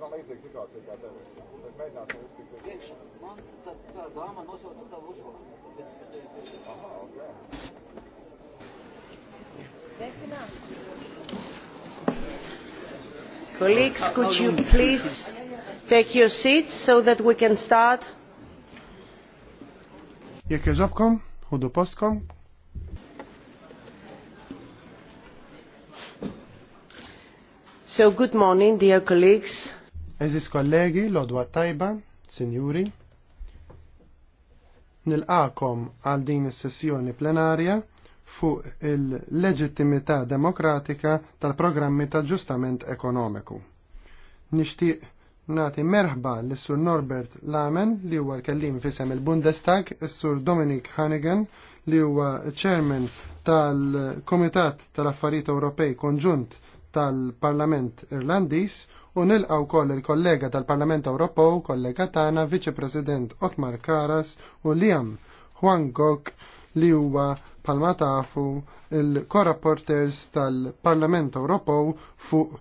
tā līdzīga situācija kā tev. Bet mēģināsim uztikt. Man tā, tā dāma nosauca tavu uzvārdu. Tāpēc es tevi Aha, Colleagues, could you please take your seats so that we can start? So good morning, dear colleagues. Eżis kollegi, lodwa tajba, sinjuri, nilqakom għal din is-sessjoni plenarja fuq il-leġittimità demokratika tal-programmi tal-ġustament ekonomiku. Nixtieq nati merħba l sur Norbert Lamen li huwa l-kellim fisem il-Bundestag, is-sur Dominik Hannigan li huwa chairman tal-Komitat tal-Affarijiet Ewropej Konġunt tal-Parlament Irlandiż u nilqaw koll il-kollega tal-Parlament Ewropew, kollega tagħna Viċi-President Otmar Karas u Liam Juan Gok li huwa palma tafu il-korrapporters tal-Parlament Ewropew fuq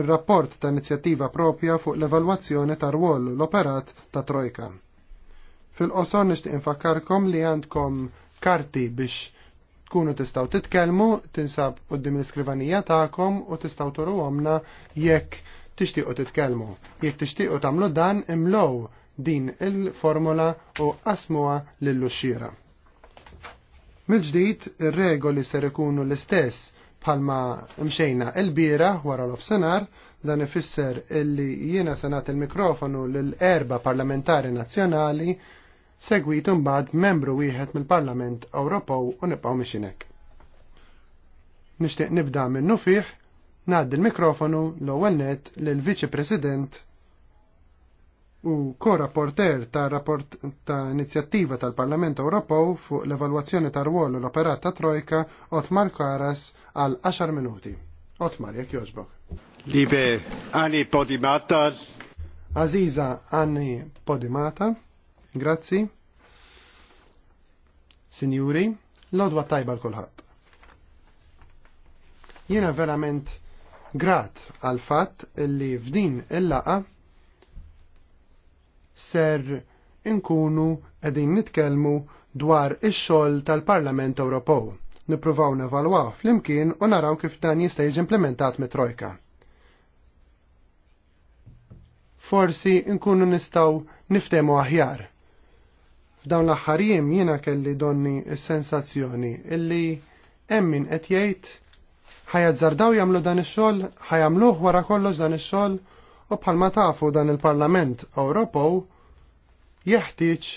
il-rapport ta' inizjattiva propja fuq l-evalwazzjoni ta' rwol l-operat ta' Trojka. Fil-qosor nixtieq infakkarkom li għandkom karti biex tkunu tistaw titkellmu, tinsab qoddim l-iskrivanija tagħkom u tistaw toru għomna jekk tixtiequ titkellmu. Jekk tixtiequ tagħmlu dan imlow din il-formula u qasmuha lill-uxxiera. mil ġdid ir-regoli ser ikunu l-istess bħalma mxejna il-bira wara l-ofsenar, dan ifisser illi jiena senat il-mikrofonu l-erba parlamentari nazzjonali segwit imbagħad membru wieħed mill-Parlament Ewropew u nibqgħu mixinek. Nixtieq nibda minn nufih, ngħaddi l-mikrofonu l-ewwel net lil Viċi President u ko-rapporter ta' rapport ta' inizjattiva tal-Parlament Ewropew fuq l-evalwazzjoni tar u l-operat ta' Trojka Otmar Karas għal 10 minuti. Otmar, jekk joġbok. Libe, ani podimata. Aziza, Anni podimata. Grazzi. Sinjuri, l-odwa tajba l-kulħadd. Jiena verament grat għal fatt li f'din il-laqa ser inkunu qegħdin nitkellmu dwar ix-xogħol tal-Parlament Ewropew. Nippruvaw nevalwaw flimkien u naraw kif dan jista' jiġi implementat mit-trojka forsi nkunu nistaw niftemu aħjar F'dawn l-aħħar jiena kelli donni s-sensazzjoni illi hemm min qed jgħid ħajazzardaw jagħmlu dan ix-xogħol, ħajamluh wara kollox dan ix-xogħol u bħalma tafu dan il-Parlament Ewropew jeħtieġ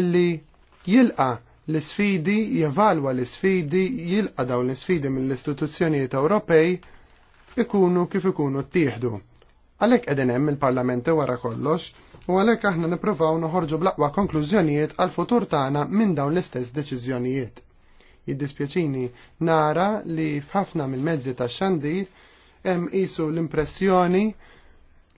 illi jilqa l-sfidi, jevalwa l-sfidi, jilqa dawn l-sfidi mill-istituzzjonijiet Ewropej ikunu kif ikunu ttieħdu. Għalek edin hemm il-Parlament wara kollox u għalhekk aħna nippruvaw noħorġu blaqwa konklużjonijiet għal futur tagħna minn dawn l-istess deċiżjonijiet. Jiddispjaċini nara li f'ħafna mill-mezzi tax-xandir hemm qisu l-impressjoni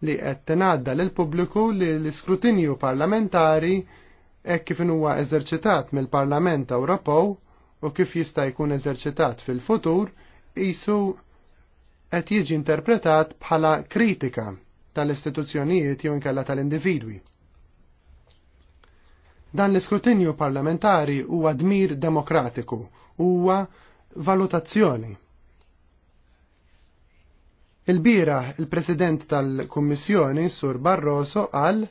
li qed tingħadda lil pubbliku li l-iskrutinju parlamentari hekk kif huwa eżerċitat mill-Parlament Ewropew u kif jista' jkun eżerċitat fil-futur qisu qed jiġi interpretat bħala kritika tal-istituzzjonijiet jew inkella tal-individwi. Dan l-iskrutinju parlamentari huwa dmir demokratiku, huwa valutazzjoni. Il-bira il-President tal-Kummissjoni, Sur Barroso, għal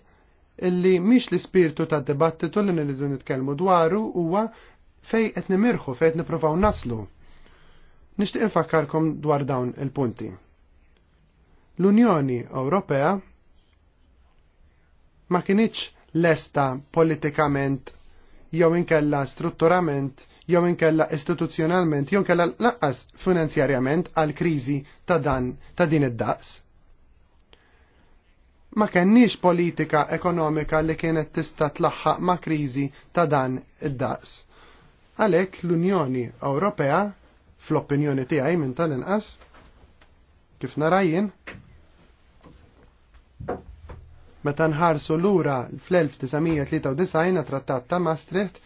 illi miex l-ispirtu tad dibattitu li nridu nitkellmu dwaru huwa fej qed nimirħu, fej qed nippruvaw naslu. Nixtieq infakkarkom dwar dawn il-punti. L-Unjoni Ewropea ma kienieċ lesta politikament jew inkella strutturament jew inkella istituzzjonalment jew inkella laqqas finanzjarjament għal kriżi ta' dan ta' din id-daqs. Ma kenniex politika ekonomika li kienet tista' tlaħħaq ma' kriżi ta' dan id-daqs. Għalhekk l-Unjoni Ewropea, fl-opinjoni tiegħi minn tal-inqas, kif narajjen, Meta nħarsu lura fl-1993 trattat ta' Maastricht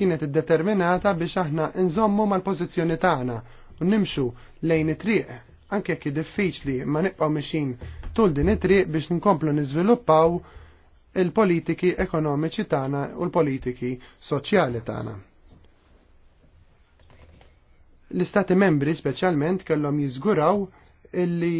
kienet iddeterminata biex aħna nżommu mal-pożizzjoni tagħna u nimxu lejn it-triq anke jekk diffiċli ma nibqgħu mixin tul din it-triq biex nkomplu niżviluppaw il-politiki ekonomiċi tagħna u l-politiki soċjali tagħna. L-istati membri speċjalment kellhom jiżguraw illi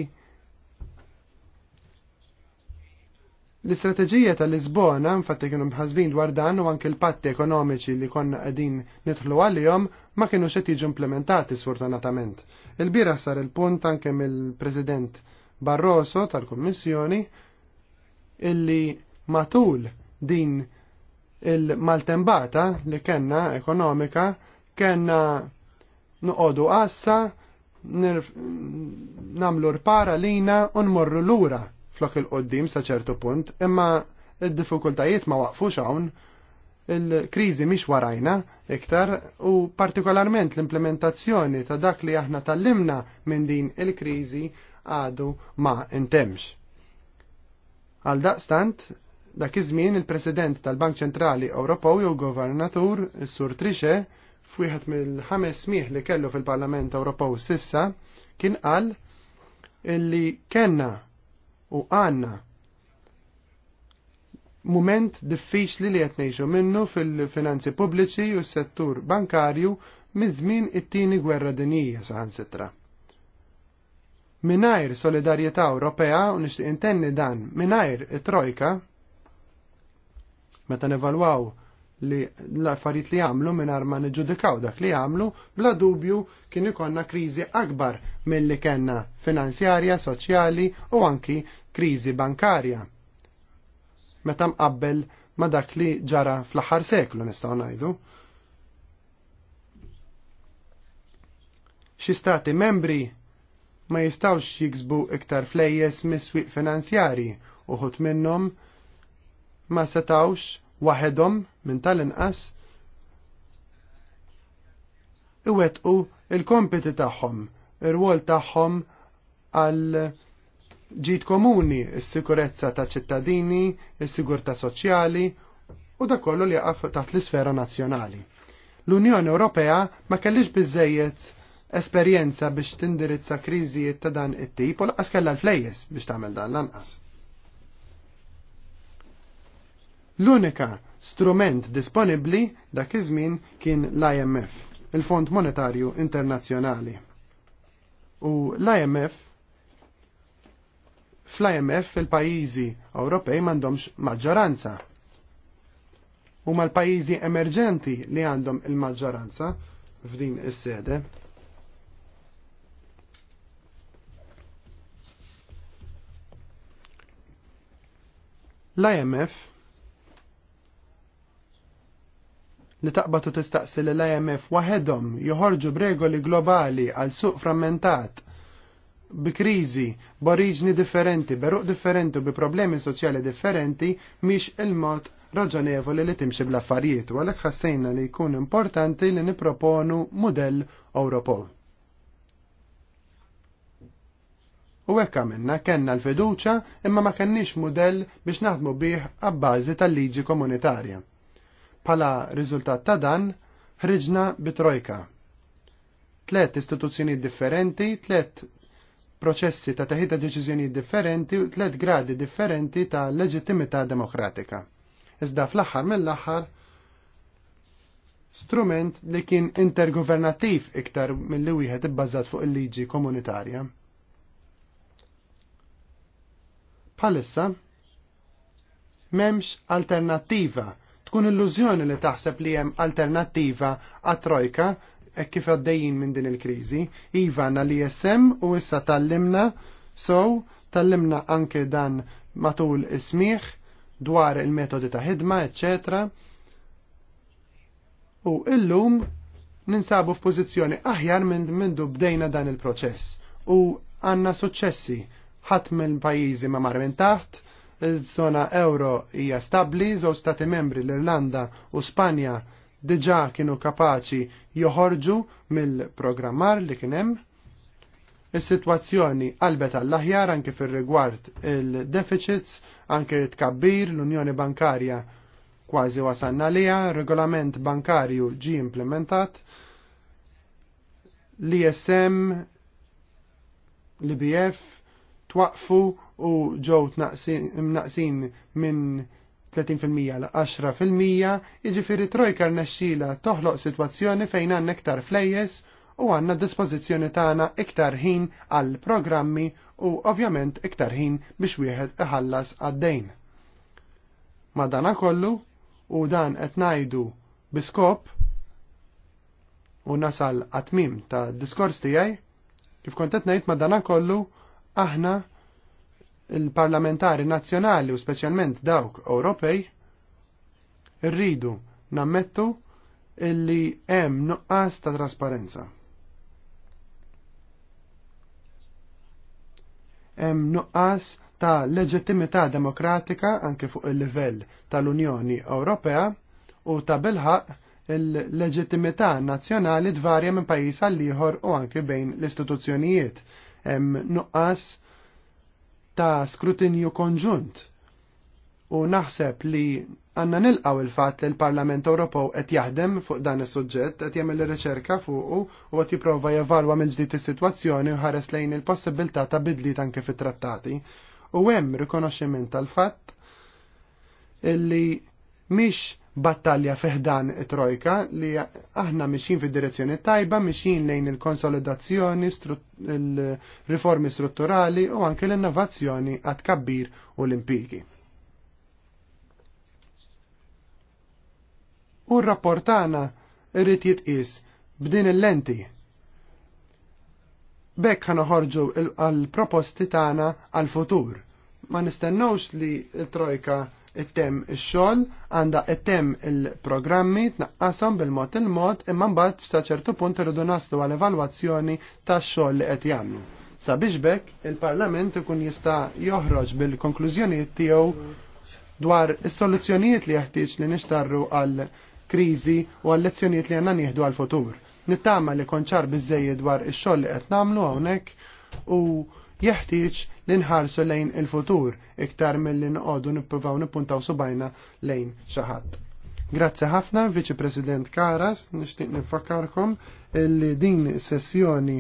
L-istrateġija tal-Lisbona, infatti kienu mħazbin dwar dan u anke l-patti ekonomiċi li konna qegħdin nidħlu għalihom ma kienu xed jiġu implementati sfortunatament. Il-bira sar il-punt anke mill-President Barroso tal-Kummissjoni illi matul din il-maltembata li kenna ekonomika kenna nuqodu qassa namlu rpara lina u nmorru lura flok il-qoddim sa ċertu punt, imma id-diffikultajiet ma waqfux hawn, il-kriżi mhix warajna iktar u partikolarment l-implementazzjoni ta' dak li aħna tallimna minn din il-kriżi għadu ma intemx. Għal daqstant, dak iż-żmien il-President tal-Bank Ċentrali Ewropew jew Governatur, Sur Trixe, f'wieħed mill-ħames smieħ li kellu fil-Parlament Ewropew sissa, kien qal illi kenna u għanna moment diffiċli li qed ngħixu minnu fil-finanzi pubbliċi u s-settur bankarju minn żmien it-tieni gwerra saħan saħansitra. Minajr solidarjetà Ewropea u nixtieq intenni dan minajr it-trojka meta nevalwaw li l-affarijiet li għamlu mingħajr ma niġġudikaw dak li għamlu, bla dubju kien ikonna kriżi akbar mill-li kena finanzjarja, soċjali u anki kriżi bankarja. Meta mqabbel ma dak li ġara fl-aħħar seklu nistgħu ngħidu. Xi stati membri ma jistawx jiksbu iktar flejjes miswiq finanzjarji finanzjari uħut minnhom ma setawx waħedhom minn tal-inqas iwettqu il-kompiti tagħhom, ir wol tagħhom għal ġid komuni s-sikurezza ta' ċittadini, s-sigurta soċjali u da kollu li għaf taħt l-isfera nazjonali. L-Unjoni Ewropea ma kellix bizzejiet esperjenza biex tindirizza kriżijiet ta' dan it-tip u laqas kellha l-flejjes biex tagħmel dan lanqas. L-unika strument disponibbli dak iż-żmien kien l-IMF, il-Fond Monetarju Internazzjonali. U l-IMF Fl-IMF fil pajizi Ewropej m'għandhomx maġġoranza. Huma l-pajizi emerġenti li għandhom il-maġġoranza f'din is-sede. L-IMF li taqbatu tistaqsi li l-IMF waħedhom joħorġu b'regoli globali għal suq frammentat bi b'oriġni differenti, beruq differenti u bi problemi soċjali differenti miex il-mod raġonevoli li timxi bl-affarijiet u għalhekk ħassejna li jkun importanti li niproponu mudell Europol. U hekk għamilna kellna l-fiduċa imma ma kenniex mudell biex naħdmu bih għabbażi tal-liġi komunitarja. Pala riżultat ta' dan, ħriġna bi trojka. Tlet istituzzjoni differenti, tlet proċessi ta' taħida deċiżjoni differenti u tlet gradi differenti ta' leġittimità demokratika. Iżda fl-aħħar mill-aħħar strument li kien intergovernativ iktar mill-li wieħed ibbażat fuq il-liġi komunitarja. Bħalissa, memx alternattiva tkun illużjoni li taħseb li hemm alternattiva għat-trojka e kif għaddejjin minn din il-krizi. Iva għanna l-ISM u issa tallimna, so tallimna anke dan matul ismiħ dwar il-metodi ta' ħidma, etc. U illum ninsabu f'pożizzjoni aħjar minn mindu bdejna dan il-proċess. U għanna suċċessi ħadd mill-pajjiżi ma mar minn taħt, il-zona euro hija stabli, żewġ stati membri l-Irlanda u Spanja diġa kienu kapaċi joħorġu mill-programmar li kienem. Is-sitwazzjoni qalbet għall-aħjar anke fir-rigward il-deficits, anke tkabbir l-Unjoni Bankarja kważi wasanna liha, regolament bankarju ġi implementat, l-ISM, l-BF twaqfu u ġew naqsin minn 30% l-10%, iġifiri trojkar rnexxila toħloq situazzjoni fejn għandna iktar flejjes u għandna dispożizzjoni tagħna iktar ħin għal programmi u ovvjament iktar ħin biex wieħed iħallas għad-dejn. Ma dana kollu u dan qed ngħidu biskop u nasal għatmim ta' diskors tiegħi kif kont qed ngħid ma dana kollu aħna il-parlamentari nazzjonali u speċjalment dawk Ewropej rridu nammettu illi hemm nuqqas ta' trasparenza. Hemm nuqqas ta' leġittimità demokratika anke fuq il-livell tal-Unjoni Ewropea u ta' bilħaq il-leġittimità nazzjonali tvarja minn pajjiż għal ieħor u anke bejn l-istituzzjonijiet. Hemm nuqqas ta' skrutinju konġunt. U naħseb li għanna nilqaw il-fat li l-Parlament Ewropew qed jaħdem fuq dan is-suġġett, qed jagħmel riċerka fuq u qed jipprova jevalwa mill-ġdid is-sitwazzjoni u ħares lejn il-possibilità ta' bidli anke fit-trattati. U hemm rikonoxximent tal-fatt illi mhix battalja feħdan trojka li aħna mixin fi direzzjoni tajba, mixin lejn il-konsolidazzjoni, il-riformi strutturali u anke l-innovazzjoni għat kabbir u l U rapportana rrit jitqis b'din il-lenti. Bekk ħana ħorġu għal-proposti tagħna għal-futur. Ma nistennowx li l-trojka it-tem ix-xogħol, għandha it-tem il-programmi tnaqqashom bil-mod il-mod imma mbagħad f'sa ċertu punt irridu naslu għal evalwazzjoni tax-xogħol li qed jagħmlu. Sabiex bekk il-Parlament ikun jista' joħroġ bil-konklużjonijiet tiegħu dwar is-soluzzjonijiet li jeħtieġ li nixtarru għal kriżi u għal lezzjonijiet li għandna nieħdu għal futur. Nittama li konċar biżejjed dwar ix-xogħol li qed nagħmlu hawnhekk u jeħtieġ li nħarsu lejn il-futur iktar mill-li nqogħdu nippruvaw nippuntaw subajna lejn xi ħadd. Grazzi ħafna, Viċi President Karas, nixtieq nifakkarkom li din sessjoni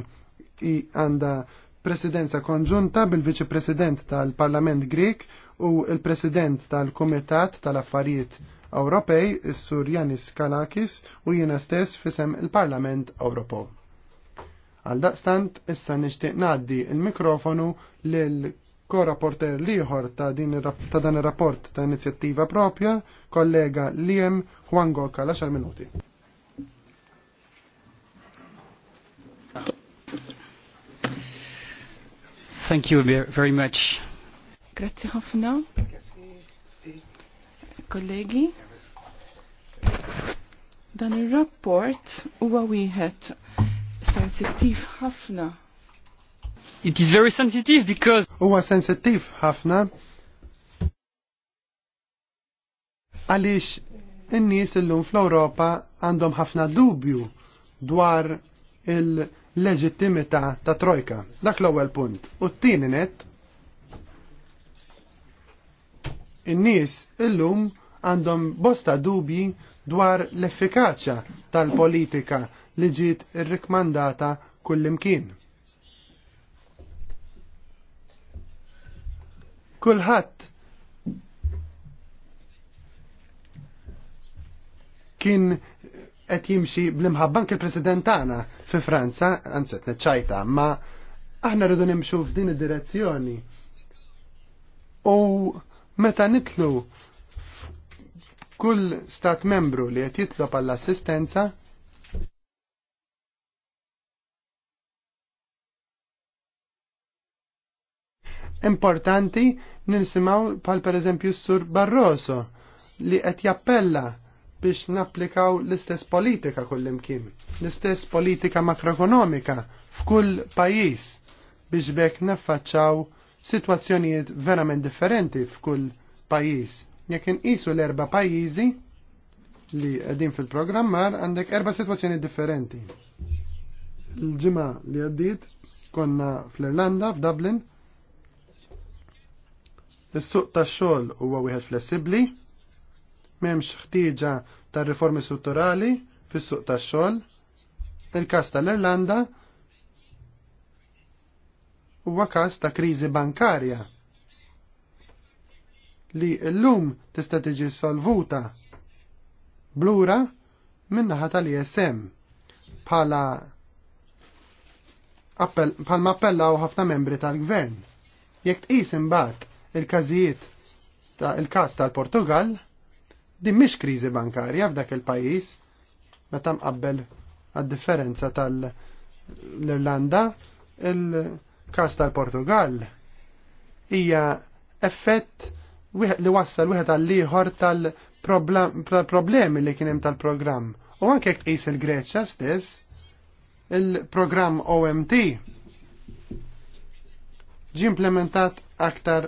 għandha presidenza konġunta bil-Viċi President tal-Parlament Grek u il-President tal-Kumitat tal-Affarijiet Ewropej, is-Sur Janis Kalakis, u jiena stess fisem il-Parlament Ewropew. Għal daqstant, issa nixtieq naddi il-mikrofonu l korrapporter liħor ta, ta' dan ir-rapport ta' inizjattiva propja, kollega Liem Juan Goka, 10 minuti. Thank you very much. Grazie ħafna. Kollegi, dan ir rapport huwa wieħed sensittiv ħafna. It is very sensitive because huwa sensittiv ħafna għaliex in-nies illum fl-Ewropa għandhom ħafna dubju dwar il-leġittimità ta' trojka. Dak l-ewwel punt. U t-tieni net in-nies illum għandhom bosta dubji dwar l-effikaċja tal-politika li ġiet irrikmandata kullimkien. Kulħadd kien qed jimxi bl-imħabban il-President tagħna fi Franza, anzi qed neċċajta, ma aħna rridu nimxu f'din id-direzzjoni. U meta nitlu kull stat membru li qed jitlob għall assistenza importanti ninsimaw pal per eżempju s-sur Barroso li qed jappella biex napplikaw l-istess politika kullimkien, l-istess politika makroekonomika f'kull pajjiż biex bekk naffaċċaw sitwazzjonijiet verament differenti f'kull pajjiż. Jekk inqisu l-erba' pajjiżi li qegħdin fil-programmar għandek erba' sitwazzjoni differenti. L-ġimgħa li għaddiet konna fl-Irlanda, f'Dublin, Is-suq tax-xogħol huwa wieħed flessibbli, m'hemmx ħtieġa tar riformi strutturali fis-suq tax-xogħol. Il-każ tal-Irlanda huwa każ ta' kriżi bankarja li llum tista' tiġi solvuta blura minnaħa tal-ISM bħala bħalma appellaw ħafna membri tal-gvern. Jekk tqis imbagħad il-każijiet ta' il-każ tal-Portugal din mhix kriżi bankarja f'dak il-pajjiż meta mqabbel għad-differenza tal-Irlanda il-każ tal-Portugal hija effett li wassal wieħed għall-ieħor tal-problemi li kien hemm tal-programm. U anke jekk tqis il-Greċja stess, il-programm OMT ġi implementat aktar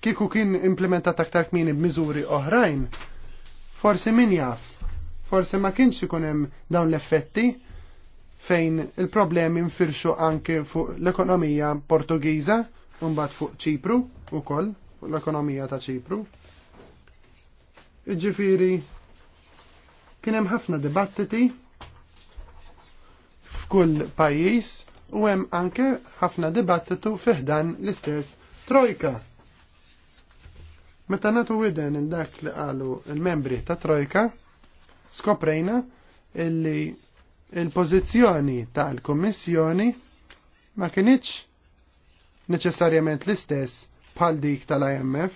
Kieku kien implementat aktar kmini b'miżuri oħrajn, forsi min jaf, forsi ma kienx ikun hemm dawn l-effetti fejn il-problemi nfirxu anke fuq l-ekonomija Portugiża mbagħad fuq Ċipru ukoll, fuq l-ekonomija ta' Ċipru. Iġifieri kien hemm ħafna dibattiti f'kull pajjiż u hemm anke ħafna dibattitu fiħdan l-istess trojka Meta natu widen il-dak li qalu il-membri ta' Trojka, skoprejna illi il-pozizjoni tal-Kommissjoni ma kienieċ neċessarjament l-istess bħal dik tal-IMF.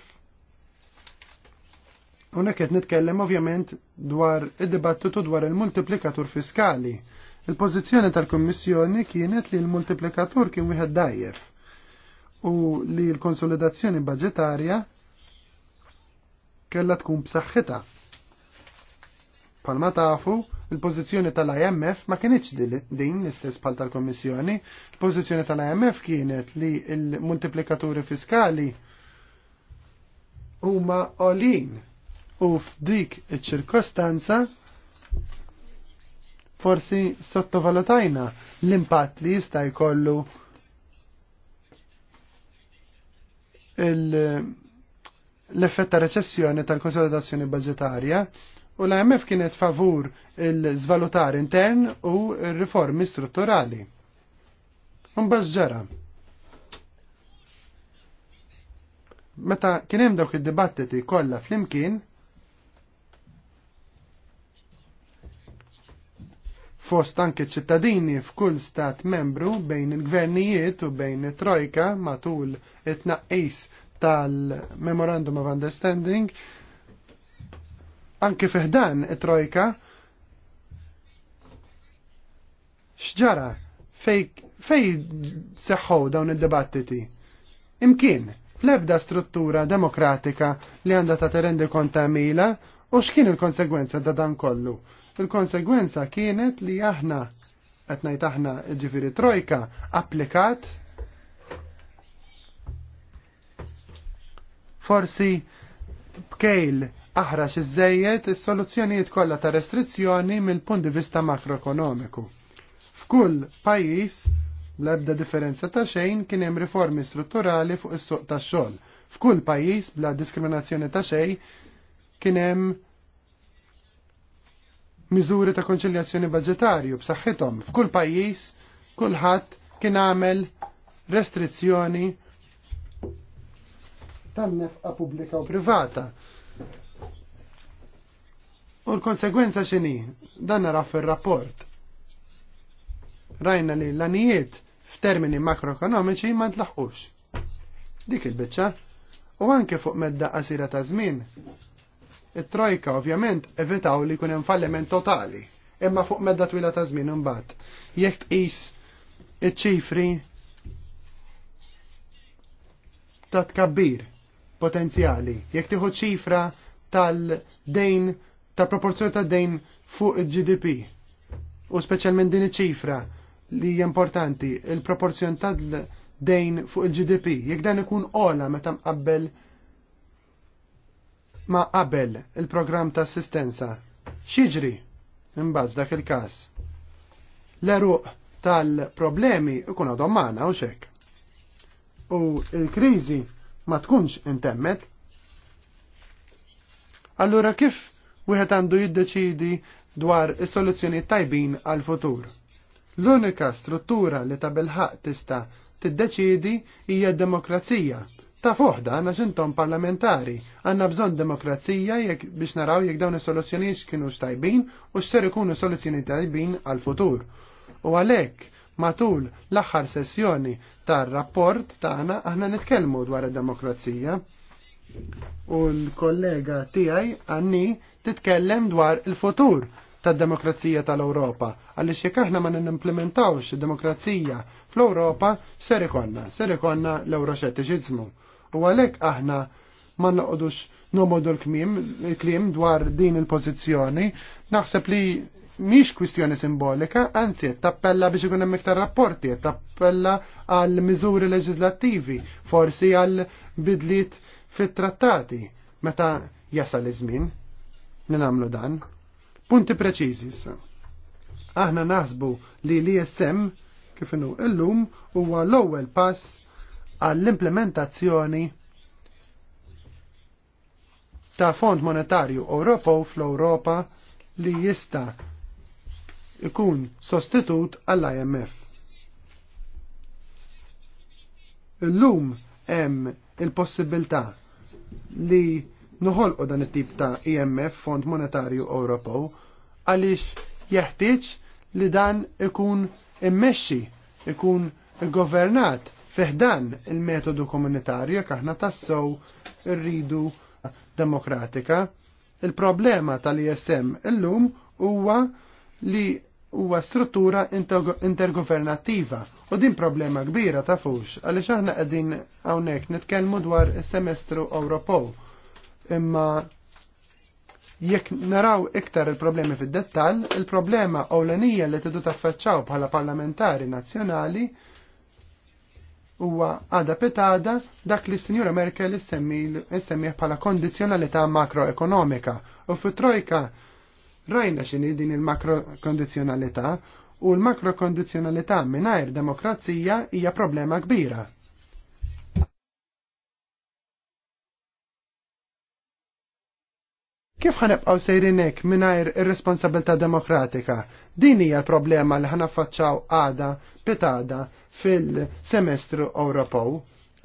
Unek qed nitkellem ovvjament dwar id-dibattitu dwar il-multiplikatur fiskali. Il-pożizzjoni tal-Kummissjoni kienet li l-multiplikatur kien wieħed dajjef u li l-konsolidazzjoni budgetarja kellha tkun b'saħħitha. Palma tafu, il-pożizzjoni tal-IMF ma kienieċ din l-istess pal tal-Kommissjoni. Il-pożizzjoni tal-IMF kienet li il-multiplikaturi fiskali huma olin u f'dik iċ-ċirkostanza forsi sottovalutajna l-impatt li jista' jkollu il- l-effett ta' recessjoni tal-konsolidazzjoni budgetarja u l-IMF kienet favur il-zvalutar intern u riformi strutturali. Mbaz ġara. Meta kien hemm dawk id-dibattiti kollha flimkien fost anke ċittadini f'kull stat membru bejn il-gvernijiet u bejn it-trojka matul it-naqqis tal-Memorandum of Understanding anke fiħdan it-trojka xġara fej, fej seħħu dawn id-debattiti. Imkien, fl-ebda struttura demokratika li għanda ta' terendi konta mila u x'kien il-konsegwenza da' dan kollu. Il-konsegwenza kienet li aħna, etnajt aħna ġifiri trojka, applikat Forsi bkejl aħrax iż-żejjed is-soluzzjonijiet kollha ta' restrizzjoni mill-punt di vista makroekonomiku. F'kull pajjiż bl-ebda differenza ta' xejn kien hemm riformi strutturali fuq is-suq tax-xogħol. F'kull pajjiż bla diskriminazzjoni ta' xejn kien hemm miżuri ta' konċiljazzjoni budġetarju b'saħħithom. F'kull pajjiż kulħadd kien għamel restrizzjoni tan-nefqa pubblika u privata. U l-konsegwenza xini? Dan nara fil-rapport. Rajna li l-anijiet f'termini makroekonomiċi ma tlaħqux. Dik il-bicċa. U anke fuq medda qasira ta' żmien. It-trojka ovvjament evitaw li kunem falliment totali, imma fuq medda twila ta' żmien imbagħad. Jekk tqis iċ-ċifri ta' tkabbir potenzjali. Jekk tieħu ċifra tal-dejn, ta' proporzjon ta' dejn fuq il-GDP. U speċjalment din iċ-ċifra li hija importanti, il-proporzjon tal-dejn fuq il-GDP. Jek dan ikun ola meta mqabbel ma qabel il-programm ta' assistenza. X'jiġri imbagħad dak il-każ. L-eruq tal-problemi ikun għadhom magħna u xek. U l-kriżi ma tkunx intemmet. Allura kif wieħed għandu jiddeċidi dwar is-soluzzjoni tajbin għal futur? L-unika struttura li ta' bilħaq tista' tiddeċidi hija d-demokrazija. Ta' foħda għanna xintom parlamentari, għanna bżon demokrazija jek biex naraw jek dawn is-soluzzjonijiet kienu x'tajbin u x'ser ikunu soluzzjoni tajbin għal futur. U għalhekk Matul l-aħħar sessjoni tar-rapport tagħna aħna nitkellmu dwar id-demokrazija. U l-kollega tiegħi Anni titkellem dwar il-futur tad-demokrazija tal-Ewropa. Għaliex jekk aħna ma nimplementawx id-demokrazija fl-Ewropa, ser ikonna, ser ikonna l-Euroxettiċiżmu. U għalhekk aħna ma noqogħdux nomodu l-klim dwar din il-pożizzjoni, naħseb li miex kwistjoni simbolika, anzi qed tappella biex ikun hemm iktar rapporti, qed tappella għal miżuri leġislattivi, forsi għal bidliet fit-trattati meta jasal iż-żmien li nagħmlu dan. Punti preċiżi issa. Aħna naħsbu li l-ISM kif inhu illum huwa l-ewwel pass għall-implementazzjoni ta' Fond Monetarju Ewropew fl-Ewropa li jista' ikun sostitut għall-IMF. Illum hemm il-possibilità li noħolqu dan it-tip ta' IMF Fond Monetarju Ewropew għaliex jeħtieġ li dan ikun immexxi, ikun governat fiħdan il-metodu komunitarju jekk aħna tassew irridu demokratika. Il-problema tal-ISM illum huwa li huwa struttura intergovernattiva u din problema kbira ta' fux għaliex aħna qegħdin hawnhekk nitkellmu dwar is-semestru Ewropew. Imma jekk naraw iktar il-problemi fid-dettall, il-problema ewlenija li tidu taffaċċaw bħala parlamentari nazzjonali huwa għada petada dak li s-Sinjura Merkel semmiħ bħala kondizjonalità makroekonomika u fit-trojka Rajna xini din il-makro u l-makro kondizjonalità mingħajr demokrazija hija problema kbira. Kif ħanibqaw sejrinek hekk mingħajr ir-responsabilità demokratika? Din hija l-problema li ħanaffaċċaw għada pitada fil-semestru Ewropew.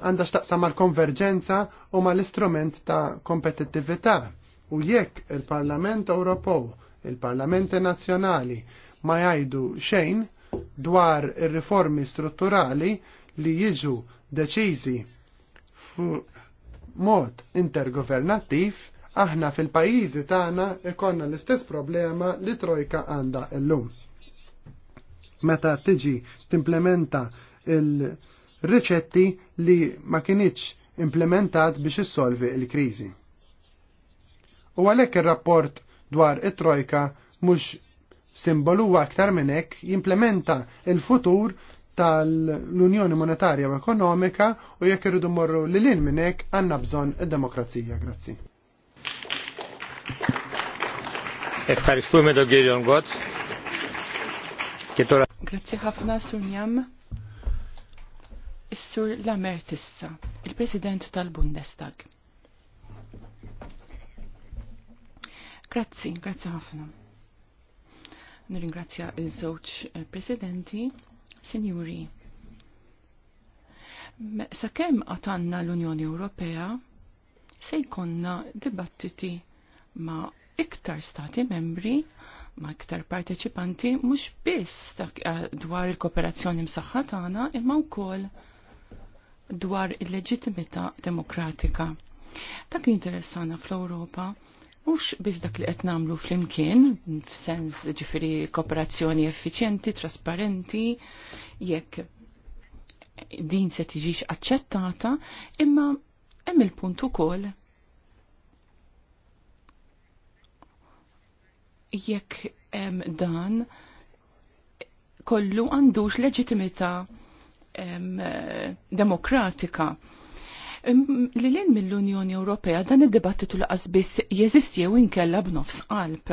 Għandha x'taqsam mal-konverġenza u mal-istrument ta' kompetittività. U jekk il-Parlament Ewropew il-Parlamenti Nazzjonali ma jgħidu xejn dwar ir-riformi strutturali li jiġu deċiżi mod intergovernattiv aħna fil-pajjiżi tagħna ikonna l-istess problema li trojka għandha llum. Meta tiġi timplementa il-riċetti li ma kienitx implementat biex issolvi il-kriżi. U għalhekk ir-rapport dwar it-trojka mhux simbolu aktar minn hekk jimplementa il-futur tal-Unjoni Monetarja u Ekonomika u jekk irridu morru li lin minn hekk għandna bżonn id-demokrazija. Grazzi. Grazzi ħafna sunjam. Is-sur Lamert issa, il-President tal-Bundestag. Grazzi, grazzi ħafna. Nirringrazzja il-żewġ eh, presidenti, sinjuri. Sakemm għatanna l-Unjoni Ewropea se jkonna dibattiti ma' iktar stati membri ma' iktar parteċipanti mhux biss eh, dwar il-kooperazzjoni msaħħa tagħna imma wkoll dwar il-leġittimità demokratika. Dak interessana fl-Ewropa Mux biz dak li qed namlu flimkien, f'sens ġifiri kooperazzjoni effiċjenti, trasparenti, jekk din se tiġix aċċettata, imma hemm il-punt ukoll jekk hemm dan kollu għandux leġitimità demokratika li l mill-Unjoni Ewropea dan id-dibattitu laqas biss jeżisti jew inkella b'nofs qalb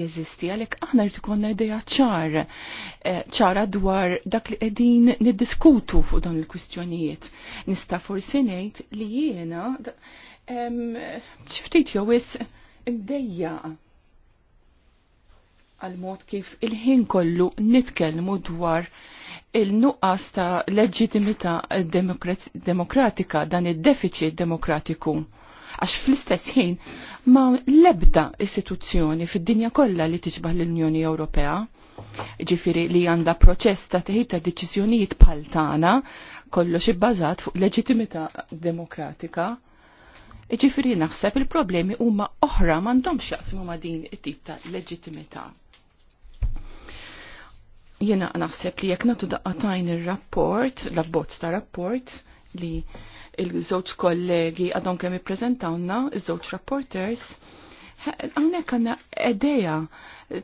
jeżisti għalhekk aħna rid ikollna idea ċar eh, ċara dwar dak li qegħdin niddiskutu fuq dan il-kwistjonijiet. Nista' forsi ngħid li jiena xi ftit jew wis imdejjaq għal mod kif il-ħin kollu nitkellmu dwar il-nuqqas ta' leġitimità demokratika dan id-deficit demokratiku. Għax fl-istess ħin ma' lebda istituzzjoni fid-dinja kollha li tiġbaħ l-Unjoni Ewropea, ġifiri li għanda proċess ta' teħid ta' deċiżjonijiet bħal tagħna kollox ibbażat fuq leġitimità demokratika. Ġifiri naħseb il-problemi huma oħra m'għandhomx jaqsmu ma' din it-tip ta' leġitimità Jena naħseb li jekk natu daqqatajn il-rapport, l-abbozz ta' rapport li il-żewġ kollegi għadhom kemm ippreżentawna, iż-żewġ rapporters, hawnhekk għandna edeja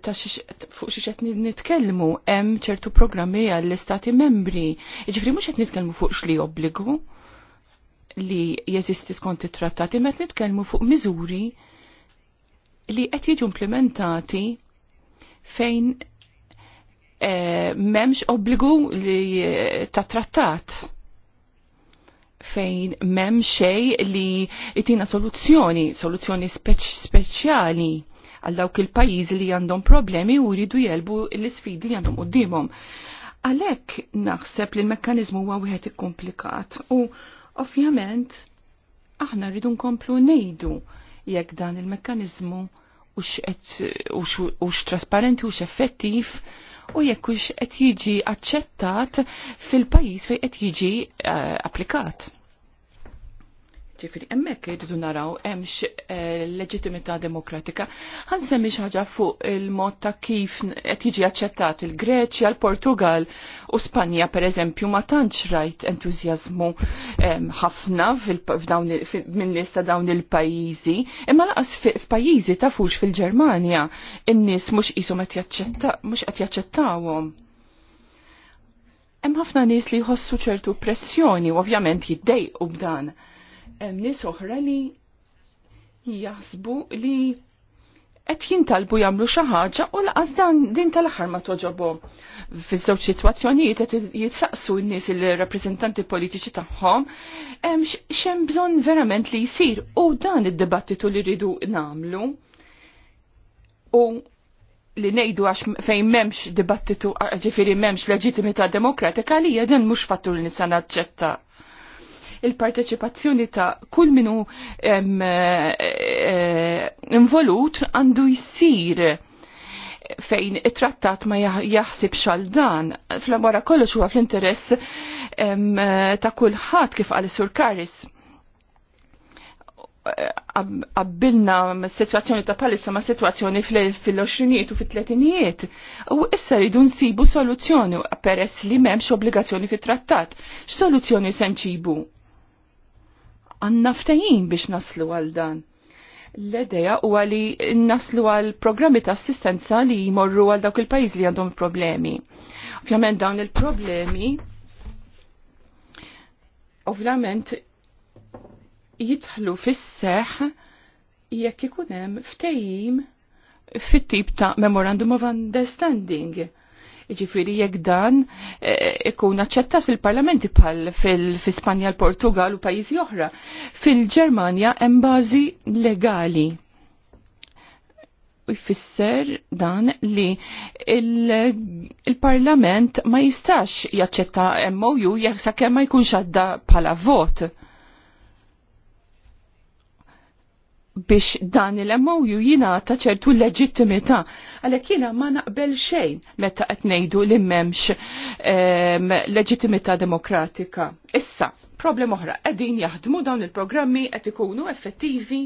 ta' fuq xi qed nitkellmu hemm ċertu programmi għall-istati membri. Jiġifieri mhux qed nitkellmu fuq xli obbligu li jeżisti skont it-trattati, met nitkellmu fuq miżuri li qed jiġu implementati fejn Eh, memx obbligu li eh, ta' trattat fejn mem xej li itina soluzzjoni, soluzzjoni speċjali għal dawk il-pajjiżi li għandhom problemi u jridu jelbu l-isfidi li għandhom qudiemhom. Għalhekk naħseb li l-mekkaniżmu huwa wieħed ikkomplikat u ovvjament aħna rridu nkomplu ngħidu jekk dan il-mekkanizmu u x-trasparenti u x-effettiv u jekk hux qed jiġi aċċettat fil-pajjiż fejn qed jiġi uh, applikat ġifiri, emmek jridu naraw hemmx eh, leġitimita leġitimità demokratika. Għan semmi ħaġa fuq il-mod ta' kif qed jiġi aċċettat il-Greċja, l-Portugal u Spanja pereżempju ma tantx rajt entużjażmu ehm, ħafna minn nies ta' dawn il-pajjiżi, imma laqas f'pajjiżi tafux fil-Ġermanja in-nies mhux qishom qed jaċċettawhom hemm ħafna nies li jħossu ċertu pressjoni u ovvjament jiddejqu b'dan hemm nies oħra li jasbu li qed jintalbu jagħmlu xi ħaġa u laqas dan din tal-aħħar ma toġobu Fiż-żewġ sitwazzjonijiet qed jitsaqsu n-nies il-rappreżentanti politiċi tagħhom x'hemm bżonn verament li jsir u dan id-dibattitu li rridu nagħmlu. U li ngħidu għax fejn m'hemmx dibattitu ġifieri m'hemmx leġitimità demokratika li hija din mhux fattur li nisa naċċetta il-parteċipazzjoni ta' kull minu eh, eh, involut għandu jissir fejn it-trattat ma jaħsib xal dan. Fl-wara kollox huwa fl-interess eh, ta' kulħadd kif għal sur Karis. Għabbilna situazzjoni ta' palissa ma' situazzjoni fil-20 u fil-30 u issa ridu nsibu soluzzjoni peress li m'hemmx obbligazzjoni fit-trattat. X'soluzzjoni se nċibu? għanna ftajin biex naslu għal dan. l ideja u għali naslu għal programmi ta' assistenza li jmorru għal dawk il-pajiz li għandhom problemi. Ovvjament dawn il-problemi ovvjament jitħlu fis-seħ jekk ikun hemm ftehim fit-tip ta' Memorandum of Understanding Ġifiri jekk dan e, ikun aċċettat fil-parlamenti bħal fil Spanja, l-Portugal u pajjiżi oħra. Fil-Ġermanja hemm bażi legali. U jfisser dan li il-Parlament ma jistax jaċċetta MOU jekk sakemm ma jkunx għadda bħala vot biex dan il-MOU jina ta' ċertu leġittimità. Għalek jina ma naqbel xejn meta qed ngħidu li m'hemmx ehm, leġittimità demokratika. Issa, problem oħra, qegħdin jaħdmu dawn il-programmi qed ikunu effettivi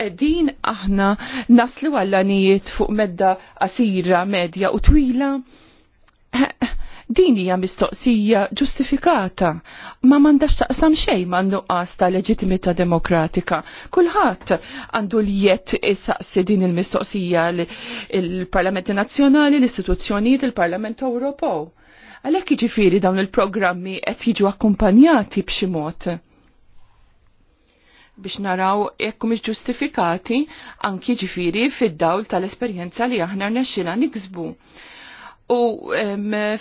qegħdin aħna naslu għallanijiet fuq medda qasira, medja u twila Din hija mistoqsija ġustifikata, ma m'għandax taqsam xejn ma' nuqqas ta' leġitimità demokratika. Kulħadd għandu li jett isaqsi din il-mistoqsija il-Parlamenti Nazzjonali, l-istituzzjonijiet, il-Parlament Ewropew. Għalhekk jiġifieri dawn il-programmi qed jiġu akkumpanjati b'xi mod biex naraw jekk mhux ġustifikati anki ġifiri fid-dawl tal-esperjenza li aħna rnexxina niksbu. U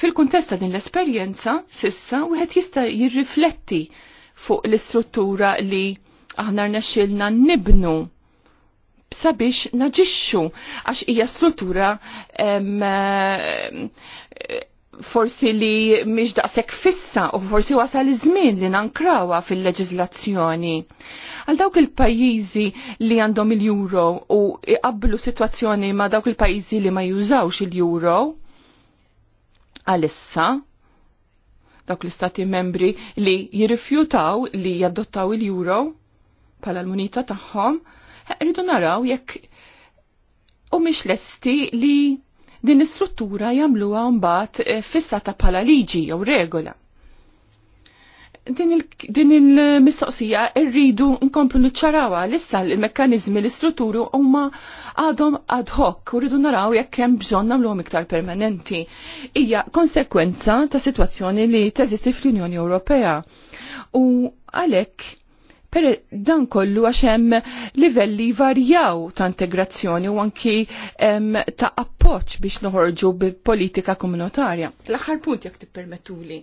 fil kontesta din l-esperjenza sissa wieħed jista' jirrifletti fuq l-istruttura li aħna rnexxilna nibnu sabiex naġixxu għax hija struttura forsi li miex daqshekk fissa u forsi wasal iż-żmien li nankrawha fil-leġiżlazzjoni. Għal dawk il-pajjiżi li għandhom il-euro u iqablu sitwazzjoni ma' dawk il-pajjiżi li ma jużawx il-euro, għalissa dawk l-istati membri li jirrifjutaw li jadottaw il-euro pala l-munita tagħhom, eh, rridu naraw jekk u mhix lesti li din l-istruttura jagħmluha mbagħad eh, fissata bħala liġi jew regola din il-mistoqsija irridu nkomplu l issa l-mekkanizmi l-istrutturu huma għadhom ad hoc u rridu naraw jekk hemm bżonn nagħmluhom iktar permanenti. Hija konsekwenza ta' sitwazzjoni li teżisti fl-Unjoni Ewropea. U għalhekk per dan kollu għax hemm livelli varjaw ta' integrazzjoni u anki ta' appoġġ biex noħorġu bi politika komunitarja. L-aħħar punt jekk tippermettuli.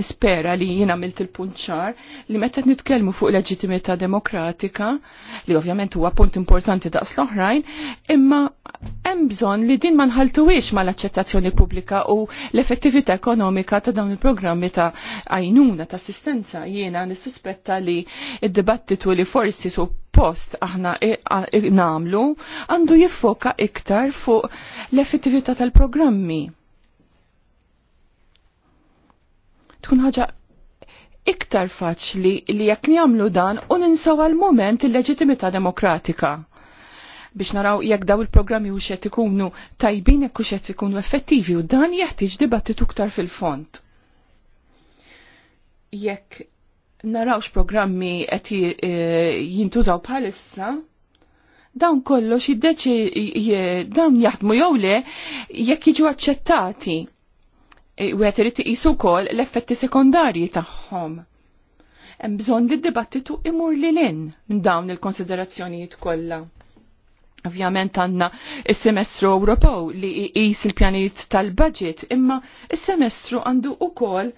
Nispera li jina milt il-punċar li meta nitkellmu fuq leġitimita demokratika, li ovvjament huwa punt importanti daqs l-oħrajn, imma hemm bżonn li din ma nħaltuwiex mal-aċċettazzjoni pubblika u l-effettività ekonomika ta' dawn il-programmi ta' għajnuna ta' assistenza jiena nissuspetta li id-dibattitu li forsi su post aħna namlu għandu jiffoka iktar fuq l-effettività tal-programmi tkun ħaġa iktar faċli li jekk jagħmlu dan u ninsaw għal moment il-leġitimità demokratika biex naraw jekk daw il-programmi u qed ikunu tajbin jekk u qed ikunu effettivi u dan jeħtieġ dibattitu ktar fil-font. Jekk narawx programmi qed e, jintużaw bħalissa, dawn kollox jiddeċi dawn jaħdmu jew le jekk jiġu aċċettati wieħed eh, irid iqisu wkoll l-effetti sekondarji tagħhom. Hemm bżonn li d-dibattitu imur lil in minn dawn il-konsiderazzjonijiet kollha ovvjament għanna il-semestru Ewropew li jqis il-pjanijiet tal-budget, imma il-semestru għandu u kol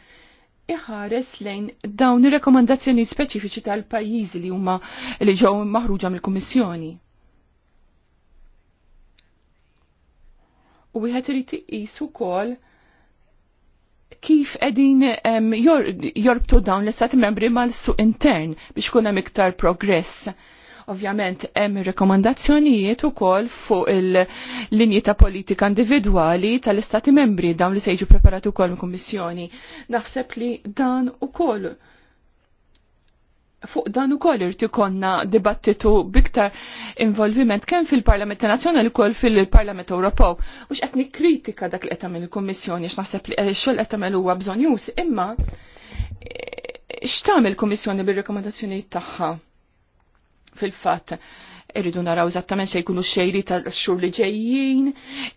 iħares lejn dawn ir-rekomandazzjoni speċifiċi tal-pajjiżi li huma li ġew maħruġa mill-Kummissjoni. U wieħed irid iqis ukoll kif edin um, jorbtu dawn l-istati membri mal-suq intern biex kuna miktar progress. Ovvjament, hemm rekomandazzjonijiet ukoll fuq il-linji ta' politika individwali tal-istati membri dawn li se jiġu preparati ukoll mill-Kummissjoni. Naħseb li dan ukoll fuq dan ukoll irti konna dibattitu biktar involviment kemm fil-Parlament Nazzjonali ukoll fil-Parlament Ewropew. Mhux qed nikkritika dak li qed tagħmel il-Kummissjoni x naħseb li x-xogħol qed tagħmel huwa bżonjus, imma eh, x'tagħmel il-Kummissjoni bir-rekomendazzjonijiet tagħha fil-fatt irridu naraw eżattament se jkunu xejri tal-xhur li ġejjin,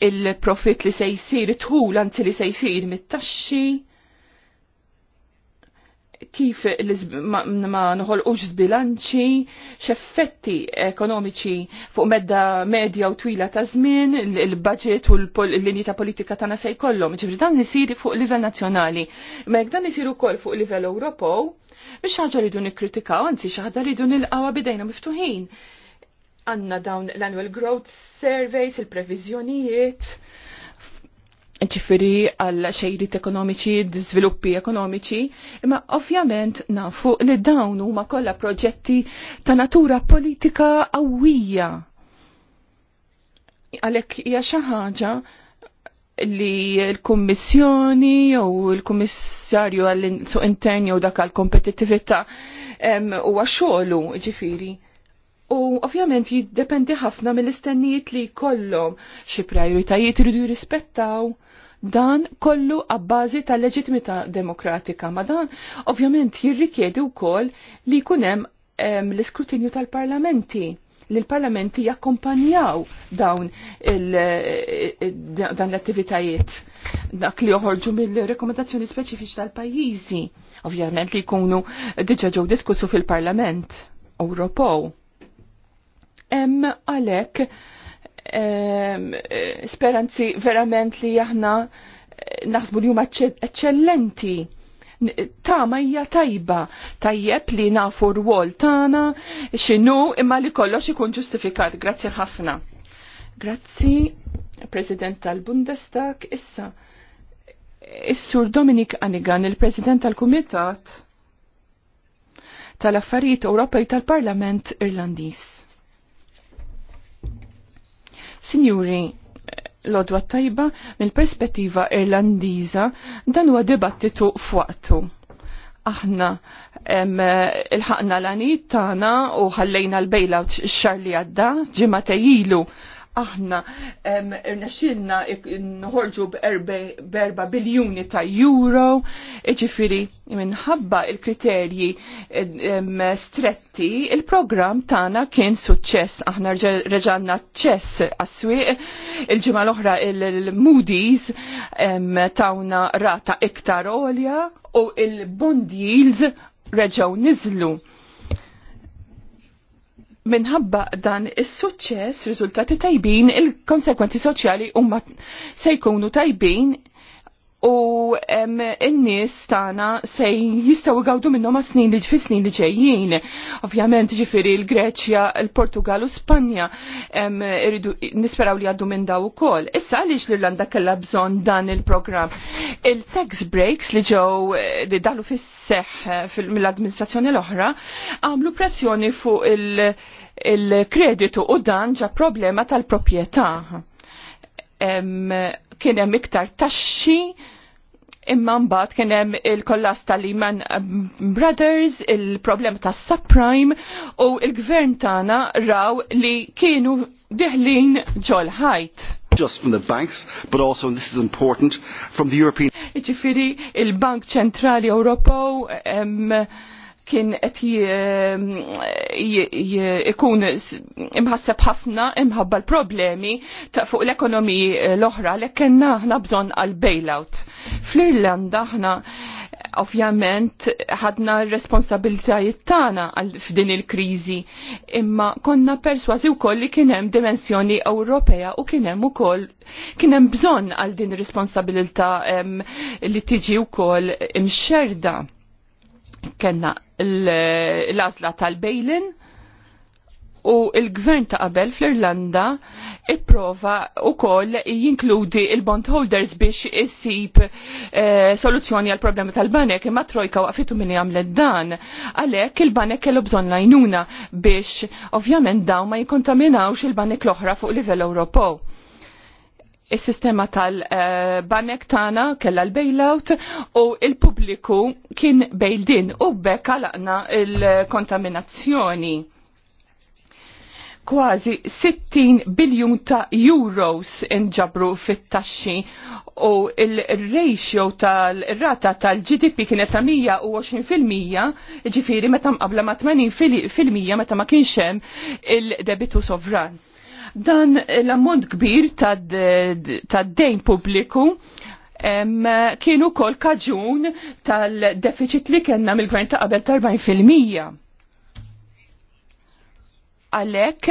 il-profit li se jsir, it-tħul anzi li se jsir mit-taxxi kif ma noħolqux zbilanċi, x'effetti ekonomiċi fuq medda medja u twila ta' żmien, il-budget u l-linji ta' politika tagħna se jkollhom. Ġifri dan isir fuq livell nazzjonali. Ma jekk dan isir ukoll fuq livell Ewropew, biex ħaġa rridu nikkritikaw, anzi xi ħaġa rridu nilqawha bidejna miftuħin. Għanna dawn l-annual growth surveys, il-previżjonijiet, ċifiri għal xejrit ekonomiċi, sviluppi ekonomiċi, imma ovvjament nafu li dawn huma kollha proġetti ta' natura politika qawwija. Għalhekk hija xi ħaġa li l-Kummissjoni u l-Kummissarju għall-Suq Interni u dak għall-kompetittività huwa xogħlu ġifiri. U ovvjament jiddependi ħafna mill-istennijiet li kollhom xi prioritajiet iridu jirrispettaw dan kollu għabbażi tal-leġitimità demokratika. Ma dan ovvjament jirrikjedi wkoll li jkun hemm l-iskrutinju tal-parlamenti li l-parlamenti jakkompanjaw dawn eh, eh, dan l-attivitajiet dak li joħorġu mill-rekomendazzjoni speċifiċi tal-pajjiżi. Ovvjament li jkunu diġa ġew diskussu fil-Parlament Ewropew. Hemm għalhekk Ehm, eh, speranzi verament li aħna eh, naħsbu li huma eccellenti eh, tama hija tajba tajjeb li nafu rwol tagħna x'inhu imma li kollox ikun ġustifikat. Grazzi ħafna. Grazzi, President tal-Bundestag, issa. Is-Sur Dominik Anigan, il-President tal-Kumitat tal-Affarijiet Ewropej tal-Parlament Irlandiż. Signuri l-odwa tajba mill-perspettiva irlandiża dan huwa dibattitu fuqtu. Aħna il-ħakna l anit tagħna u ħallejna l-bejla x-xar li għadda ġimata ilu aħna irnexxilna nħorġu berba biljuni ta' euro, iġifiri minħabba il-kriterji stretti, il-programm tagħna kien suċċess, aħna reġalna ċess għas-swieq, il-ġimgħa l-oħra il-Moody's tawna rata iktar olja u il-bond yields reġgħu niżlu minħabba dan is-suċċess riżultati tajbin il-konsekwenzi soċjali huma se jkunu tajbin u n nies tagħna se jistgħu jgawdu minnhom snin li fi snin li ġejjin. Ovvjament ġifiri l-Greċja, l-Portugal u Spanja irridu nisperaw li għaddu minn daw ukoll. Issa għaliex l-Irlanda kellha bżonn dan il-programm. Il-tax breaks li ġew li dalu fis-seħħ mill-administrazzjoni l-oħra għamlu pressjoni fuq il-kreditu u dan ġa problema tal-proprjetà kien hemm iktar taxxi Imma mbagħad kien hemm il-kollas tal-Lehman Brothers, il problem tas subprime u l-gvern tagħna raw li kienu deħlin ġol ħajt. Just from the banks, but also, and this is important, from the European... Ġifiri, il-Bank Ċentrali Ewropew kien qed ehm, ikun imħasseb ħafna imħabba l-problemi ta' fuq l-ekonomi eh, l-oħra li kellna aħna bżonn għal bailout. Fl-Irlanda aħna ovvjament ħadna r-responsabilitajiet tagħna f'din il-kriżi, imma konna persważi wkoll li kien hemm dimensjoni Ewropea u kien hemm ukoll kien hemm bżonn għal din ir-responsabilità ehm, li tiġi wkoll imxerda kena l-azla tal-bejlin u il-gvern ta' qabel fl-Irlanda i-prova u koll jinkludi il-bondholders biex issib e, soluzzjoni għal problemi tal-banek imma trojka waqfitu minni għamlet dan għalek il-banek kellu bżon lajnuna biex ovvjament daw ma jikontaminawx il-banek l-oħra fuq livell Ewropew Is-sistema tal-banek tagħna kellha l-bailout u il-pubbliku kien bejldin u bekk laqna il-kontaminazzjoni kważi 60 biljun ta' euros inġabru fit-taxxi u il-ratio tal-rata tal-GDP kienet ta' 120% ġifiri meta mqabla ma' 80% meta ma kienx hemm il-debitu sovran. Dan l-ammont kbir tad-dejn pubbliku kienu kol kaġun tal-deficit li kena mill-gvern ta' qabel 40%. Għalek,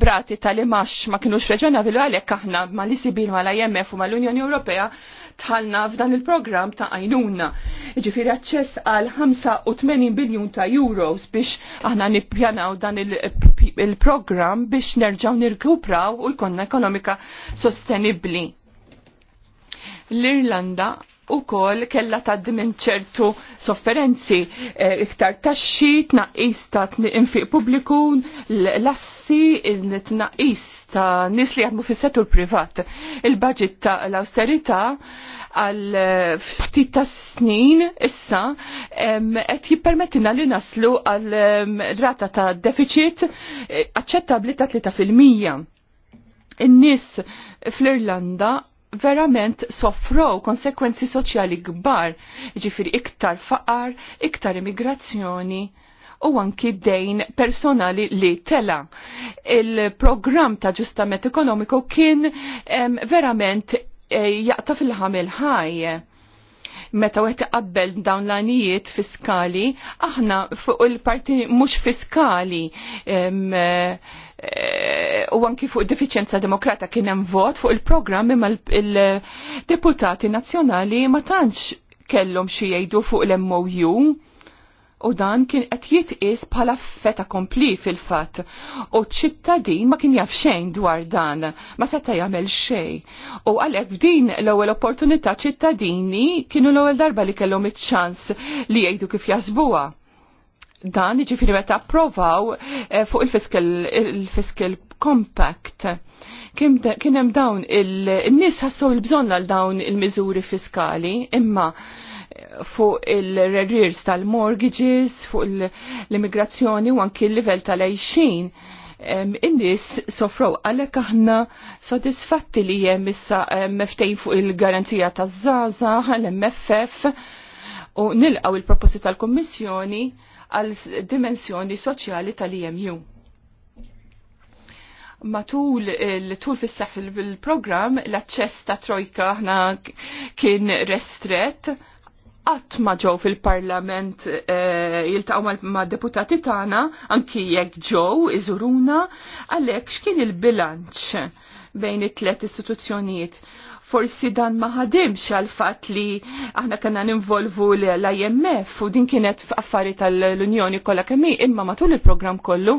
brati tal-imax ma kienux reġonavili, għalek aħna ma l-ICB, ma l-IMF u ma l-Unjoni Ewropea tħalna f'dan il program ta' għajnuna. Ġifiri aċċess għal 85 biljun ta' euros biex aħna nippjanaw dan il program biex nerġaw nirkupraw u jkonna ekonomika sostenibli. L-Irlanda u kol kella taddi minn ċertu sofferenzi eh, iktar taxxi, tnaqis ta' infiq publiku, l-assi, tnaqis ta' nis li jadmu fis settur privat. Il-budget ta' l-austerita għal eh, ftit ta' snin issa qed jippermettina li naslu għal rata ta' deficit eh, aċċettabbli ta' 3 fil-mija. In-nies fl-Irlanda verament soffrow konsekwenzi soċjali kbar, ġifir iktar faqar, iktar immigrazzjoni u anki dejn personali li tela. Il-programm ta' ġustament ekonomiku kien em, verament eh, jaqta fil-ħamil ħaj meta u qabbel dawn l-anijiet fiskali, aħna fuq il-parti mhux fiskali Eh, u anki fuq deficienza demokrata kien hemm vot fuq il-programm imma il-deputati nazzjonali ma tantx kellhom xi jgħidu fuq l-MOU u dan kien qed jitqies bħala feta kompli fil-fatt u ċittadin ma kien jaf xejn dwar dan, ma seta jagħmel xejn. U għalhekk din l-ewwel opportunità ċittadini kienu l-ewwel darba li kellhom iċ-ċans li jgħidu kif jasbuha dan ġifiri meta approvaw eh, fuq il fiskal compact. Kien hemm dawn il-nies ħassew il-bżonn għal dawn il-miżuri fiskali, imma eh, fuq il-rears tal-mortgages, fuq l-immigrazzjoni u anki l-livell tal-għajxin in-nies sofrow għalhekk aħna sodisfatti li hemm issa meftejn fuq il-garanzija taż-żaża, l-MFF u nilqaw il-proposti tal-Kummissjoni għal dimensjoni soċjali tal-EMU. Matul il-tul fissa fil-program, l-aċċess ta' trojka ħna kien restret, għat ġew fil-parlament eh, jiltaqgħu ma' deputati tagħna anki jekk ġew iżuruna għalhekk x'kien il-bilanċ bejn it-tlet istituzzjonijiet forsi dan ma ħadimx għal fatt li aħna kanna ninvolvu l-IMF u din kienet affari tal-Unjoni kollha kemm imma matul il-programm kollu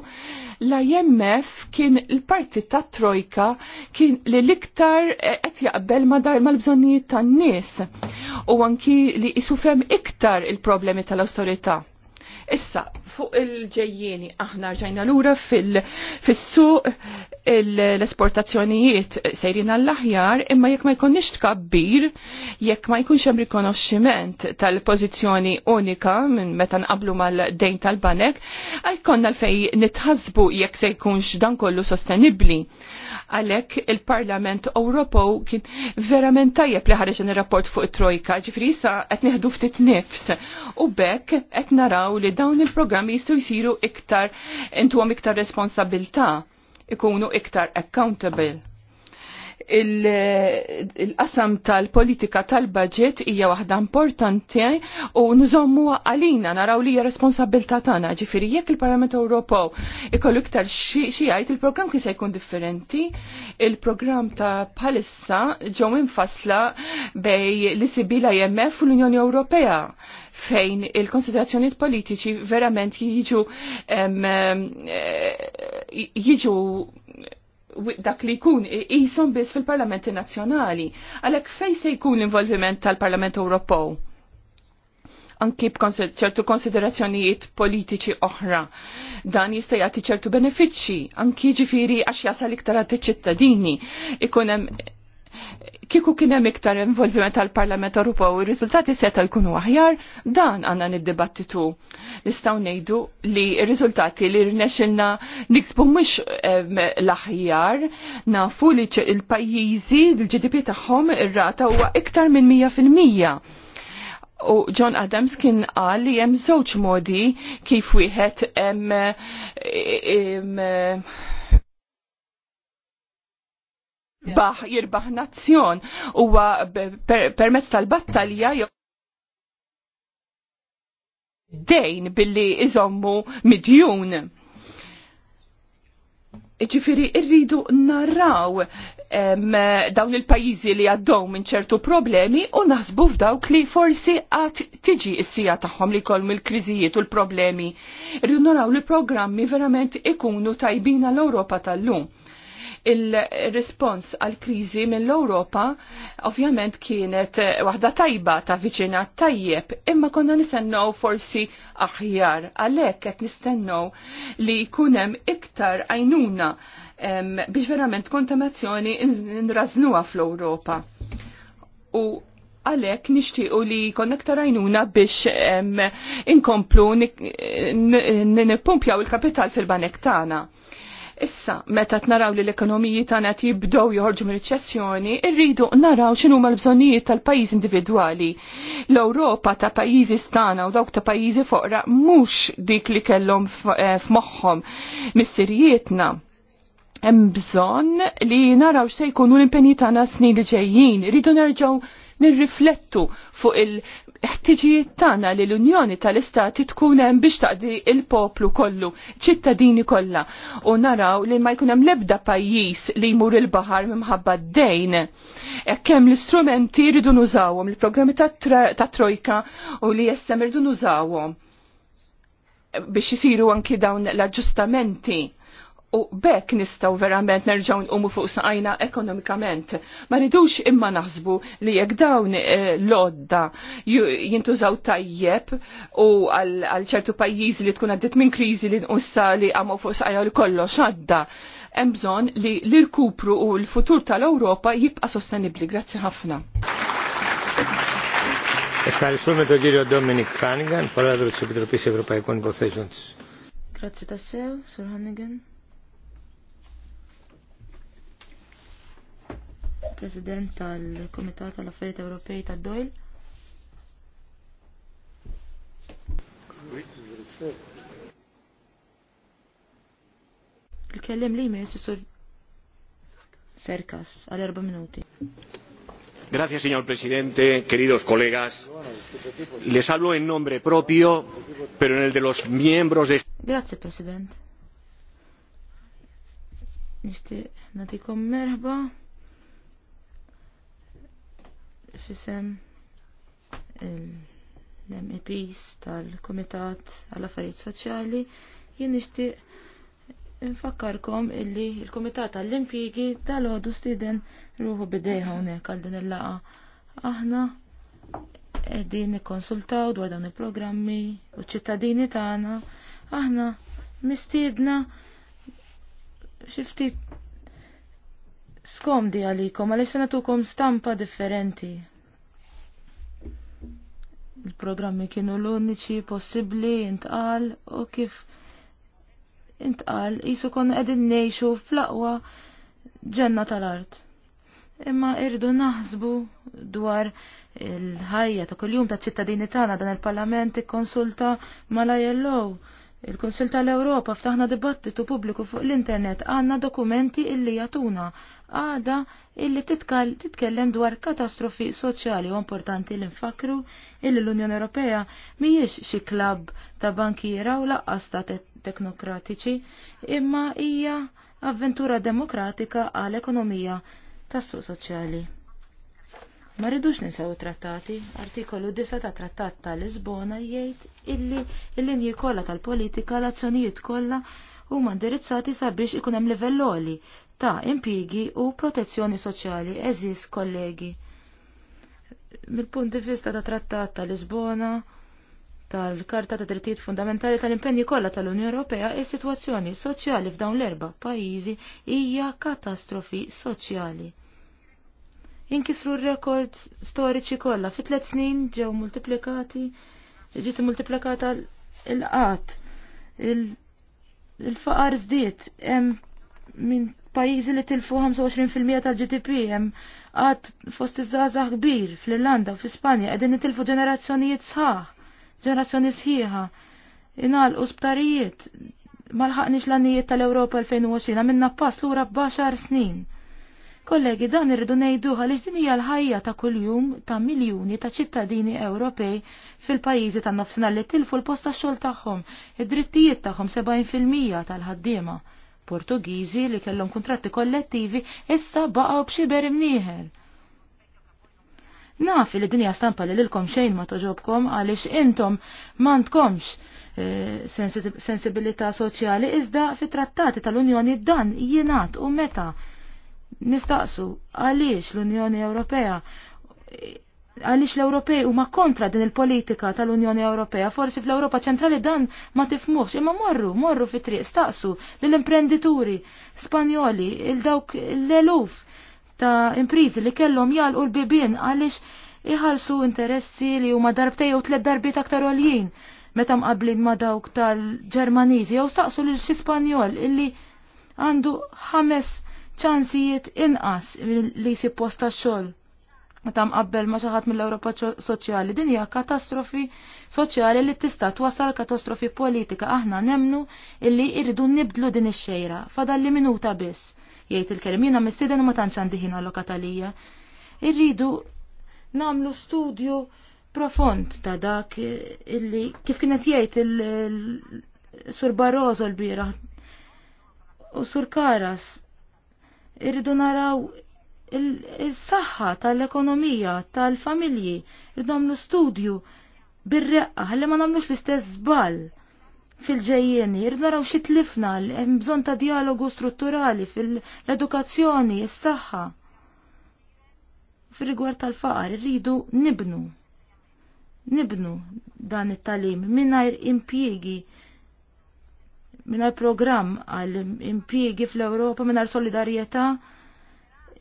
l-IMF kien il-parti ta' trojka kien li l-iktar eh, qed jaqbel mal-bżonnijiet tan-nies u anki li jisufem iktar il-problemi tal-awtorità. Issa, fuq il-ġejjieni aħna rġajna lura fil-suq l-esportazzjonijiet sejrin għall-aħjar imma jekk ma jkunniex tkabbir jekk ma jkunx hemm rikonoxximent tal-pożizzjoni unika minn meta nqablu mal-dejn tal-banek għajkonna l-fej nitħasbu jekk se jkunx dan kollu sostenibbli għalek il-Parlament Ewropew kien verament tajjeb li ħareġ rapport fuq it-Trojka, ġifri sa qed neħdu ftit nifs u bekk qed naraw li dawn il-programmi programmi jistu jsiru iktar intuhom iktar responsabilta, ikunu iktar accountable il-qasam il tal-politika tal-budget hija waħda importanti u nżommu għalina naraw li hija responsabilità tagħna. Ġifieri jekk il-Parlament Ewropew ikollu iktar xi jgħid il-programm kien se jkun differenti, il-programm ta' bħalissa ġew infassla bej l-ICB l-IMF u l-Unjoni Ewropea fejn il konsiderazzjoni politiċi verament jiġu eh, jiġu dak li jkun jisom biss fil-Parlamenti Nazzjonali. Għalek fej se jkun l-involviment tal-Parlament Ewropow? Anki ċertu konsiderazzjonijiet politiċi oħra. Dan jista' jagħti ċertu benefiċċji, anki ġifiri għax jasal iktar ċittadini. Ikun hemm Kiku kien hemm iktar involviment tal-Parlament Ewropew ir-riżultati seta' jkunu aħjar, dan għandna niddibattitu. Nistgħu ngħidu li r-riżultati li rnexxilna niksbu mhux l-aħjar, nafu li l-pajjiżi l-GDP tagħhom ir-rata huwa iktar minn 100%. U John Adams kien qal li hemm żewġ modi kif wieħed hemm baħ jirbaħ nazzjon huwa permezz tal-battalja dejn billi iżommu midjun. Ġifiri, irridu narraw em, dawn il-pajizi li għaddew minn ċertu problemi u naħsbu f'dawk li forsi għat tiġi s-sija tagħhom li kolm il-kriżijiet u l-problemi. Irridu narraw li programmi verament ikunu tajbina l-Ewropa tal-lum il-respons għal-krizi mill-Europa ovvjament kienet waħda tajba ta' viċinat tajjeb, imma konna nistennow forsi aħjar, għalek qed nistennow li kunem iktar għajnuna biex verament kontamazzjoni nrażnuha fl-Europa. U għalek nishtiqu li iktar għajnuna biex inkomplu nipumpjaw il-kapital fil-banek tagħna. Issa, meta naraw li l-ekonomiji tagħna jibdew joħorġu minn ċessjoni irridu naraw xinu ma l-bżonnijiet tal pajiz individwali. L-Ewropa ta' pajizi stana u dawk ta' pajjiżi foqra mhux dik li kellhom eh, f'moħħhom missirijietna. Hemm bżonn li naraw x'se jkunu l-impenji tagħna snin li ġejjin, irridu nerġgħu nirriflettu fuq il- ħtiġijiet tagħna li l-Unjoni tal-Istati tkun hemm biex taqdi il-poplu kollu, ċittadini kollha, u naraw li ma jkun hemm l-ebda pajjiż li jmur il-baħar minħabba d-dejn. Hekk hemm l-istrumenti rridu nużawhom, il-programmi ta' trojka u li jessem rridu nużawhom biex jisiru anki dawn l-aġġustamenti u bekk nistaw verament nerġaw nqumu fuq saqajna ekonomikament. Ma ridux imma naħsbu li jekk dawn eh, l-odda jintużaw tajjeb u għal ċertu pajjiżi li tkun għaddit minn kriżi li nqussa li għamu fuq saqajja li kollox għadda. Hemm bżonn li l-irkupru u l-futur tal-Ewropa jibqa' sostenibbli. Grazzi ħafna. Grazie tassew, Sir Hannigan. President tal-Komitat tal-Affarijiet Ewropej tad-Dojl. Il-kellim li jmiss sur Serkas għal erba' minuti. Gracias, señor presidente, queridos colegas. Les hablo en nombre propio, pero en el de los miembros de. Grazie, presidente. Nishti natikom merħba fisem l-MEPs tal-Komitat għall-Affarijiet Soċjali jien nixtieq infakkarkom illi l-Komitat tal-Impjigi tal għodu stiden ruħu bidej hawnhekk għal din il-laqa. Aħna qegħdin nikkonsultaw dwar dawn il-programmi u ċ-ċittadini tagħna aħna mistiedna xi ftit skomdi għalikom, għalix se natukom stampa differenti. Il-programmi kienu l-uniċi possibli intqal u kif intqal jisu kon edin nejxu fl ġenna tal-art. Imma irdu naħsbu dwar il-ħajja ta' kuljum ta' ċittadini tagħna dan il-Parlament konsulta mala jellow Il-Kunsil tal-Ewropa ftaħna dibattitu pubbliku fuq l-internet għanna dokumenti illi jatuna għada illi titkellem dwar katastrofi soċjali u importanti li nfakru illi l-Unjoni Ewropea mhijiex xi klabb ta' bankiera u laqqas ta' teknokratiċi imma hija avventura demokratika għal ekonomija tas-suq soċjali. Ma rridux ninsew trattati, artikolu 9 ta' trattat ta' Lisbona jgħid illi l-linji kollha tal-politika l-azzjonijiet kollha huma indirizzati sabiex ikun hemm livelloli ta' impigi u protezzjoni soċjali eżis kollegi. Mill-punt di vista ta' trattat ta' Lisbona, tal-Karta ta' Drittijiet Fundamentali tal-Impenni kollha tal-Unjoni Ewropea is-sitwazzjoni soċjali f'dawn l-erba' pajjiżi hija katastrofi soċjali. Jinkisru r-rekord storiċi kollha fi tlet snin ġew multiplikati, ġiet multiplikata l-qat. Il-faqar zdiet, hemm minn pajjiżi li tilfu 25% tal-GDP hemm qatt fost iż-żgħażagħ kbir fl-Irlanda u fl-Ispanja qegħdin nitilfu ġenerazzjonijiet sħaħ, ġenerazzjoni sħiħa. u sbtarijiet, malħaqniex l-annijiet tal-Europa 2020 minna pass lura b snin. Kollegi, dan irridu nejdu għalix din hija l-ħajja ta' kuljum ta' miljuni ta' ċittadini Ewropej fil-pajjiżi tan-nofsinhar li tilfu l posta tax-xogħol tagħhom, id-drittijiet tagħhom 70% tal-ħaddiema. Portugiżi li kellhom kuntratti kollettivi issa baqgħu b'xi berim nieħel. Naf li dinja stampa li lilkom xejn ma toġobkom għaliex intom m'għandkomx eh, sensibilità soċjali iżda fit trattati tal-Unjoni dan jingħat u meta Nistaqsu, għaliex l-Unjoni Ewropea għaliex l-Ewropej huma kontra din il-politika tal-Unjoni Ewropea, forsi fl-Ewropa ċentrali dan ma tifmux, imma morru, morru fi triq, staqsu l-imprendituri Spanjoli, il-dawk l-eluf ta' imprizi li kellhom jalqu l-bibien għaliex iħalsu interessi li huma darbtej u tliet darbiet aktar għoljien meta mqablin ma dawk tal-Ġermaniżi jew staqsu l ispanjol illi għandu ħames ċansijiet inqas li si posta xol. xogħol Meta mqabbel ma' xi ħadd mill-Ewropa Soċjali din hija katastrofi soċjali li tista' twasal katastrofi politika aħna nemnu illi irridu nibdlu din ix-xejra fadalli minuta biss. Jgħid il-kelim jiena mistieden ma tantx għandi ħin allokatalija. Irridu nagħmlu studju profond ta' dak illi kif kienet jgħid il-Sur Barroso l-bieraħ u Sur Karas Irridu naraw il-saħħa tal-ekonomija, tal-familji, irridu nagħmlu studju bir-reqqa, għalli ma nagħmlux l-istess żball fil-ġejjeni, irridu naraw xi tlifna, hemm bżonn ta' dialogu strutturali fil-edukazzjoni, is-saħħa. Fir-rigward tal-faqar irridu nibnu. Nibnu dan it-talim mingħajr impjiegi minar program għal impiegi fl-Europa minar solidarieta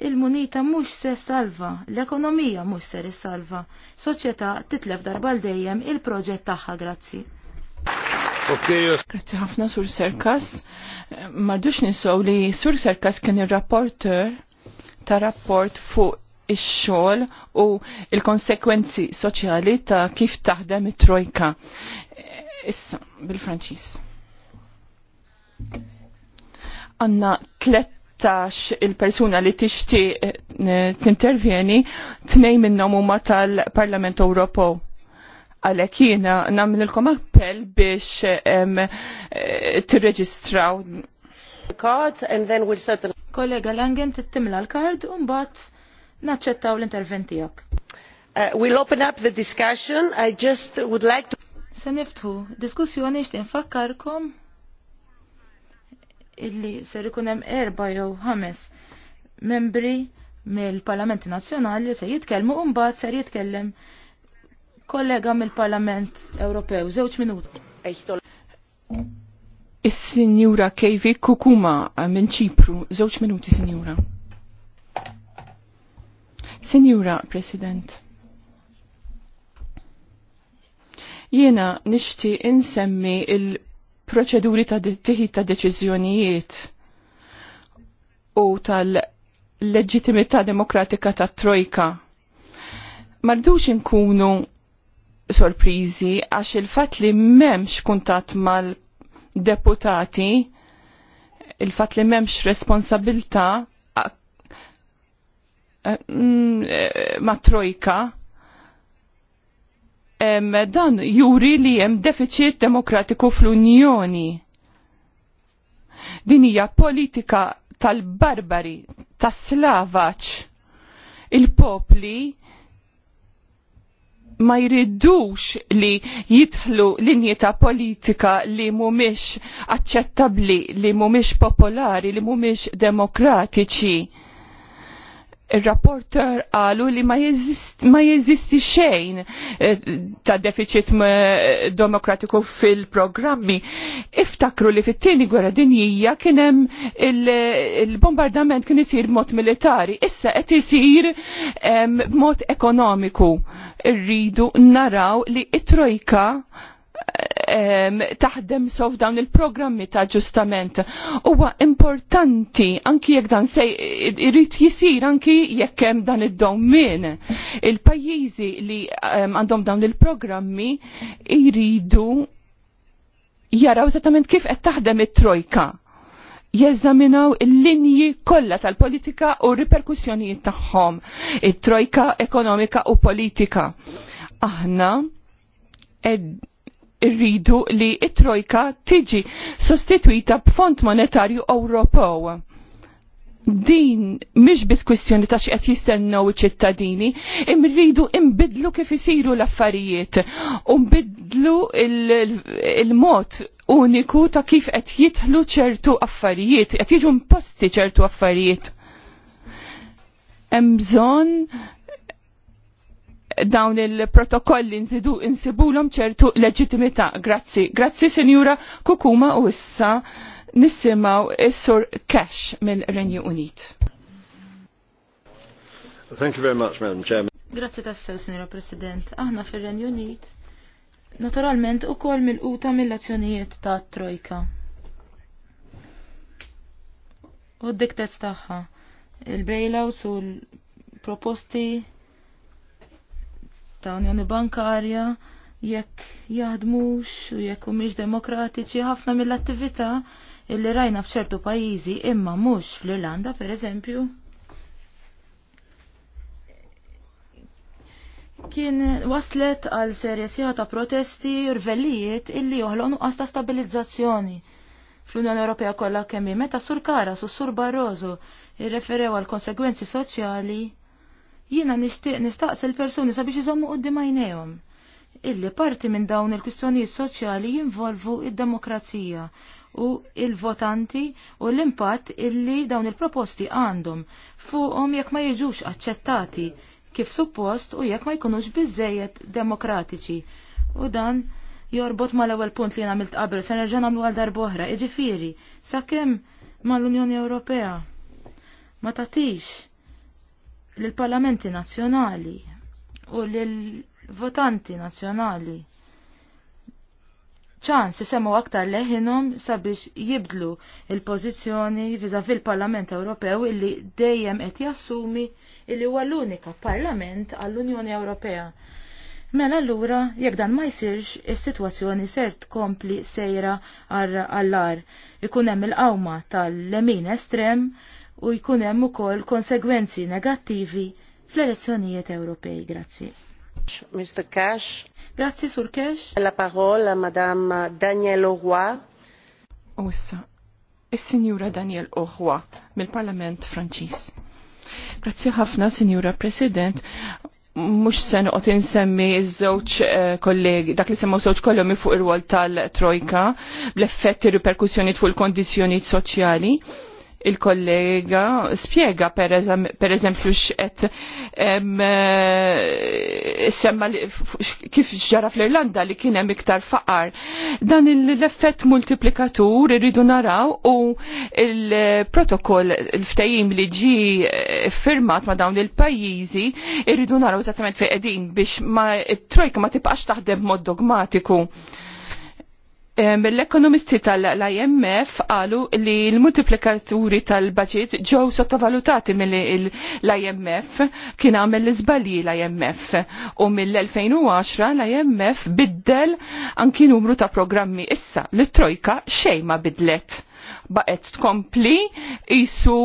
il-munita mux se salva, l-ekonomija mux se salva. Soċjetà titlef darba dejjem il-proġett tagħha grazzi. Grazzi ħafna sur Serkas. Madux ninsow li sur Serkas kien il-rapporter ta' rapport fuq ix-xogħol u il-konsekwenzi soċjali ta' kif taħdem it-trojka. Issa, bil-Franċiż. Għanna 13 il-persuna li tixti eh, t-intervjeni, t-nej minnom huma tal-Parlament Ewropew. Għalek jina namlilkom appell biex eh, t-reġistraw. Kollega Langen tittimla l-kard un bat naċċettaw l-interventijak. Uh, we'll open up the discussion. I just would like to... Se niftu diskussjoni xtin fakkarkom illi ser ikun hemm erba' jew ħames membri mill-Parlamenti Nazzjonali se jitkellmu u mbagħad ser jitkellem kollega mill-Parlament Ewropew. Żewġ minuti. Is-Sinjura Kejvi Kukuma minn Ċipru. Żewġ minuti, Sinjura. Sinjura President. Jiena nixti insemmi il- proċeduri ta' tiħi ta' deċiżjonijiet u tal-leġitimità demokratika ta' trojka. Mardux inkunu sorprizi għax il-fat li memx kuntat mal-deputati, il-fat li memx responsabilta mm, eh, ma' trojka, dan juri li hemm deficit demokratiku fl-Unjoni. Din hija politika tal-barbari, tas-slavaċ. Il-popli ma jridux li jidħlu linjeta politika li mhumiex aċċettabbli, li mhumiex popolari, li mhumiex demokratiċi il-rapporter għalu li ma jeżisti xejn eh, ta' deficit eh, demokratiku fil-programmi. Iftakru li fit-tieni gwerra dinjija kien hemm il-bombardament kien isir mod militari, issa qed isir mod ekonomiku. rridu naraw li it-trojka taħdem sof dawn il-programmi ta' ġustament. Huwa importanti anki jekk dan se irrid jisir anki jekk hemm dan id-domin. Il-pajjiżi li għandhom dawn il-programmi jridu jaraw eżattament kif qed taħdem it-trojka jeżaminaw il-linji kollha tal-politika u riperkussjonijiet tagħhom, it-trojka ekonomika u politika. Aħna Irridu li it-trojka tiġi sostituita b'fond monetarju Ewropew. Din mhix biss kwistjoni ta' x'qed jistennew iċ-ċittadini, imridu imbidlu kif isiru l-affarijiet u mbidlu il-mod uniku ta' kif qed jitħlu ċertu affarijiet, qed jiġu imposti ċertu affarijiet hemm bżonn dawn il-protokolli insibulhom ċertu leġitimità. Grazzi. Grazzi Sinjura Kukuma u issa nissimaw is-sur Cash mill-Renju Unit. Thank you very much, Madam Chairman. Grazzi tassew, Sinjura President. Aħna fir-Renju Unit naturalment u kol mil-quta mill-azzjonijiet ta' trojka. U d-diktez tagħha il-bailouts u l-proposti ta' Unjoni Bankarja jekk jaħdmux u jekk humiex demokratiċi ħafna mill-attività illi rajna f'ċertu pajjiżi imma mhux fl-Irlanda pereżempju. kien waslet għal serjesija ta' protesti u rvellijiet illi joħlon nuqqas ta' stabilizzazzjoni. Fl-Unjoni Ewropea kollha kemm meta Sur Karas u Sur Barroso irreferew għal konsegwenzi soċjali Jiena nixtieq nistaqsi l-persuni sabiex u d għajnejhom illi parti minn dawn il-kwistjonijiet soċjali jinvolvu id-demokrazija u il-votanti u l-impatt illi dawn il-proposti għandhom fuqhom jekk ma jiġux aċċettati kif suppost u jekk ma jkunux biżejjed demokratiċi. U dan jorbot ma l-ewwel punt li għamilt qabel se nerġa' nagħmlu għal darb'oħra, jiġifieri sakemm mal-Unjoni Ewropea ma tagħtix l-parlamenti nazzjonali u l-votanti nazzjonali ċans semmu aktar leħinom sabiex jibdlu il-pozizjoni viza fil parlament Ewropew illi dejjem qed jassumi illi huwa l-unika Parlament għall-Unjoni Ewropea. Mela allura jekk dan ma jsirx, is-sitwazzjoni ser tkompli sejra għall-ar. Ikun hemm il-qawma tal-lemin estrem u jkun hemm ukoll konsegwenzi negattivi fl-elezzjonijiet Ewropej. Grazzi. Mr. Cash. Grazzi, Sur Cash. La parola, Madame Daniel Roy. Ossa, il-Sinjura Daniel Oroa, mill-Parlament Franċis. Grazzi ħafna, Sinjura President. Mux sen qot insemmi iż-żewġ eh, kollegi, dak li semmu żewġ kollegi fuq ir-rwol tal-Trojka, bl-effetti riperkussjoni fuq il kondizzjonijiet soċjali il-kollega spiega per, eżem, per eżempju x'qed eh, semma kif ġara fl-Irlanda li kien hemm iktar faqar. Dan l-effett multiplikatur irridu naraw u il-protokoll il-ftajim li ġi eh, firmat ma dawn il-pajjiżi irridu naraw eżattament fejn qegħdin biex ma trojka ma tibqax taħdem mod dogmatiku. L-ekonomisti tal-IMF għalu li l-multiplikaturi tal-budget ġew sottovalutati mill-IMF kien għamel l-izbalji l-IMF u mill-2010 l-IMF biddel anki numru ta' programmi issa l-Trojka xej ma bidlet baqet tkompli isu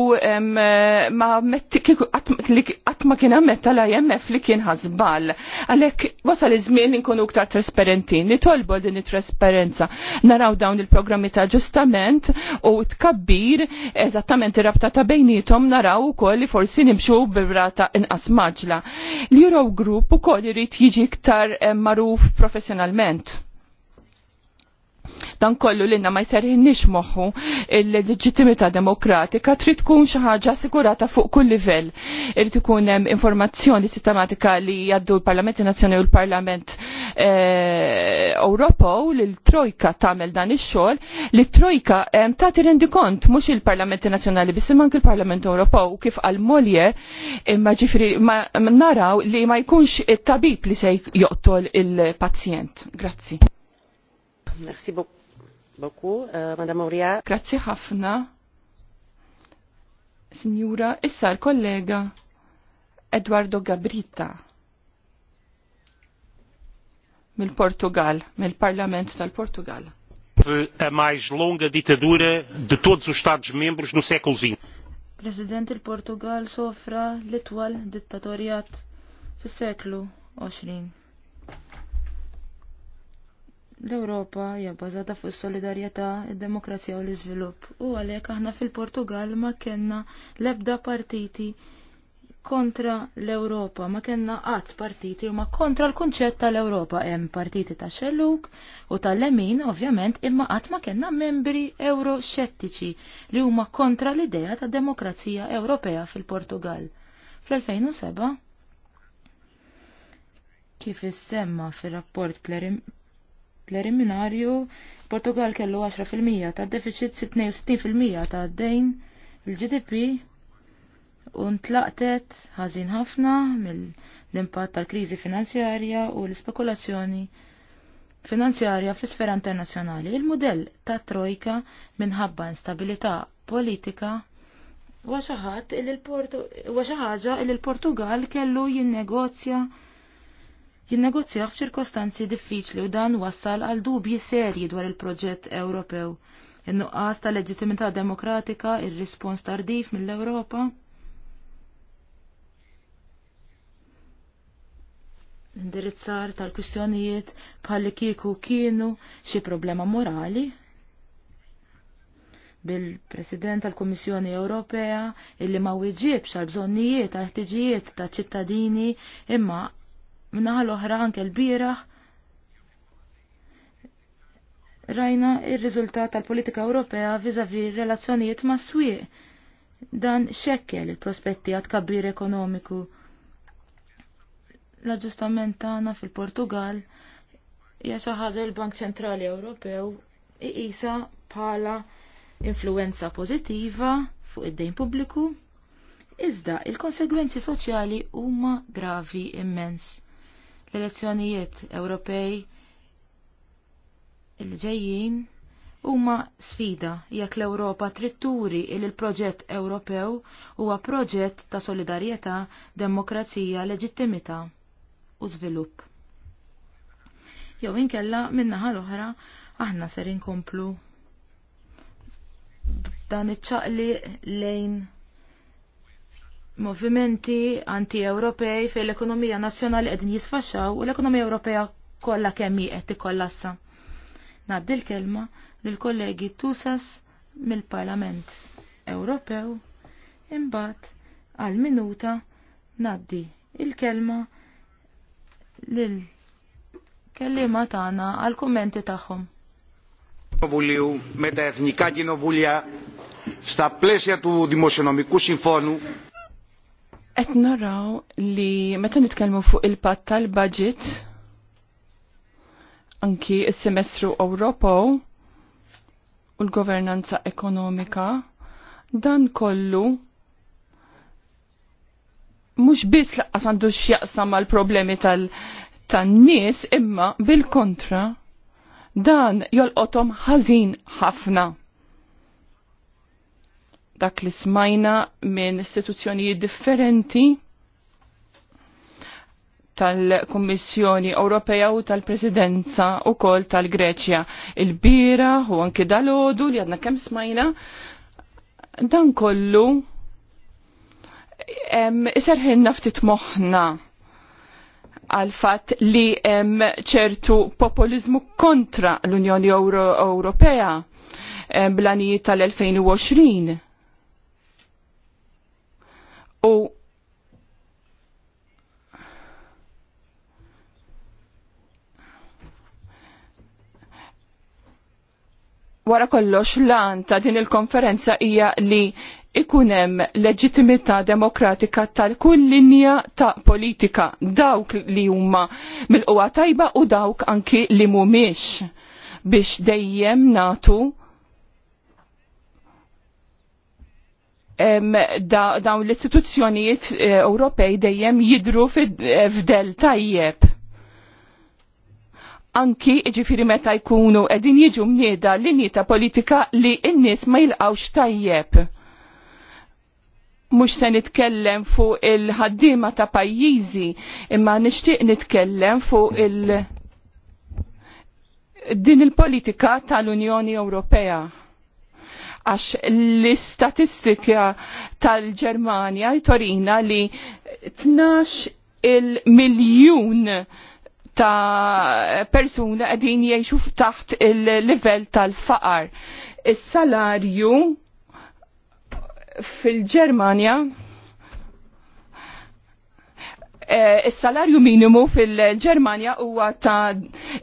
ma għatma kien għamet tal-IMF li kien ħazbal. Għalek wasal iż-żmien ktar iktar trasparenti, nitolbu din it-trasparenza, naraw dawn il-programmi ta' ġustament u tkabbir eżattament ir-rabta ta' bejnietom naraw ukoll li forsi nimxu bil rata inqas maġla. L-Eurogroup ukoll irid jiġi iktar maruf professjonalment dan kollu li ma jserħinix moħu il-leġittimità demokratika trid tkun xi ħaġa sigurata fuq kull livell. Irid ikun hemm informazzjoni sistematika li jaddu l-Parlament Nazzjonali u l-Parlament eh, Ewropew li l-Trojka tagħmel dan ix-xogħol li trojka eh, tagħti rendikont mhux il-Parlamenti Nazzjonali biss imma il-Parlament Ewropew kif għal Molje imma ġifri ma naraw li ma jkunx it-tabib li se joqtol il-pazjent. Grazzi. Merci beaucoup beaucoup, euh, Madame Auria. Grazie ħafna. Signora, issa l-kollega Eduardo Gabrita mill-Portugal, mill-Parlament tal-Portugal. A mais longa ditadura de todos os Estados-membros no século XX. President il-Portugal sofra l-itwal dittatorjat fis-seklu 20. L-Ewropa hija bbażata fuq is-solidarjetà, id-demokrazija u l-iżvilupp. U għalhekk aħna fil-Portugal ma kellna l-ebda partiti kontra l-Ewropa, ma kellna qatt partiti u ma kontra l-kunċett tal-Ewropa hemm partiti ta' xelluk u tal-lemin ovvjament imma qatt ma kellna membri euroxettiċi li huma kontra l-idea ta' demokrazija Ewropea fil-Portugal. Fl-2007 kif issemma fir-rapport preliminarju Portugal kellu 10% ta' deficit 62% ta' dejn il-GDP u tlaqtet ħażin ħafna mill-impatt tal-kriżi finanzjarja u l-spekulazzjoni finanzjarja fis sfera internazzjonali. Il-modell ta' trojka minħabba instabilità politika wa xi ħaġa li l-Portugal kellu jinnegozja jinnegozja f'ċirkostanzi diffiċli u dan wassal għal dubji serji dwar il-proġett Ewropew. In-nuqqas ta' leġitimità demokratika, il rispons tardif mill-Ewropa. Indirizzar tal-kwistjonijiet bħalli kieku kienu xi problema morali bil-President tal komissjoni Ewropea illi ma wieġibx għal bżonnijiet għal ħtiġijiet ta' ċittadini imma minnaħal l-oħra anke l-bieraħ rajna il riżultat tal-politika Ewropea viżavi relazzjonijiet ma' swieq. Dan xekkel il-prospetti għad kabbir ekonomiku. L-aġġustament tagħna fil-Portugal hija xi ħaġa l-Bank Ċentrali Ewropew iqisa bħala influenza pożittiva fuq id-dejn pubbliku, iżda il-konsegwenzi soċjali huma gravi immens. L-elezzjonijiet Ewropej il-ġejjin huma sfida jekk l-Ewropa trid il il-proġett Ewropew huwa proġett ta' solidarjetà, demokrazija, leġittimità u żvilupp. Jew inkella min-naħa l-oħra aħna ser inkomplu dan iċċaqli lejn movimenti anti-Ewropej fej l-ekonomija nazzjonali qegħdin jisfaxxaw u l-ekonomija Ewropea kollha kemm hi kollassa. tikkollassa. Ngħaddi l-kelma lill-kollegi Tusas mill-Parlament Ewropew imbagħad għal minuta ngħaddi il-kelma lil kellima tagħna għal kummenti tagħhom. Κοινοβουλίου meta etnika εθνικά sta plesja tu dimosjonomiku sinfonu, Qed naraw li meta nitkellmu fuq il-patt tal-budget anki is-semestru Ewropew u l-governanza ekonomika dan kollu mhux biss laqqas għandu x'jaqsam mal-problemi tan-nies imma bil-kontra dan jolqothom ħażin ħafna dak li smajna minn istituzzjonijiet differenti tal-Kommissjoni Ewropea u tal-Presidenza u kol tal-Greċja. Il-bira u anki dal-ħodu li għadna kem smajna dan kollu iserħin ftit moħna għal fatt li hemm ċertu populizmu kontra l-Unjoni Ewropea blanijiet tal-2020 U wara kollox lan ta' din il-konferenza hija li ikunem leġitimità demokratika tal-kull linja ta' politika dawk li huma mill-qwa tajba u dawk anki li mhumiex biex dejjem natu dawn da l-istituzzjonijiet eh, Ewropej dejjem jidru eh, f'del tajjeb. Anki ġifiri meta jkunu edin jiġu mnieda linji ta' politika li n-nies ma jilqawx tajjeb. Mux se nitkellem fuq il-ħaddima ta' pajjiżi, imma nixtieq nitkellem fuq il- din il-politika tal-Unjoni Ewropea għax l-istatistika tal-Ġermanja jtorina li 12 il-miljun ta' persuna għedin jiexu taħt il-level tal-faqar. Is-salarju fil-Ġermanja eh, is-salarju minimu fil-Ġermanja huwa ta'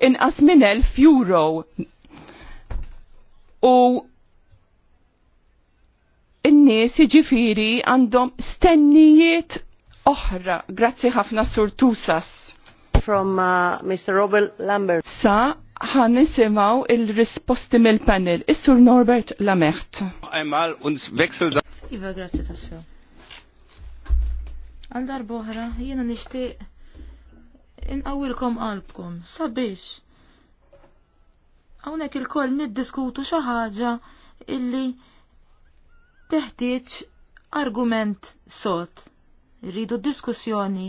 inqas minn 1000 euro. U n-nies jiġifieri għandhom stennijiet oħra. Grazzi ħafna Sur Tusas. From uh, Mr. Robert Lambert. Sa ħan nisimaw il-risposti mill-panel. Is-Sur Norbert Lamert. uns Iva, grazzi tassew. Għal oħra, jiena nixtieq inqawilkom qalbkom sabiex hawnhekk il-koll niddiskutu xi ħaġa illi teħtieġ argument sot. Rridu diskussjoni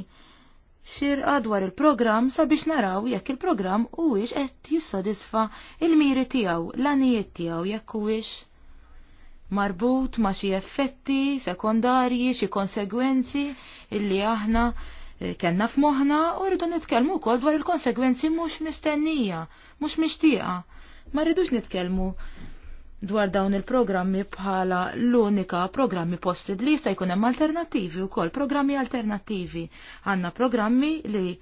xir dwar il-programm sabiex naraw jekk il-programm huwiex qed jissodisfa il-miri tiegħu, l-anijiet tiegħu jekk huwiex marbut ma' xi effetti sekondarji, xi konsegwenzi illi aħna eh, kellna f'moħħna u rridu nitkellmu wkoll dwar il-konsegwenzi mhux mistennija, mhux mixtieqa. Ma rridux nitkellmu dwar dawn il-programmi bħala l-unika programmi possibli jista' jkun hemm alternattivi wkoll, programmi alternattivi. Għanna programmi li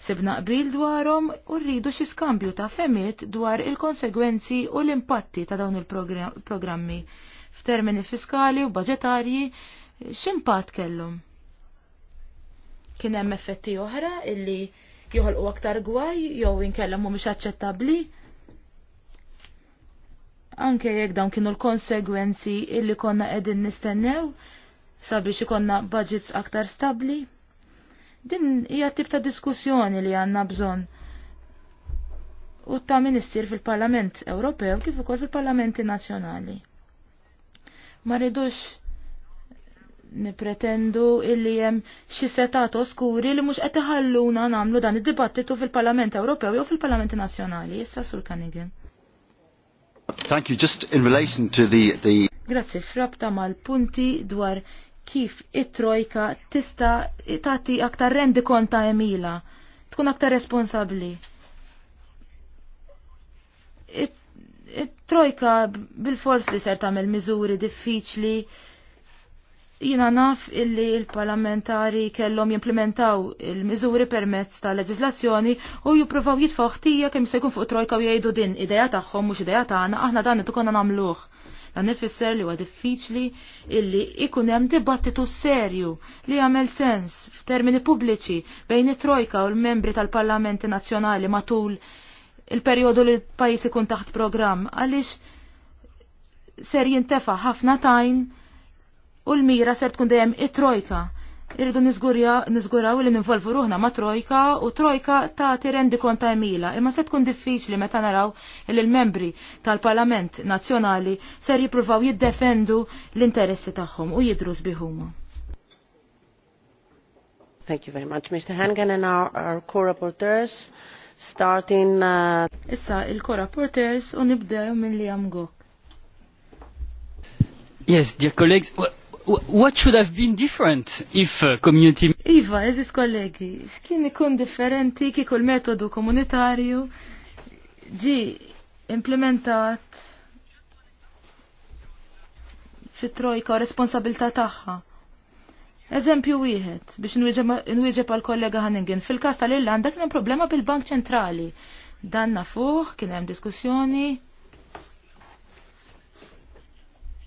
sibna qbil dwarhom u rridu xi skambju ta' femiet dwar il-konsegwenzi u l-impatti ta' dawn il-programmi f'termini fiskali u budgetarji x'impatt kellhom. Kien hemm effetti oħra illi joħolqu aktar gwaj jew inkellem mhumiex aċċettabbli anke jekk dawn kienu l-konsegwenzi illi konna qegħdin nistennew sabiex ikonna budgets aktar stabli. Din hija tip ta' diskussjoni li għandna bżonn. U ta' ministir fil-Parlament Ewropew kif ukoll fil-Parlamenti Nazzjonali. Ma rridux nipretendu illi hemm xi setat oskuri li mhux qed iħalluna nagħmlu dan id-dibattitu fil-Parlament Ewropew jew fil-Parlamenti Nazzjonali. Issa sur Kanigin. Thank you. Just in relation to the... the... Grazie, frabta mal-punti dwar kif it-trojka tista tati aktar rendi konta Emila. Tkun aktar responsabli. It-trojka bil-fors li ser tamel miżuri diffiċli Jina naf illi il-parlamentari kellhom jimplementaw il-miżuri permezz ta' leġislazzjoni u jippruvaw jitfgħu kem kemm se jkun fuq trojka u jgħidu din idea tagħhom mhux idea tagħna aħna dan itukonna nagħmluh. Dan ifisser li huwa diffiċli illi ikun hemm dibattitu serju li jagħmel sens f'termini pubbliċi bejn it-trojka u l-membri tal-Parlamenti Nazzjonali matul il-perjodu li l-pajjiż ikun taħt programm għaliex ser jintefa' ħafna tajn u l-mira ser tkun dejjem it-trojka. Irridu niżguraw li ninvolvu ruħna ma' trojka u trojka ta' tirendi kont ta' imma se tkun diffiċli meta naraw li l-membri tal-Parlament Nazzjonali ser jippruvaw jiddefendu l-interessi tagħhom u jidru biħuma. Thank you very much, Mr. Hangan and our, our co-rapporteurs, starting... Uh... Issa, il-co-rapporteurs, u nibdew minn li għamgok. Yes, dear colleagues, well, what should have been different if uh, community... Iva, eżis kollegi, xkien ikun differenti kieku l-metodu komunitarju ġi implementat fit-trojka u responsabilta tagħha. Eżempju wieħed biex nwieġeb għal kollega Hanningen, fil-kas tal-Irlanda kien hemm problema bil-Bank Ċentrali. Dan nafuh kien hemm diskussjoni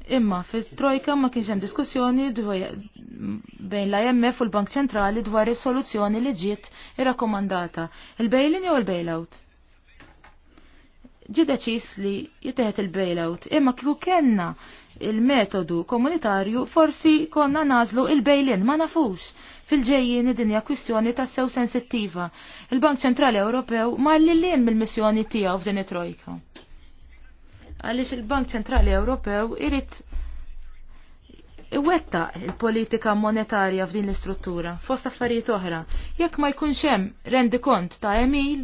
Imma fil trojka ma kienx hemm diskussjoni bejn l-IMF u l-Bank Ċentrali dwar is-soluzzjoni li ġiet irrakkomandata, il-bail-in jew il-bailout. Ġi deċiż li jiteħet il-bailout, imma kieku kellna il-metodu komunitarju forsi konna nażlu il-bail-in ma nafux. Fil-ġejjien id-dinja kwistjoni ta' sew sensittiva. Il-Bank Ċentrali Ewropew li l lien mill-missjoni tiegħu f'din it-trojka għaliex il-Bank Ċentrali Ewropew irid iwetta il-politika monetarja f'din l-istruttura fost affarijiet oħra. Jekk ma jkunx hemm rendi kont ta' Emil,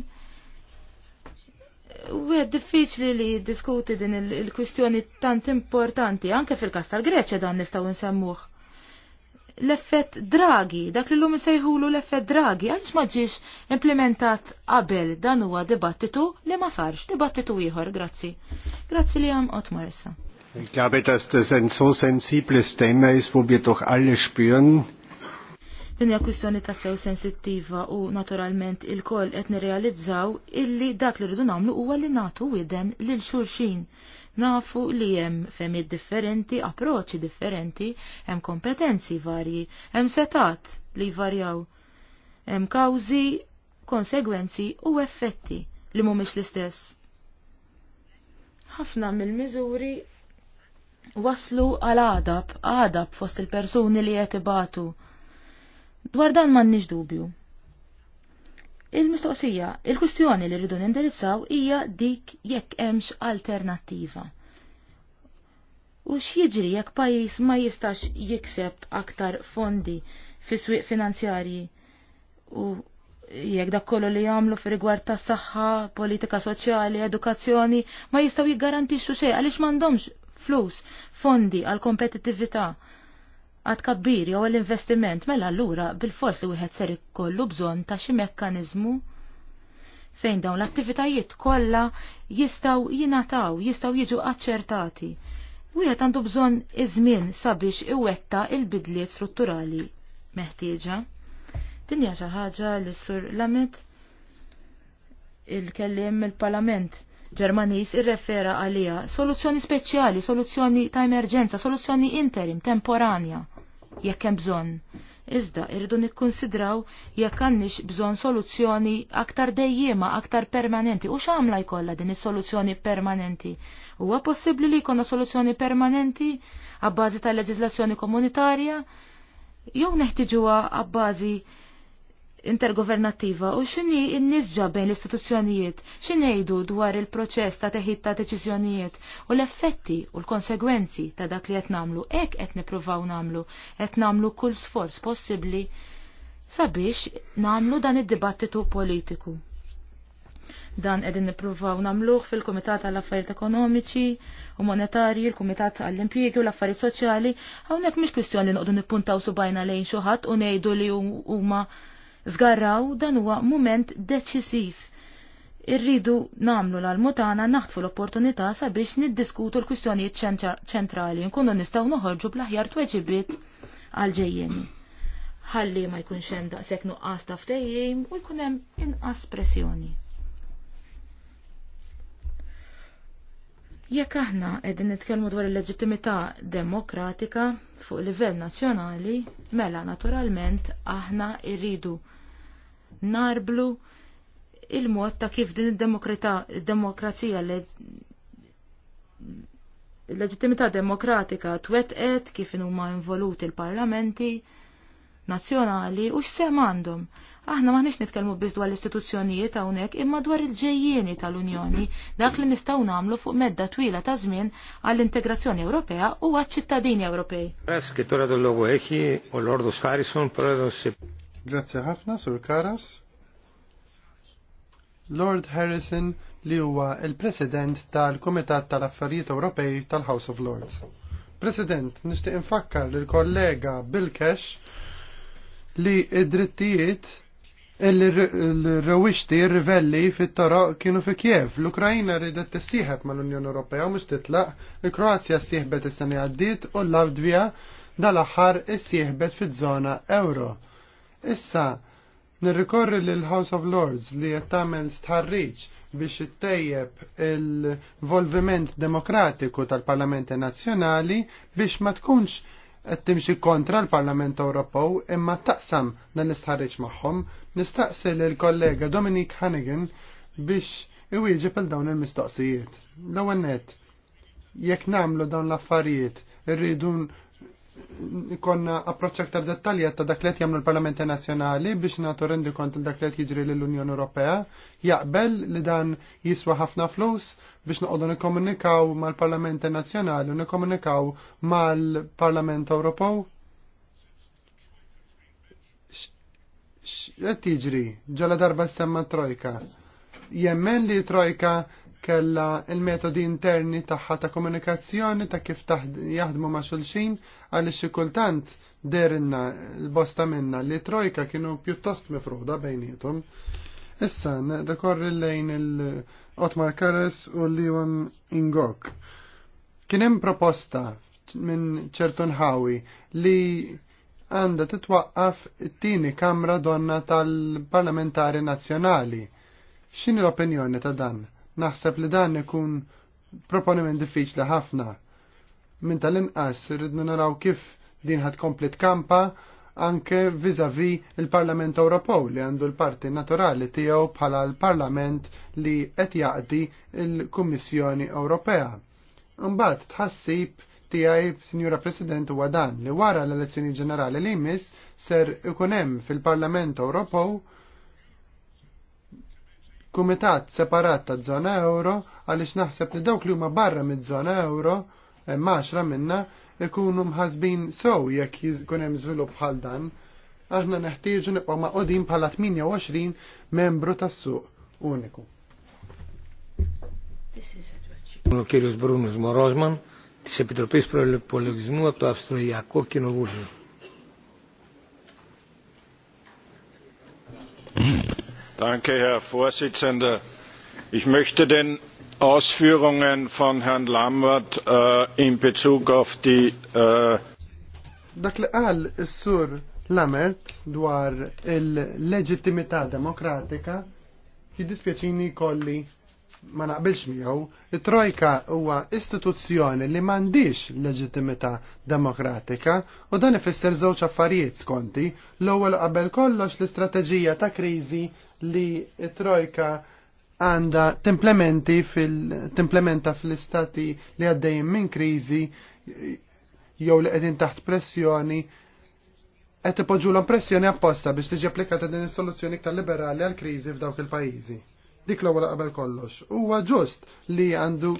u diffiċli li diskuti din il-kwistjoni tant importanti anke fil-kas tal-Greċja dan nistgħu nsemmuh l-effett dragi, dak li l-lum sejħulu l-effett dragi, għalix maġġiex implementat qabel dan huwa dibattitu li ma sarx, dibattitu ieħor, grazzi. Grazzi li għam Otmar issa. Ich glaube, so sensibli Thema jisbu bietuħ għalli doch alle Din hija kwistjoni ta' sew sensittiva u naturalment il-koll qed nirrealizzaw illi dak li rridu nagħmlu huwa li nagħtu widen lil xulxin. Nafu li hemm femid differenti, approċċi differenti, hemm kompetenzi varji, hemm setat li varjaw, hemm kawżi, konsegwenzi u effetti li mhumiex l-istess. Ħafna mill-miżuri waslu għal għadab, għadab fost il-persuni li qed ibatu. Dwar dan m'għandniex dubju. Il-mistoqsija, il-kwistjoni li rridu nindirizzaw hija dik jekk hemmx alternattiva. U x'jiġri jekk pajjiż ma jistax jikseb aktar fondi fis-swieq finanzjarji u jekk dak kollu li jagħmlu fir-rigward tas-saħħa, politika soċjali, edukazzjoni ma jistgħu jiggarantixxu xejn għaliex m'għandhomx flus, fondi għal kompetittività għad kabbir jew l-investiment mela allura bil forsi wieħed ser ikollu bżonn ta' xi mekkaniżmu fejn dawn l-attivitajiet kollha jistgħu jingħataw, jistgħu jiġu aċċertati. Wieħed għandu bżonn iż-żmien sabiex iwetta il-bidliet strutturali meħtieġa. Dinja xi ħaġa li sur Lamet il-kellim il-Parlament Ġermanis irrefera għalija soluzzjoni speċjali, soluzzjoni ta' emerġenza, soluzzjoni interim, temporanja, jekk hemm bżonn. Iżda irridu nikkonsidraw jekk għandix bżonn soluzzjoni aktar dejjema, aktar permanenti. U x'għamla jkollha din is-soluzzjoni permanenti? Huwa possibbli li jkollna soluzzjoni permanenti għabbażi tal-leġiżlazzjoni komunitarja? Jew neħtiġuha għabbażi intergovernattiva u xini n-nisġa bejn l-istituzzjonijiet, xinejdu dwar il-proċess ta' teħid ta' deċiżjonijiet u l-effetti u l-konsegwenzi ta' dak li qed nagħmlu hekk qed nippruvaw nagħmlu, qed nagħmlu kull sforz possibbli sabiex nagħmlu dan id-dibattitu politiku. Dan edin nippruvaw namluħ fil-Kumitat għall affarijiet Ekonomiċi u Monetarji, il-Kumitat għall impjiegi u l-Affarijiet Soċjali, hawnhekk mhix kwistjoni li noqogħdu nippuntaw subajna lejn xi ħadd u ngħidu li huma um Zgarraw dan huwa moment deċisiv. Irridu namlu l-almutana naħtfu l-opportunità sabiex niddiskutu l-kwistjonijiet ċentrali nkunu nistgħu noħorġu bl-aħjar tweġibiet għal-ġejjeni. Ħalli ma jkunx hemm daqshekk nuqqas ta' u jkun hemm inqas pressjoni. Jekk aħna qegħdin nitkellmu dwar il-leġittimità demokratika fuq livell nazzjonali, mela naturalment aħna rridu narblu il-mod ta' kif din id-demokrazija il-leġittimità demokratika twetqet kif huma involuti l il parlamenti nazzjonali u x-sem għandhom. Aħna maħniex nitkellmu biss dwar l-istituzzjonijiet hawnhekk imma dwar il-ġejjieni tal-Unjoni dak li nistgħu nagħmlu fuq medda twila ta' żmien għall-integrazzjoni Ewropea u għaċ-ċittadini Ewropej. Grazzi ħafna sur Karas. Lord Harrison li huwa il-President tal-Kumitat tal-Affarijiet Ewropej tal-House of Lords. President, nixtieq infakkar lill kollega Bill Cash li id-drittijiet il-rewixti, il-rivelli fit-toroq kienu fi Kiev. L-Ukrajina ridet ma mal-Unjoni Ewropea u mhux titlaq, il-Kroazja ssieħbet is-sena għaddiet u l-Latvija dal-aħħar issieħbet fiż-żona euro. Issa nirrikorri l House of Lords li qed tagħmel stħarriġ biex ittejjeb il-volviment demokratiku tal-Parlamenti Nazzjonali biex ma tkunx qed timxi kontra l-Parlament Ewropew imma taqsam dan nistħarriġ magħhom, nistaqsi lil kollega Dominique Hannigan biex iwieġeb il dawn il-mistoqsijiet. L-ewwel nett, jekk nagħmlu dawn l-affarijiet irridu konna approċċa aktar dettalja ta' dak li jagħmlu l-Parlamenti Nazzjonali biex nagħtu rendi kont dak li jiġri lill-Unjoni Ewropea jaqbel li dan jiswa ħafna flus biex noqogħdu nikkomunikaw mal-Parlamenti Nazzjonali u nikkomunikaw mal-Parlament Ewropew. Qed jiġri ġala darba semma trojka. Jemmen li trojka kella il-metodi interni tagħha ta' komunikazzjoni ta' kif jaħdmu ma' xulxin għaliex xi kultant derinna l-bosta minna li trojka kienu pjuttost mifruda bejnietum. Issa rekorri lejn il-Otmar Karres u Liwan Ingok. Kien hemm proposta minn ċertun ħawi li għanda titwaqqaf it-tieni Kamra Donna tal-Parlamentari Nazzjonali. X'inhi l-opinjoni ta' dan? Naħseb li dan ikun proponiment diffiċli ħafna. Min tal-inqas rridnu naraw kif din ħad komplet kampa anke vizavi il-Parlament Ewropew li għandu l-parti naturali tiegħu bħala l-Parlament li qed jaqdi l-Kummissjoni Ewropea. Imbagħad tħassib tiegħi, Sinjura President, huwa dan li wara l-elezzjoni ġenerali li jmiss ser ikun hemm fil-Parlament Ewropew kumitat separat ta' zona euro għaliex naħseb li dawk li huma barra mid-żona euro maċra minna ikunu mħazbin sew jekk jkun hemm żvilupp bħal dan. Aħna neħtieġu nibqa' maqodin bħala 28 membru tas-suq uniku. Ο Brunus Morozman, Μορόσμαν της Επιτροπής Προεπολογισμού από το Αυστριακό Κοινοβούλιο. Danke, Herr Vorsitzender. Ich möchte den Ausführungen von Herrn Lambert uh, in Bezug auf die. uh Dak li qal is-sur Lambert dwar il-leġittimità demokratika jiddispjaċini kolli ma naqbilx miegħu, it-trojka huwa istituzzjoni li m'għandix leġittimità demokratika u dan ifisser żewġ affarijiet skonti l-ewwel qabel kollox l-istrateġija ta' kriżi li trojka għanda timplementi fil-timplementa fil-istati li għaddejjem minn krizi jew li qegħdin taħt pressjoni qed ipoġġu pressjoni apposta biex tiġi applikata din is-soluzzjoni iktar liberali għal kriżi f'dawk il-pajjiżi. Dik l-ewwel qabel kollox. Huwa ġust li għandu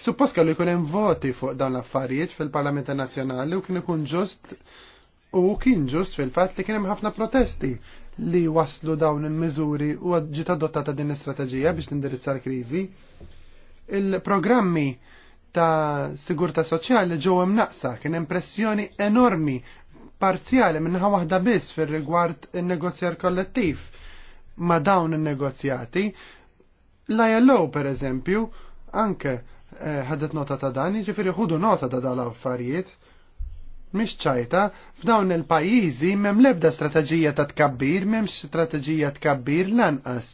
suppost kellu jkun hemm voti fuq dawn l-affarijiet fil-Parlament Nazzjonali u kien ikun ġust u kien ġust fil-fatt li kien hemm ħafna protesti li waslu dawn il-miżuri u ġiet adottata din l-istrateġija biex tindirizza l-kriżi. Il-programmi ta' sigurta soċjali ġew hemm naqsa kien impressjoni enormi parzjali minnaħa waħda biss fir-rigward in-negozjar kollettiv ma' dawn in-negozjati. L-ILO per eżempju anke eh, ħadet nota ta' dan, ġifiri ħudu nota ta' dal affarijiet mhix ċajta f'dawn il-pajjiżi m'hemm l-ebda strateġija ta' tkabbir, m'hemmx strateġija tkabbir lanqas.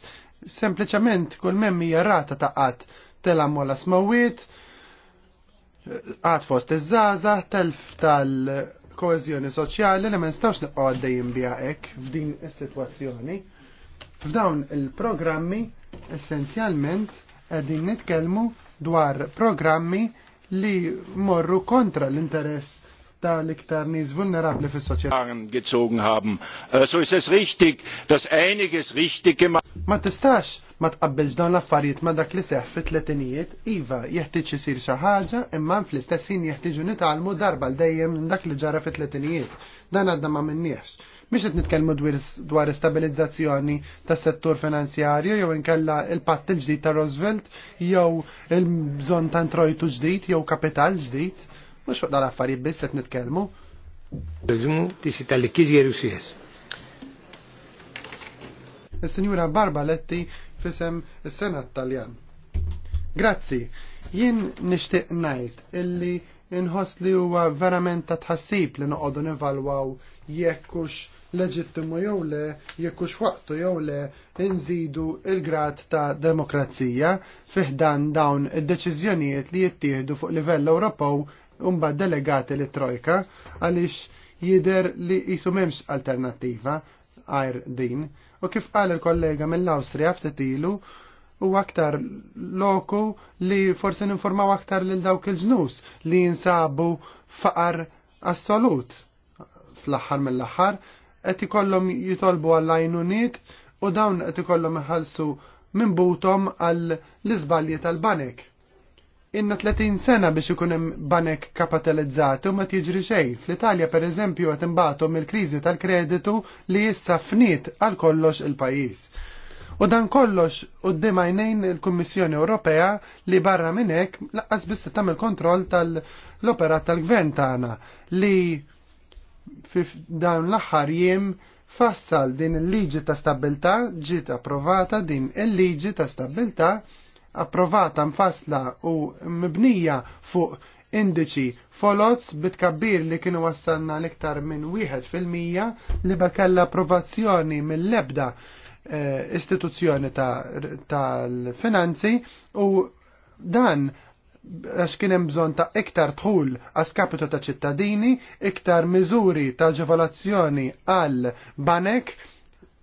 Sempliċement kull m'hemm hija rata ta' qatt telha mola smawiet, qatt fost iż żaża telf tal koezjoni soċjali li ma nistgħux nibqgħu għaddejjin biha hekk f'din is-sitwazzjoni. F'dawn il-programmi essenzjalment qegħdin nitkellmu dwar programmi li morru kontra l-interess l-iktar nis vulnerabli fis soċjetà gezogen haben. Äh, so ist es richtig, dass einiges richtig gemacht. Ma tistax ma tqabbilx dawn l-affarijiet ma dak li seħ fit-tletinijiet, iva jeħtieġ isir xi ħaġa, imma fl-istess ħin jeħtieġu darba l dejjem minn dak li ġara fit-tletinijiet. Dan għadna ma minniex. Mhix qed nitkellmu dwar stabilizzazzjoni tas-settur finanzjarju jew inkella il-patt il-ġdid ta' Roosevelt jew il-bżonn ta' Ntrojtu ġdid jew kapital ġdid Mux fuq dal-affarijiet biss qed nitkellmu. Turizmu tisi tal-Ikkiż Jerusijas. Is-Sinjura Barba Letti fisem is-Senat Taljan. Grazzi, jien nixtieq ngħid illi inħoss li huwa verament ta' tħassib li noqogħdu jekk jekkux leġittimu jew le, jekkux waqtu jew le inżidu il-grad ta' demokrazija fiħdan dawn id-deċiżjonijiet li jittieħdu fuq livell Ewropew umba delegati li trojka għalix jider li jisumemx alternativa għajr din u kif qal il-kollega mill-Awstrija ftit ilu u aktar loku li forse ninformaw aktar lil dawk il-ġnus li jinsabu faqar assolut fl-aħħar mill-aħħar qed ikollhom jitolbu għall-għajnuniet u dawn qed ikollhom iħallsu minn butom għall iżbalji tal-banek inna 30 sena biex ikun hemm banek kapitalizzati u ma tiġri xejn. Fl-Italja pereżempju qed imbagħtu mill-kriżi tal-kreditu li issa fnit għal kollox il-pajjiż. U dan kollox qudiem għajnejn il-Kummissjoni Ewropea li barra minn hekk laqqas biss tagħmel kontroll tal-opera tal-gvern tagħna li dawn l-aħħar jiem fassal din il-liġi ta' stabilta ġiet approvata din il-liġi ta' stabilta' approvata mfasla u mibnija fuq indiċi folots bitkabbir li kienu wassalna l-iktar minn 1% li bakalla approvazzjoni mill-lebda eh, istituzzjoni tal-finanzi ta u dan għax kien hemm bżonn ta' iktar tħul għas ta' ċittadini, iktar miżuri ta' ġevolazzjoni għal banek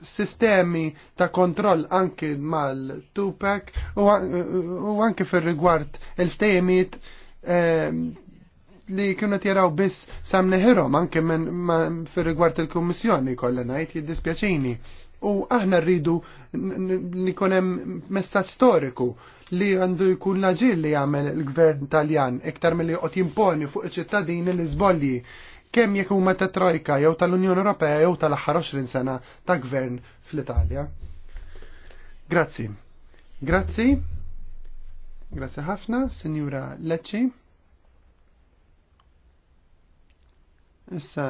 sistemi ta' kontroll anke mal-Tupac u, anke fir rigward il ftejmit eh, li kienu jaraw biss sam neħirom anke minn fir rigward il-Kummissjoni kollha ngħid jiddispjaċini. U aħna rridu li hemm messaġġ storiku li għandu jkun l-aġir li jagħmel il-gvern Taljan iktar mill-li qed jimponi fuq iċ-ċittadini li żbolji kemm jekk huma ta' trojka jew tal-Unjoni Ewropea jew tal-aħħar 20 sena ta' gvern fl-Italja. Grazzi. Grazzi. Grazzi ħafna, Sinjura Lecci. Issa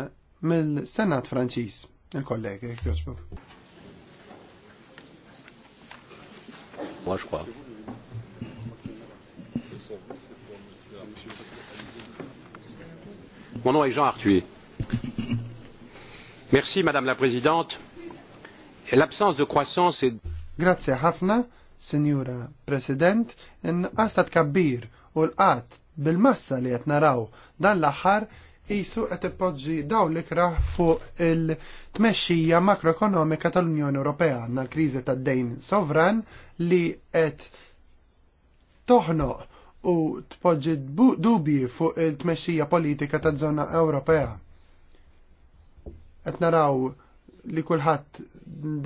mill-Senat Franċiż, il-kollegi, jek joġbu. Mux Mon nom est Jean Arthuis. Merci, Madame la Présidente. L'absence de croissance est... Grazie ħafna, Signora President, in ta' tkabbir u l-qat bil-massa li qed naraw dan l-aħħar isu qed ipoġġi daw l-ikra fuq il-tmexxija makroekonomika tal-Unjoni Ewropea għandna l-kriżi tad-dejn sovran li qed toħnoq u tpoġġi dubji fuq il-tmexxija politika taż-żona Ewropea. Qed naraw li kulħadd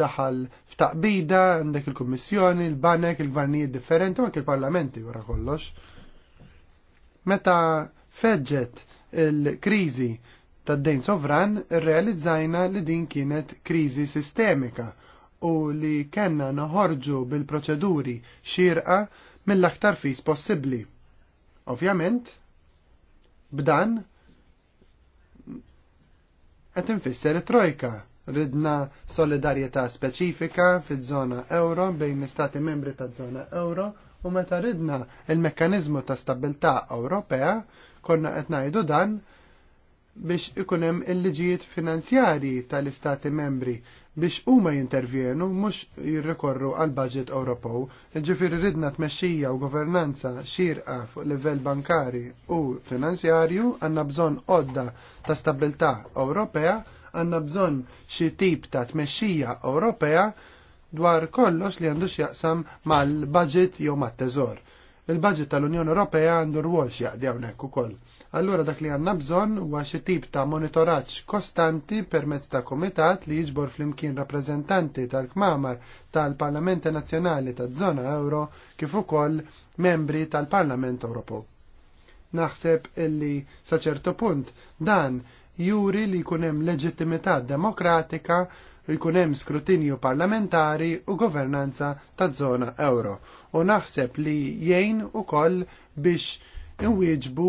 daħal f'taqbida għandek il-Kummissjoni, il-Banek, il-Gvernijiet differenti u anke il-Parlamenti wara kollox. Meta feġġet il-kriżi tad-dejn sovran, irrealizzajna li din kienet kriżi sistemika u li kenna noħorġu bil-proċeduri xirqa mill-aktar fis possibbli. Ovvjament, b'dan qed infisser trojka ridna solidarjetà speċifika fiż-żona euro bejn l-istati membri taż zona euro u meta ridna il-mekkanizmu ta' stabilità Ewropea konna qed ngħidu dan biex ikun hemm il-liġijiet finanzjarji tal-istati membri biex huma jintervjenu mhux jirrekorru għal budget Ewropew. ġifir ridna tmexxija u governanza xirqa fuq livell bankari u finanzjarju għandna bżonn odda ta' stabilta Ewropea, għandna bżonn xi tip ta' tmexxija Ewropea dwar kollox li għandux jaqsam mal-budget jew mat-teżor. Il-budget tal-Unjoni Ewropea għandu rwol x'jaqdi hawnhekk ukoll allura dak li għanna bżon huwa xi tip ta' monitoraġġ kostanti permezz ta' komitat li jiġbor flimkien rappreżentanti tal-Kmamar tal parlamente Nazzjonali taż-Żona Euro kif ukoll membri tal-Parlament Ewropew. Naħseb illi sa ċertu punt dan juri li jkun hemm leġittimità demokratika jkun hemm skrutinju parlamentari u governanza ta' żona euro u naħseb li jgħin ukoll biex inwieġbu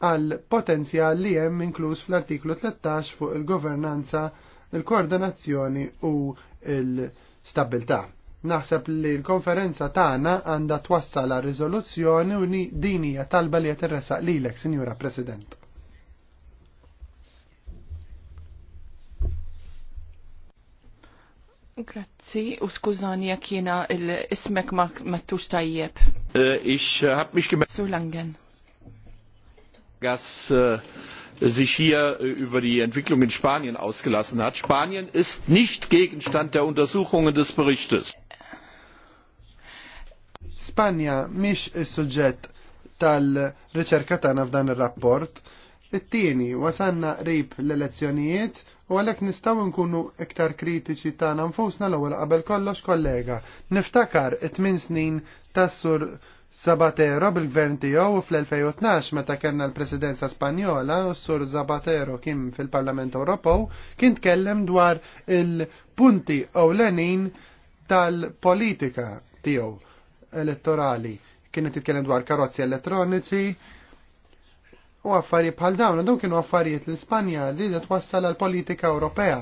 għal potenzjal li hemm inkluż fl-artiklu 13 fuq il-governanza, il-koordinazzjoni u l-stabilità. Naħseb li l-konferenza tagħna għandha twassal riżoluzzjoni u din hija talba li qed irresaq lilek, Sinjura President. Grazzi, u skużani jekk jiena l-ismek ma mettux tajjeb. Eh, ix miex Sur Langen. Gas äh, sich hier äh, über die Entwicklung in Spanien ausgelassen hat. Spanien ist nicht Gegenstand der Untersuchungen des Berichtes. Spanja mhix is-suġġett tal-riċerka tagħna f'dan ir-rapport. It-tieni wasanna qrib l-elezzjonijiet u għalhekk nistgħu nkunu iktar kritiċi tagħna nfusna l-ewwel qabel kollox kollega. Niftakar it-tmien snin tas-sur Zabatero bil-gvern tiegħu fl-2012 meta kellna l-Presidenza Spanjola u sur Zabatero kien fil-Parlament Ewropew kien tkellem dwar il-punti ewlenin tal-politika tiegħu elettorali. Kien titkellem dwar karozzi elettroniċi u affarijiet bħal dawn, dawn kienu affarijiet l-Ispanja li wassal għal politika Ewropea.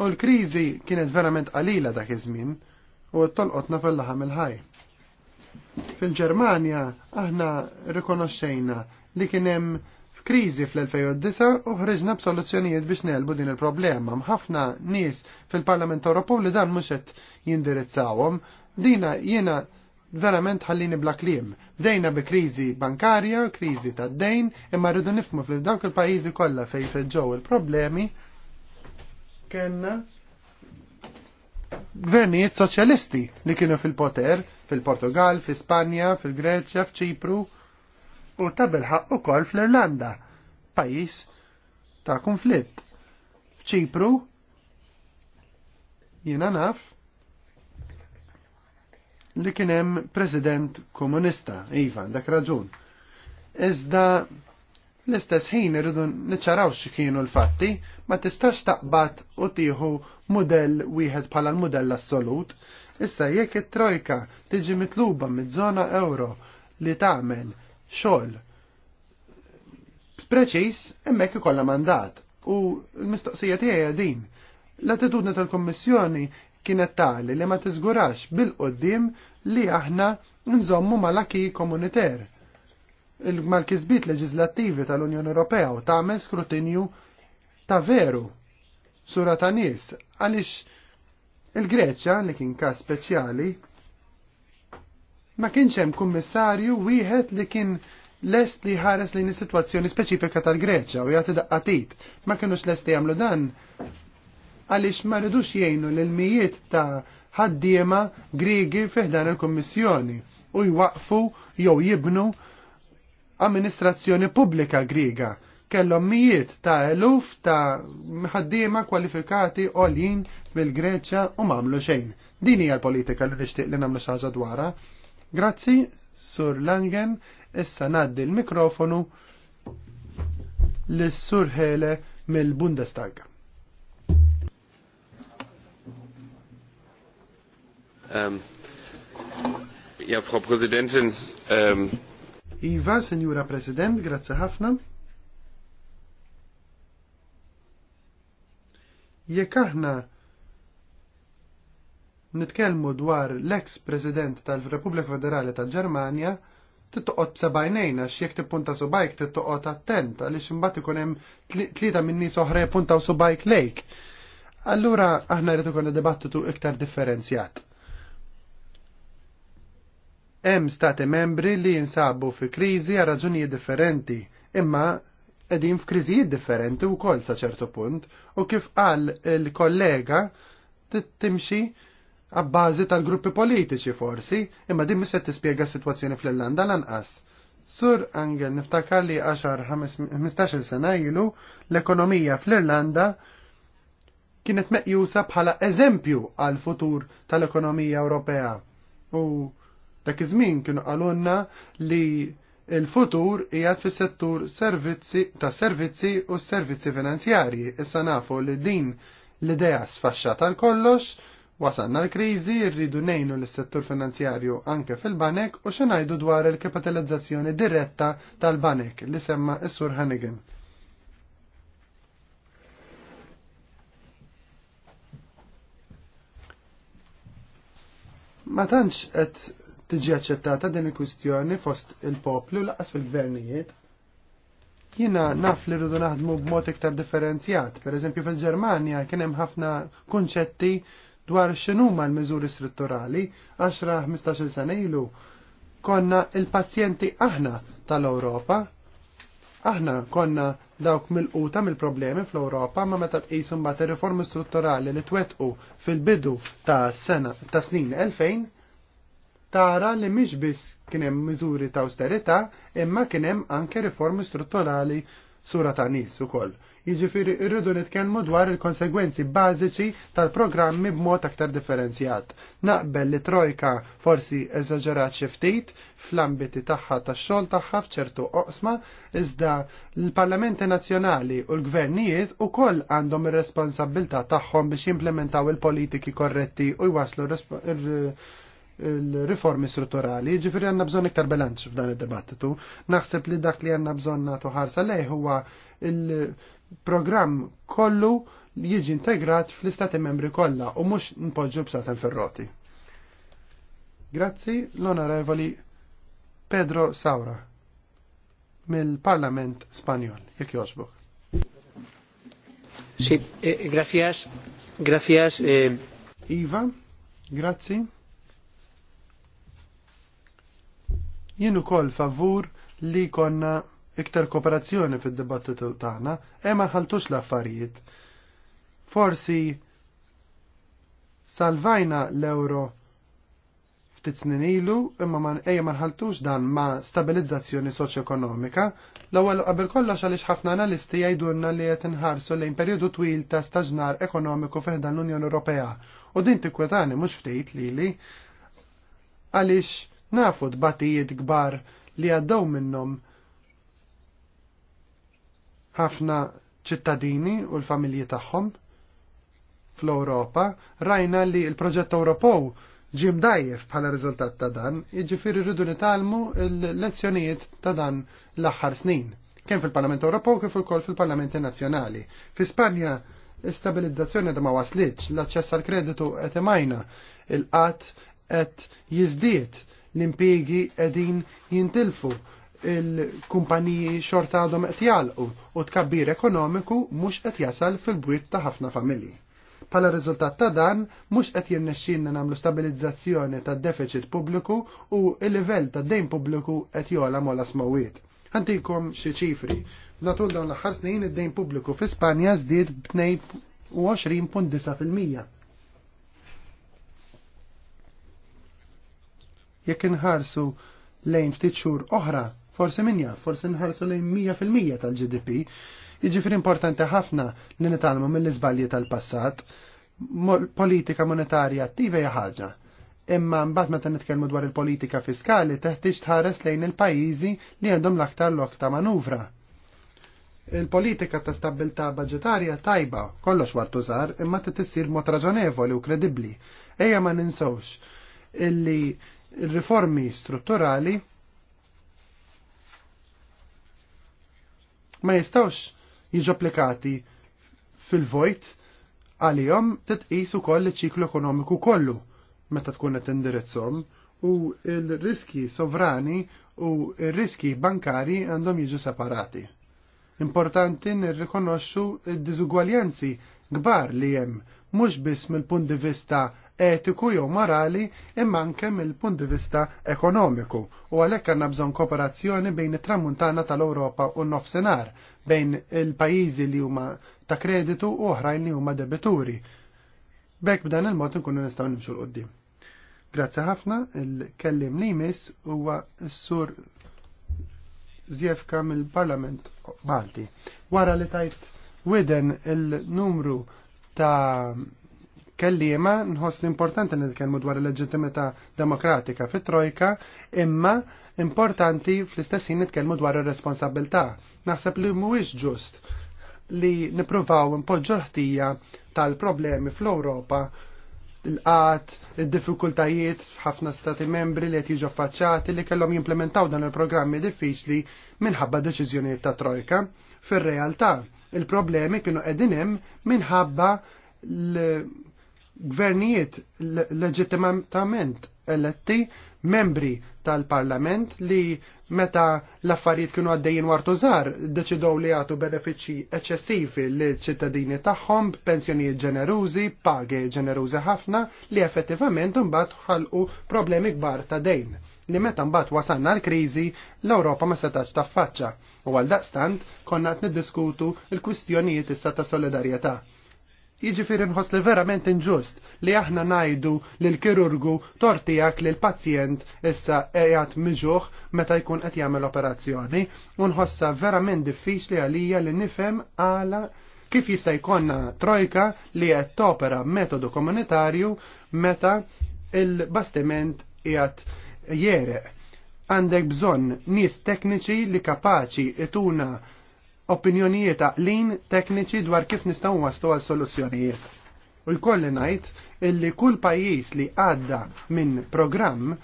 U l-kriżi kienet verament qalila dak iż-żmien u t-tolqotna fil-laħam il-ħaj fil ġermania aħna rikonoxxejna li kien hemm f'kriżi fl-2009 u ħriġna b'soluzzjonijiet biex nelbu din il-problema. Mħafna nies fil-Parlament Ewropew li dan mhux qed jindirizzawhom. Dina jiena verament ħallini bla kliem. Bdejna bi kriżi bankarja, kriżi tad dejn, imma rridu nifmu fil dawk il-pajjiżi kollha fejn feġġew il-problemi. Kenna gvernijiet soċjalisti li kienu fil-poter fil-Portugal, fil-Spanja, fil-Greċja, f'Ċipru u tabelħaq ukoll fl-Irlanda, pajis ta' konflitt. F'Ċipru jiena naf li kien hemm president komunista, iva, dak raġun. Iżda L-istess ħin irridu niċċaraw x'kienu l-fatti, ma tistax taqbad u tieħu mudell wieħed bħala l-mudell assolut. Issa jekk it-trojka tiġi mitluba mid-żona euro li tagħmel xogħol preċis hemmhekk ikollha mandat u l-mistoqsija tiegħi din. L-attitudni tal-Kommissjoni kienet tali li ma tiżgurax bil-qoddim li aħna nżommu mal-aki komuniter mal-kisbit leġislattivi tal-Unjoni Ewropea u tagħmel skrutinju ta' veru sura ta' nies għaliex il-Greċja li kien każ speċjali ma kienx hemm kummissarju wieħed li kien lest li ħares lejn is-sitwazzjoni speċifika tal-Greċja u jagħti daqqatit. Ma kinux lest li jagħmlu dan għaliex ma rridux jgħinu l-mijiet ta' ħaddiema Griegi fiħdan il-Kummissjoni u jwaqfu jew jibnu amministrazzjoni pubblika griega kellhom mijiet ta' eluf ta' ħaddiema kwalifikati għolin bil greċja u m'għamlu xejn. Din hija l-politika li nixtieq li nagħmlu xi ħaġa dwarha. Grazzi, Sur Langen, issa ngħaddi l-mikrofonu lis sur Hele mill-Bundestag. Um, ja, Frau Präsidentin, um, Iva, Senjura President, grazzi ħafna. Jekk aħna nitkellmu dwar l-eks President tal-Repubblika Federali tal-Ġermanja, tittoqgħod sebajnejn għax jekk tippunta subajk tittoqgħod attent għaliex imbagħad ikun hemm tlieta minn nies oħra jippuntaw subajk lejk. Allura aħna rrid ikun dibattitu iktar differenzjat. Hemm stati membri li jinsabu fi kriżi għal raġunijiet differenti, imma qegħdin f'kriżijiet differenti wkoll sa ċertu punt, u kif qal il-kollega timxi għabbażi tal-gruppi politiċi forsi, imma din se tispjega s-sitwazzjoni fl-Irlanda lanqas. Sur Angel niftakar li 10-15 sena ilu l-ekonomija fl-Irlanda kienet meqjusa bħala eżempju għal futur tal-ekonomija Ewropea. U Dak iż-żmien kienu qalulna li il-futur qiegħed fis-settur servizzi ta' servizzi u servizzi finanzjarji. Issa nafu li din l-idea sfaxxata l kollox Wasanna l kriżi rridu nejnu l-settur finanzjarju anke fil-banek u xenajdu dwar il-kapitalizzazzjoni diretta tal-banek li semma Issur Hannigan. Ma tantx qed tiġi aċċettata din il-kwistjoni fost il-poplu laqas fil-gvernijiet. Jina naf li rridu naħdmu b'mod iktar differenzjat. Per eżempju fil-Ġermanja kien hemm ħafna konċetti dwar x'inhuma l-miżuri strutturali 10-15 sena ilu. Konna il-pazjenti aħna tal-Ewropa, aħna konna dawk mill-quta mill-problemi fl-Ewropa ma meta tqisu mbagħad ir-riformi strutturali li twettqu fil-bidu ta' sena ta' snin 2000 tara li mhix biss kien hemm miżuri ta' austerità, imma kien hemm anke riformi strutturali sura ta' nies ukoll. Jiġifieri rridu nitkellmu dwar il-konsegwenzi bażiċi tal-programmi b'mod aktar differenzjat. Naqbel li trojka forsi eżaġerat xi ftit fl-ambiti tagħha tax-xogħol tagħha f'ċertu oqsma, iżda l-Parlamenti Nazzjonali u l-Gvernijiet ukoll għandhom ir-responsabilità tagħhom biex jimplementaw il-politiki korretti u jwaslu il-riformi strutturali, ġifiri għanna bżon iktar bilanċ f'dan il-debattitu. Naħseb li dak li għanna bżon natu ħarsa lej huwa il-program kollu li jiġi integrat fl-istati membri kollha u mhux npoġġu b'satan ferroti. Grazzi l-onorevoli Pedro Saura mill-Parlament Spanjol, jekk jogħġbok. Sì, eh, gracias, gracias. Eh... Iva, grazie. Jien ukoll favur li konna iktar kooperazzjoni fid-dibattitu tagħna, e ma ħaltux l-affarijiet. Forsi salvajna l-euro ftit snin ilu, imma man ejja ma nħaltux dan ma' stabilizzazzjoni ekonomika l-ewwel qabel kollox għaliex ħafna analisti jgħidulna li qed inħarsu lejn perjodu twil ta' staġnar ekonomiku fiħdan l-Unjoni Ewropea. U din tikwetani mhux ftit lili għaliex Nafu tbatijiet kbar li għaddew minnhom ħafna ċittadini u l-familji tagħhom fl-Ewropa, rajna li l-proġett Ewropew ġie dajjef bħala riżultat ta' dan, jiġifieri rridu nitalmu l-lezzjonijiet ta' dan l-aħħar snin, kemm fil-Parlament Ewropew kif ukoll fil-Parlamenti Nazzjonali. Fi Spanja istabilizzazzjoni da ma waslitx, l-aċċess għal kreditu qed imajna, il-qatt qed jiżdied l-impiegi edin jintilfu il-kumpaniji xorta għadhom qed jalqu u tkabbir ekonomiku mhux qed jasal fil-bwiet ta' ħafna familji. Pala riżultat ta' dan, mhux qed jirnexxinna nagħmlu stabilizzazzjoni tad deficit pubbliku u il-livell ta' dejn pubbliku qed jola mola smawiet. Ħantikom xi ċifri. Matul dawn l-aħħar snin id-dejn pubbliku fi Spanja żdied b'22.9 fil-mija jekk inħarsu lejn ftit xhur oħra, forsi minja, forsi nħarsu lejn 100% tal-GDP, jiġifieri importanti ħafna li nitalmu mill-iżbalji tal-passat, politika monetarja attiva hija ħaġa. Imma mbagħad meta nitkellmu dwar il-politika fiskali teħtieġ tħares lejn il-pajjiżi li għandhom l-aktar lok ta' manuvra il-politika ta' stabilità budgetarja tajba, kollox wartu zar, imma t mod raġonevoli u kredibli. Ejja ma ninsawx illi il-riformi strutturali ma jistawx jiġu applikati fil-vojt għalihom titqis ukoll iċ-ċiklu ekonomiku kollu meta tkun qed indirizzhom u l-riski sovrani u r-riski bankari għandhom jiġu separati. Importanti nirrikonoxxu d-diżugwaljanzi kbar li hemm mhux biss mill-punt di vista etiku jew morali imma anke mill-punt di vista ekonomiku u għalhekk għandna bżonn kooperazzjoni bejn it-tramuntana tal-Ewropa u n-nofsinhar bejn il-pajjiżi li huma ta' kreditu u oħrajn li huma debituri. Bekk b'dan il-mod nkunu nistgħu nimxu l-qoddim. Grazzi ħafna, il-kellim li jmiss huwa s-sur Zjefka mill-Parlament Malti. Wara li tajt widen il-numru ta' kellima nħoss l-importanti li nitkellmu dwar il-leġittimità demokratika fit-trojka, imma importanti fl-istess ħin nitkellmu dwar ir-responsabilità. Naħseb li mhuwiex ġust li nippruvaw impoġġu ħtija tal-problemi fl-Ewropa il-qat, il-diffikultajiet f'ħafna stati membri li qed jiġu affaċċati li kellhom jimplementaw dan il-programmi diffiċli minħabba deċiżjonijiet ta' trojka. Fir-realtà, il-problemi kienu qegħdin hemm minħabba gvernijiet leġittimatament eletti membri tal-parlament li meta l-affarijiet kienu għaddejjin wartu zar deċidow li għatu benefiċċji eċċessivi li ċittadini tagħhom pensjonijiet ġenerużi, pagi ġenerużi ħafna li effettivament mbagħad ħalqu problemi kbar ta' dejn li meta mbagħad wasalna l-kriżi l-Ewropa ma setax taffaċċa u għal daqstant konna qed niddiskutu l-kwistjonijiet issa ta' solidarjetà Jiġifieri nħoss li verament inġust li aħna najdu lil kirurgu tortijak li l-pazjent issa qiegħed miġuħ meta jkun qed jagħmel operazzjoni u nħossa verament diffiċli għalija li nifhem għala kif jista' jkollna trojka li qed topera metodu komunitarju meta il-bastiment qiegħed jereq. Għandek bżonn nies tekniċi li kapaċi ituna opinjonijiet għaqlin tekniċi dwar kif nistgħu waslu għal soluzzjonijiet. U jkolli ngħid illi kull pajjiż li għadda minn programm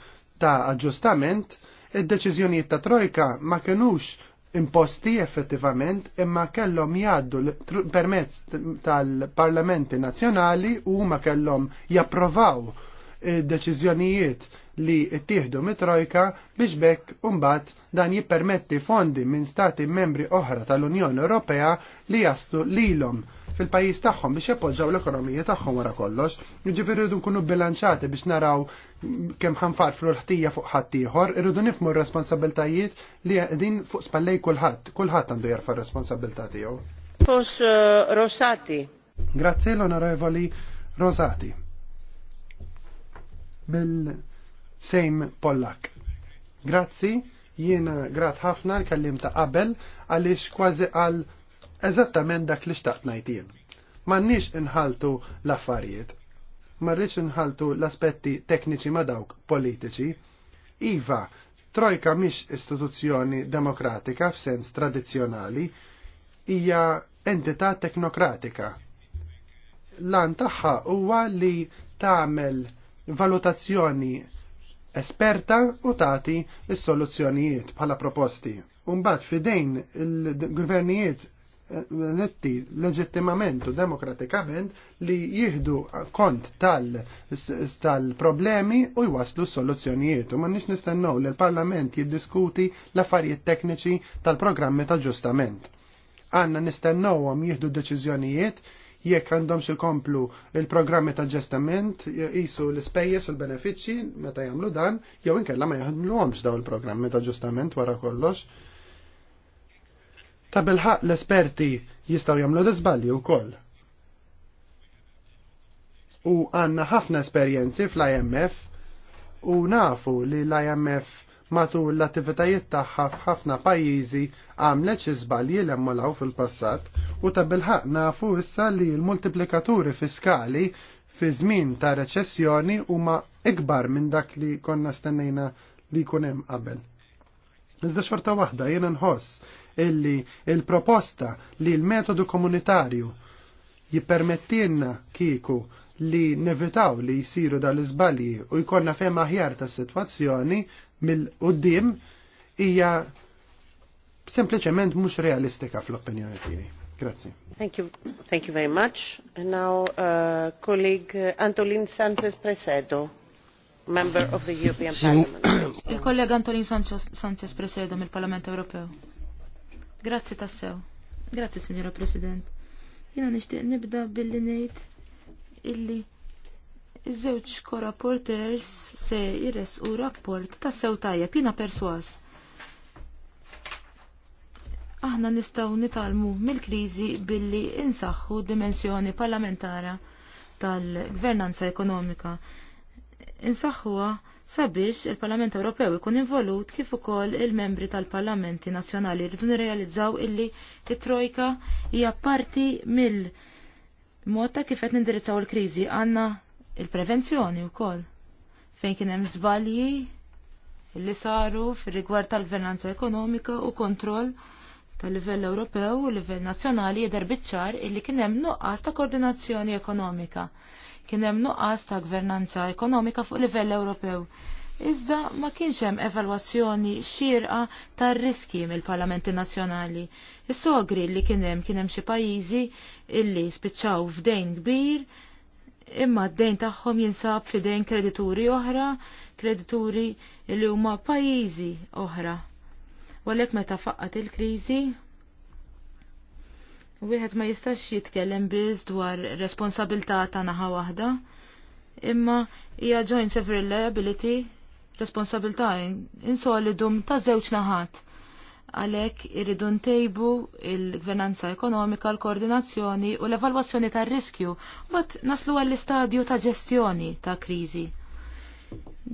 ta' aġġustament id-deċiżjonijiet ta' trojka ma kenux imposti effettivament imma kellhom jgħaddu permezz tal-parlamenti nazzjonali u ma kellhom japprovaw deċiżjonijiet li ttieħdu mit-trojka biex bekk umbat dan jippermetti fondi minn stati membri oħra tal-Unjoni Ewropea li jaslu lilhom fil-pajis tagħhom biex jappoġġaw l-ekonomija tagħhom wara kollox. Jiġifieri rridu nkunu bilanċati biex naraw kemm ħanfar fl ħtija fuq ħadd ieħor, irridu nifmu r-responsabiltajiet li qegħdin fuq spallej kulħadd, kulħadd għandu jarfa r-responsabilità tiegħu. Fos eh, Rosati. Grazie l-onorevoli Rosati mill-sejm Pollak. Grazzi, jiena grat ħafna l-kallim ta' qabel għaliex kważi għal eżattament dak li xtaqt najtien. Mannix inħaltu l-affarijiet. Marriċ inħaltu l-aspetti tekniċi ma dawk politiċi. Iva, trojka mhix istituzzjoni demokratika f'sens tradizzjonali, hija entità teknokratika. Lan tagħha huwa li tagħmel valutazzjoni esperta u tagħti s-soluzzjonijiet bħala proposti. Umbagħad fidejn il-gvernijiet eh, netti leġittimament u demokratikament li jihdu kont tal-problemi tal u jwaslu soluzzjonijiet. U mannix nistennow li l-Parlament jiddiskuti l-affarijiet tekniċi tal-programmi ta' ġustament. Għanna għam jihdu deċiżjonijiet jekk għandhom il-komplu il-programmi ta' ġestament jisu l-ispejjeż u l-benefiċċji meta jagħmlu dan jew inkella ma jaħdmluhomx daw il-programmi ta' ġustament wara kollox. Ta' bilħaq l-esperti jistgħu jagħmlu l-iżbalji wkoll. U għandna ħafna esperjenzi fl-IMF u nafu li l-IMF matul l-attivitajiet tagħha f'ħafna pajjiżi għamlet xi żbalji l ammolaw fil-passat u ta' bilħaq nafu issa li l-multiplikaturi fiskali fi żmien ta' reċessjoni huma ikbar minn dak li konna stennejna li jkun hemm qabel. Iżda xorta waħda jiena nħoss illi il-proposta li l-metodu komunitarju jippermettilna kieku li nevitaw li jisiru dal izbali u jkollna fema aħjar ta' situazzjoni mill-qoddim hija sempliċement mhux realistika fl-opinjoni tiegħi. Grazzi. Thank you, thank you very much. And now, uh, colleague Antolin Sanchez Presedo, member of the European Parliament. Il-kollega Antolin Sanchez Presedo mill-Parlament Europeo. Grazzi tassew. Grazzi, Signora President. Jena nishtiq nibda billi ngħid illi iż-żewġ korrapporters se jresqu rapport ta' sew tajjeb pina perswas. Aħna nistgħu nitalmu mill krizi billi insaħħu dimensjoni parlamentara tal-gvernanza ekonomika. Insaħħuha sabiex il-Parlament Ewropew ikun involut kif ukoll il-membri tal-Parlamenti Nazzjonali rridu nirrealizzaw illi it-Trojka hija parti mill- Mod kifet kif qed nindirizzaw il-kriżi għandna il-prevenzjoni wkoll fejn kien hemm żbalji li saru fir-rigward tal-gvernanza ekonomika u kontroll tal-livell Ewropew u livell nazzjonali jidher biċ-ċar illi kien hemm nuqqas ta' koordinazzjoni ekonomika. Kien hemm nuqqas ta' gvernanza ekonomika fuq livell Ewropew. Iżda ma kienx hemm evalwazzjoni xirqa tar-riski mill-Parlamenti Nazzjonali. Is-sogri li kien hemm kien hemm xi pajjiżi illi spiċċaw f'dejn kbir imma d-dejn tagħhom jinsab f'idejn kredituri oħra, kredituri li huma pajjiżi oħra. Walek meta faqqat il-kriżi, wieħed ma jistax jitkellem biss dwar responsabilità ta' naħa waħda, imma hija joint several liability responsabilità insolidum ta' żewġ naħat. Għalhekk irridu ntejbu il-gvernanza ekonomika, l-koordinazzjoni u l-evalwazzjoni tar riskju bat naslu għall-istadju ta' ġestjoni ta' kriżi.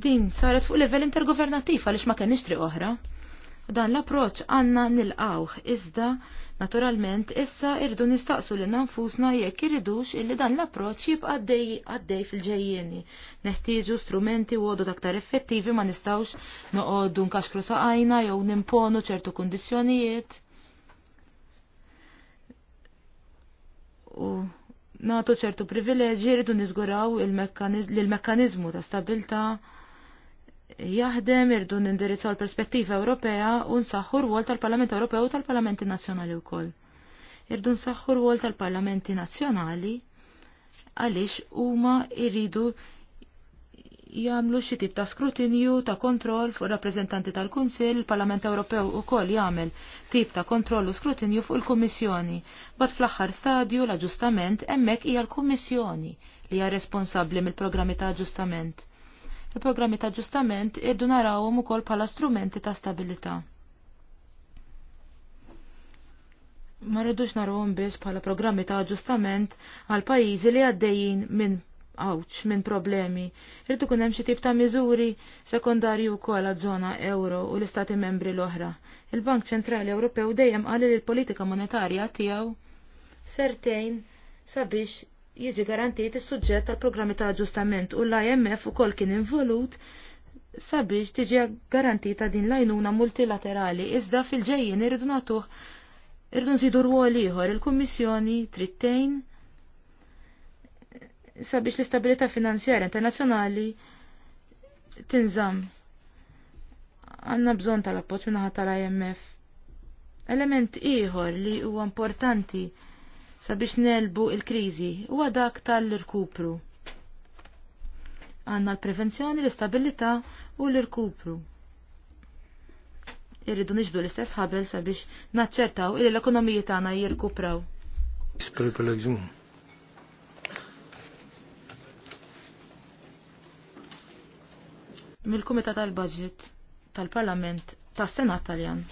Din saret fuq level intergovernativ għaliex ma kenix triq oħra. Dan l-approċ għanna nil-qawħ, iżda naturalment issa irdu nistaqsu li nanfusna jekk irridux illi dan l-approċ jibqa għaddej fil-ġejjeni. Neħtieġu strumenti u għodu aktar effettivi ma nistawx noqogħdu nkaxkru saqajna jew nimponu ċertu kundizzjonijiet. U natu ċertu privileġi rridu nizguraw il-mekkanizmu ta' stabilta' jaħdem irdu nindirizzu l-perspettiva Ewropea u nsaħħu rwol tal-Parlament Ewropew u tal-Parlamenti Nazzjonali wkoll. Irdu nsaħħu rwol tal-Parlamenti Nazzjonali għaliex huma jridu jagħmlu xi tip ta' skrutinju ta' kontroll fuq rappreżentanti tal-Kunsill, il-Parlament Ewropew ukoll jagħmel tip ta' kontroll u skrutinju fuq il-Kummissjoni. Bad fl-aħħar stadju l-aġġustament hemmhekk hija l-Kummissjoni li hija responsabbli mill-programmi ta' aġġustament il-programmi ta' ġustament irdu narawhom ukoll bħala strumenti ta' stabilità. Ma rridux narawhom biss bħala programmi ta' ġustament għal pajjiżi li għaddejjin minn għawċ minn problemi. Irridu kun hemm xi tip ta' miżuri sekondarju wkoll għaż-żona euro u l-istati membri l-oħra. Il-Bank Ċentrali Ewropew dejjem qal li l-politika monetarja tiegħu sertejn sabiex jiġi garantit is-suġġett tal-programmi ta' aġġustament u l-IMF ukoll kien involut sabiex tiġi garantita din l-għajnuna multilaterali iżda fil-ġejjin irridu nagħtuh irridu nżidu rwol ieħor il-Kummissjoni trittejn sabiex l-istabilità finanzjarja internazzjonali tinżamm. Għandna bżonn tal-appoġġ minnaħa tal-IMF. Element ieħor li huwa importanti sabiex nelbu il-kriżi u dak tal-irkupru. Għanna l-prevenzjoni, l-istabilità u l rkupru Irridu nixbdu l-istess ħabel sabiex naċċertaw il l-ekonomija tagħna jirkupraw. Mill-Kumitat tal-Budget tal-Parlament tas-Senat Taljan.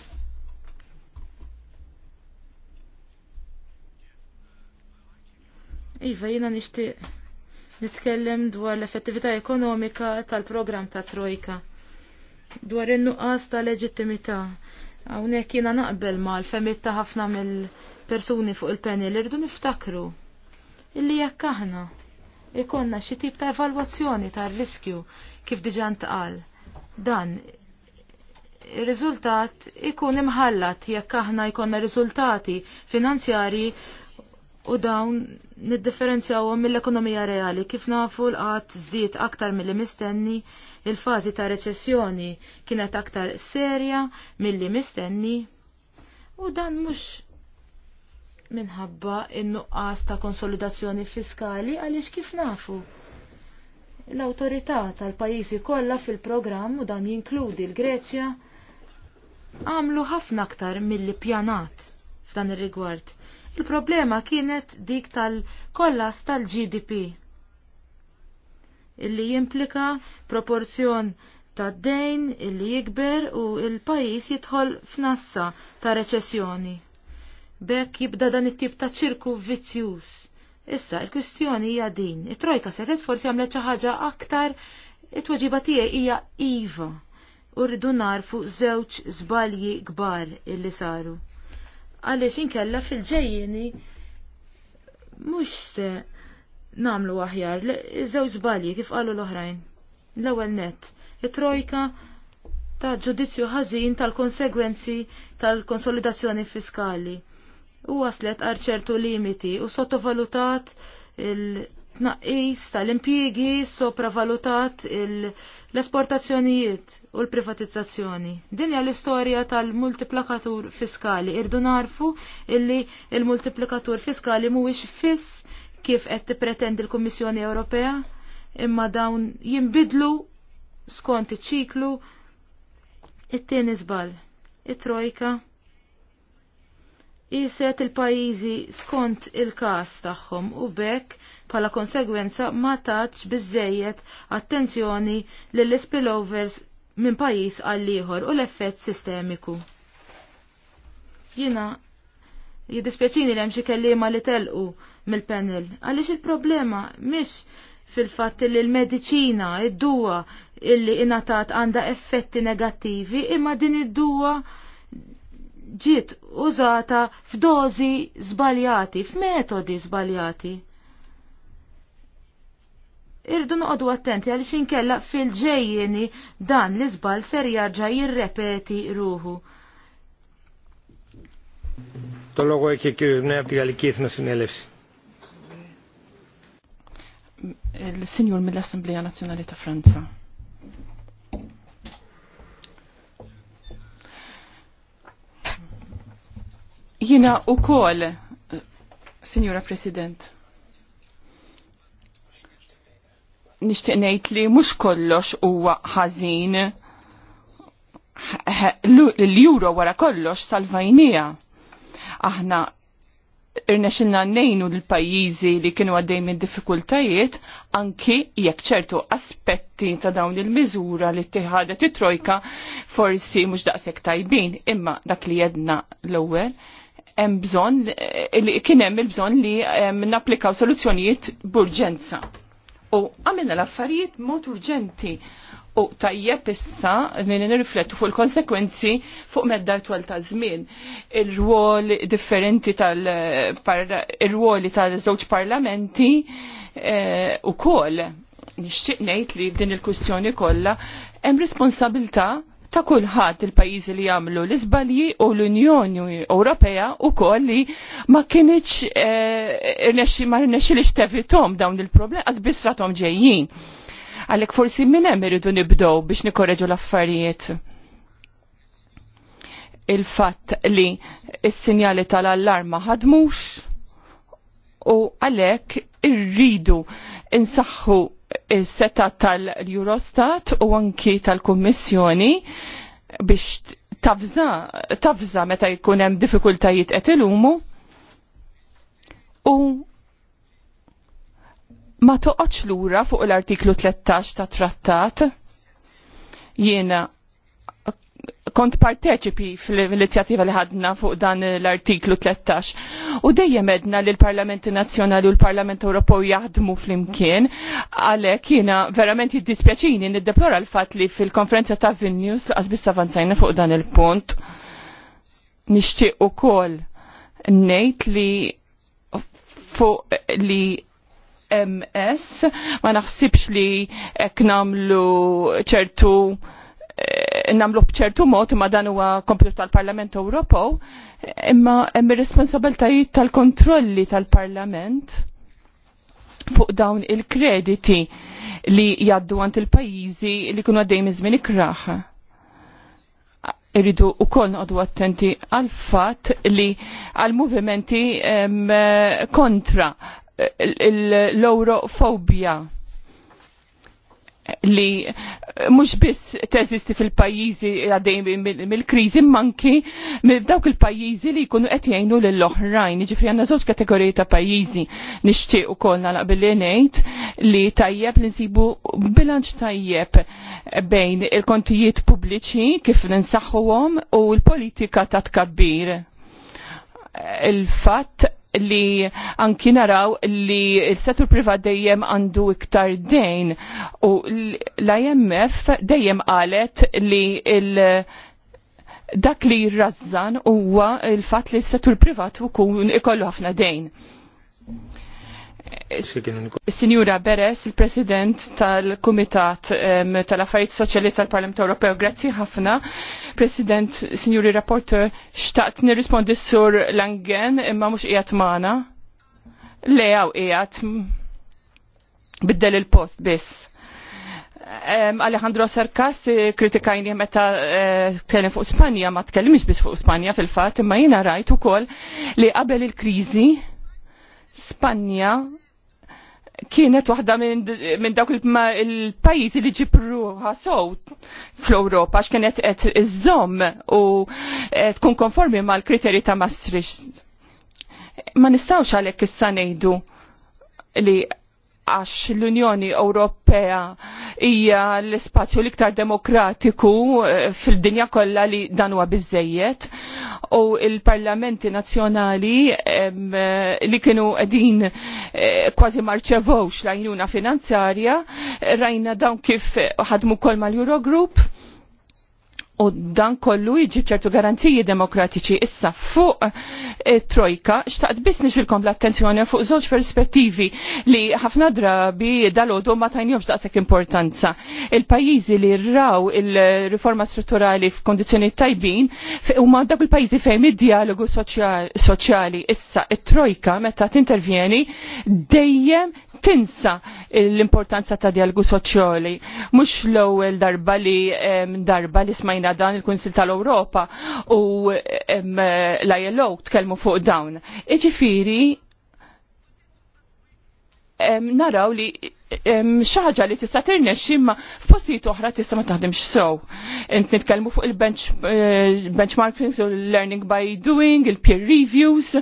Iva, jina nishti nitkellem dwar l-effettività ekonomika tal-program ta' Trojka. Dwar in-nuqqas ta' leġittimità. Hawnhekk jiena naqbel mal femit ta' ħafna mill-persuni fuq il-panel irdu niftakru. Illi jekk aħna ikonna xi tip ta' evalwazzjoni tar-riskju kif diġà tqal. Dan ir-riżultat ikun imħallat jekk aħna jkollna riżultati finanzjarji u dawn niddifferenzjawhom mill-ekonomija reali kif nafu l-qatt żdied aktar milli mistenni, il-fażi ta' reċessjoni kienet aktar serja milli mistenni u dan mhux minħabba in-nuqqas ta' konsolidazzjoni fiskali għaliex kif nafu. L-awtorità tal-pajjiżi kollha fil-programm u dan jinkludi l-Greċja għamlu ħafna aktar milli pjanat f'dan ir-rigward Il-problema kienet dik tal-kollas tal-GDP illi jimplika proporzjon ta' dejn illi jikber u il-pajis jidħol f'nassa ta' reċessjoni. Bekk jibda dan it-tip ta' ċirku vizzjuż. Issa, il-kwistjoni hija din. It-trojka setet forsi għamlet xi ħaġa aktar it-tweġiba tiegħi hija iva. U rridu narfu żewġ żbalji kbar illi saru għaliex inkella fil-ġejjini mhux se namlu aħjar iż-żewġ balji kif qalu l-oħrajn. L-ewwel nett, it-trojka ta' ġudizzju ħażin tal-konsegwenzi tal-konsolidazzjoni fiskali. U waslet għal ċertu limiti u sottovalutat il- tnaqqis tal-impjiegi sopravalutat l-esportazzjonijiet u l-privatizzazzjoni. Din hija l-istorja tal-multiplikatur fiskali. Irdu narfu illi il-multiplikatur fiskali mhuwiex fiss kif qed tippretendi l-Kummissjoni Ewropea imma dawn jinbidlu skont iċ-ċiklu it-tieni żball. It-trojka jiset il-pajizi skont il-kas tagħhom u bekk pala konsegwenza ma taċ biżejjed attenzjoni lill spillovers minn pajis għal ieħor u l-effett sistemiku. Jina jiddispjaċini li xi kelliema li telqu mill-panel għaliex il-problema mhix fil-fatt li l-mediċina id-duwa illi inatat għandha effetti negattivi imma din id-duwa ġiet użata f'dożi żbaljati, f'metodi żbaljati. Irdu noqogħdu attenti għaliex inkella fil-ġejjeni dan l zbal ser jarġa' jirrepeti ruħu. Tologu ekki kirżnija għal kiefna sinelefs. il senjur mill-Assemblea Nazzjonali ta' Franza. Jina u kol, Signora President, nejt li mux kollox huwa ħażin l-juro wara kollox salvajnija. Aħna irnexinna nejnu l-pajizi li kienu għaddej minn diffikultajiet anki jekk ċertu aspetti ta' dawn il-miżura li tiħadet it-trojka forsi mhux daqshekk tajbin imma dak li jedna l-ewwel hemm bżonn eh, kien hemm il-bżonn li napplikaw soluzzjonijiet b'urġenza. U għamilna l-affarijiet mod urġenti u tajjeb issa li nirriflettu fuq il-konsekwenzi fuq medda twal ta' żmien ir-rwol differenti tal ir eh, ruoli tal-żewġ parlamenti eh, u kol nixtieq ngħid li din il-kwistjoni kollha hemm responsabilità ta' kulħadd il-pajjiżi li jagħmlu l-iżbalji u l-Unjoni Ewropea wkoll li ma kienitx eh, ma rnexxilix tevitom dawn il-problemi għax biss ġejjin. Għalhekk forsi minn hemm iridu nibdew biex nikorreġu l-affarijiet il-fatt li s-sinjali tal-allarma ħadmux u għalhekk irridu insaħħu is-seta tal-Eurostat u anki tal-Kummissjoni biex tafza, tafza meta jkun hemm diffikultajiet qed ilumu u ma toqgħodx lura fuq l-artiklu 13 ta' trattat jiena kont parteċipi fil-inizjattiva li ħadna fuq dan l-artiklu 13 u dejjem edna li l-Parlamenti Nazzjonali u l-Parlament Ewropew jaħdmu flimkien għalhekk jiena verament jiddispjaċini niddeplora l-fatt li fil-konferenza ta' Vilnius laqas biss avanzajna fuq dan il-punt. Nixtieq ukoll ngħid li fuq li MS ma naħsibx li ek namlu ċertu namlu bċertu mod imma dan huwa komplu tal-Parlament Ewropew, imma hemm ir-responsabiltajiet tal-kontrolli tal-Parlament fuq dawn il-krediti li jaddu għand il-pajjiżi li kunu għaddej mizmin ikraħ. Irridu u koll noqdu attenti għal fatt li għal movimenti kontra l-eurofobia li mhux biss teżisti fil-pajjiżi għaddej mill-kriżi manki mill dawk il-pajjiżi li jkunu qed jgħinu lill oħrajn Jiġifieri għandna żewġ kategoriji ta' pajjiżi nixtieq ukoll nagħlaq li ngħid li tajjeb li nsibu bilanċ tajjeb bejn il-kontijiet pubbliċi kif ninsaħħuhom u l-politika ta' tkabbir il-fatt li anki naraw li il-settur privat dejjem għandu iktar dejn u l-IMF dejjem qalet li il- dak li jirrazzan huwa il-fat li s-settur privat ukun ikollu ħafna dejn. Sinjura Beres, il-President tal-Kumitat tal-Affarijiet Soċjali tal-Parlament Ewropew, grazzi ħafna. President, Sinjuri Rapporteur, xtaqt nirrispondi sur Langen imma mhux qiegħed magħna. Lejaw qiegħed biddel il-post biss. Alejandro Sarkas kritikajni meta eh, tkellem fuq Spanja, ma tkellimx biss fuq Spanja fil-fatt, imma jiena rajt ukoll li qabel il-kriżi Spanja kienet waħda minn dawk il-pajjiżi li ġipruha sow fl-Ewropa għax kienet qed iżomm u tkun konformi mal-kriterji ta' Maastricht. Ma nistgħux għalhekk issa ngħidu li għax l-Unjoni Ewropea hija l-ispazju l-iktar demokratiku eh, fil-dinja kollha li dan huwa biżejjed u il-parlamenti nazzjonali eh, li kienu qegħdin eh, kważi marċevowx l-għajnuna finanzjarja rajna dawn kif ħadmu kol mal-Eurogroup u dan kollu jiġi ċertu garanziji demokratiċi issa fuq eh, trojka, xtaqt bisni xilkom l-attenzjoni fuq żewġ perspettivi li ħafna drabi dal-ħodu ma tajnjomx daqsek importanza. Il-pajizi li rraw il-riforma strutturali f'kondizjoni tajbin u ma dak il-pajizi fejn id-dialogu soċjali issa it-trojka meta t-intervjeni dejjem tinsa l-importanza ta' dialogu soċjali. Mux l-ewwel darba li darba li smajna dan il-Kunsil tal-Ewropa u l-ILO tkellmu fuq dawn. Iġifiri, naraw li xaħġa li tista' tirnexxi imma f'postijiet oħra tista' ma taħdimx sew. Int nitkellmu fuq il-benchmarkings eh, u learning by doing, il-peer reviews,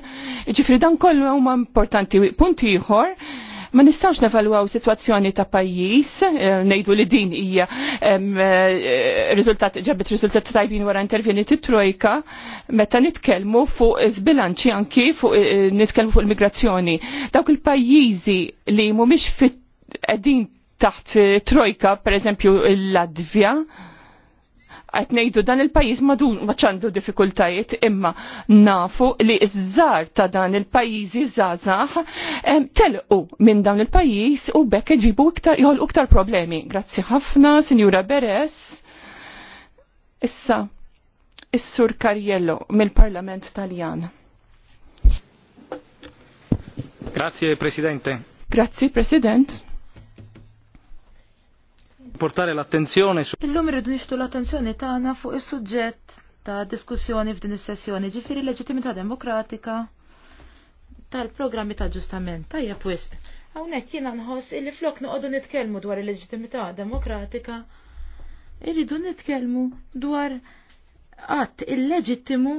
ġifri dan kollu huma importanti. Punt ieħor Ma nistawx nevalwaw situazzjoni ta' pajjiż, eh, nejdu li din hija eh, riżultat ġabet riżultat tajbin wara intervjeni trojka, meta nitkellmu fuq zbilanċi anki fuq eh, nitkellmu fuq il-migrazzjoni. Dawk il-pajjiżi li mhumiex fit qegħdin taħt trojka, per eżempju l-Latvja, qed ngħidu dan il-pajjiż madun ma ċandu diffikultajiet imma nafu li iż żar ta' dan il-pajjiżi żgħażagħ telqu minn dawn il-pajjiż u bekk iġibu iktar joħolqu iktar problemi. Grazzi ħafna, Sinjura Beres. Issa, is-Sur Karjello mill-Parlament Taljan. Grazie Presidente. Grazie President. Portare l-attenzjoni su. Illum irridu nixtu l-attenzjoni tagħna fuq is-suġġett ta' diskussjoni f'din is-sessjoni ġifieri leġittimità demokratika tal-programmi ta' ġustament. Tajja wisq. Hawnhekk jiena nħoss illi flok noqogħdu nitkellmu dwar il-leġittimità demokratika irridu nitkellmu dwar qatt illeġittimu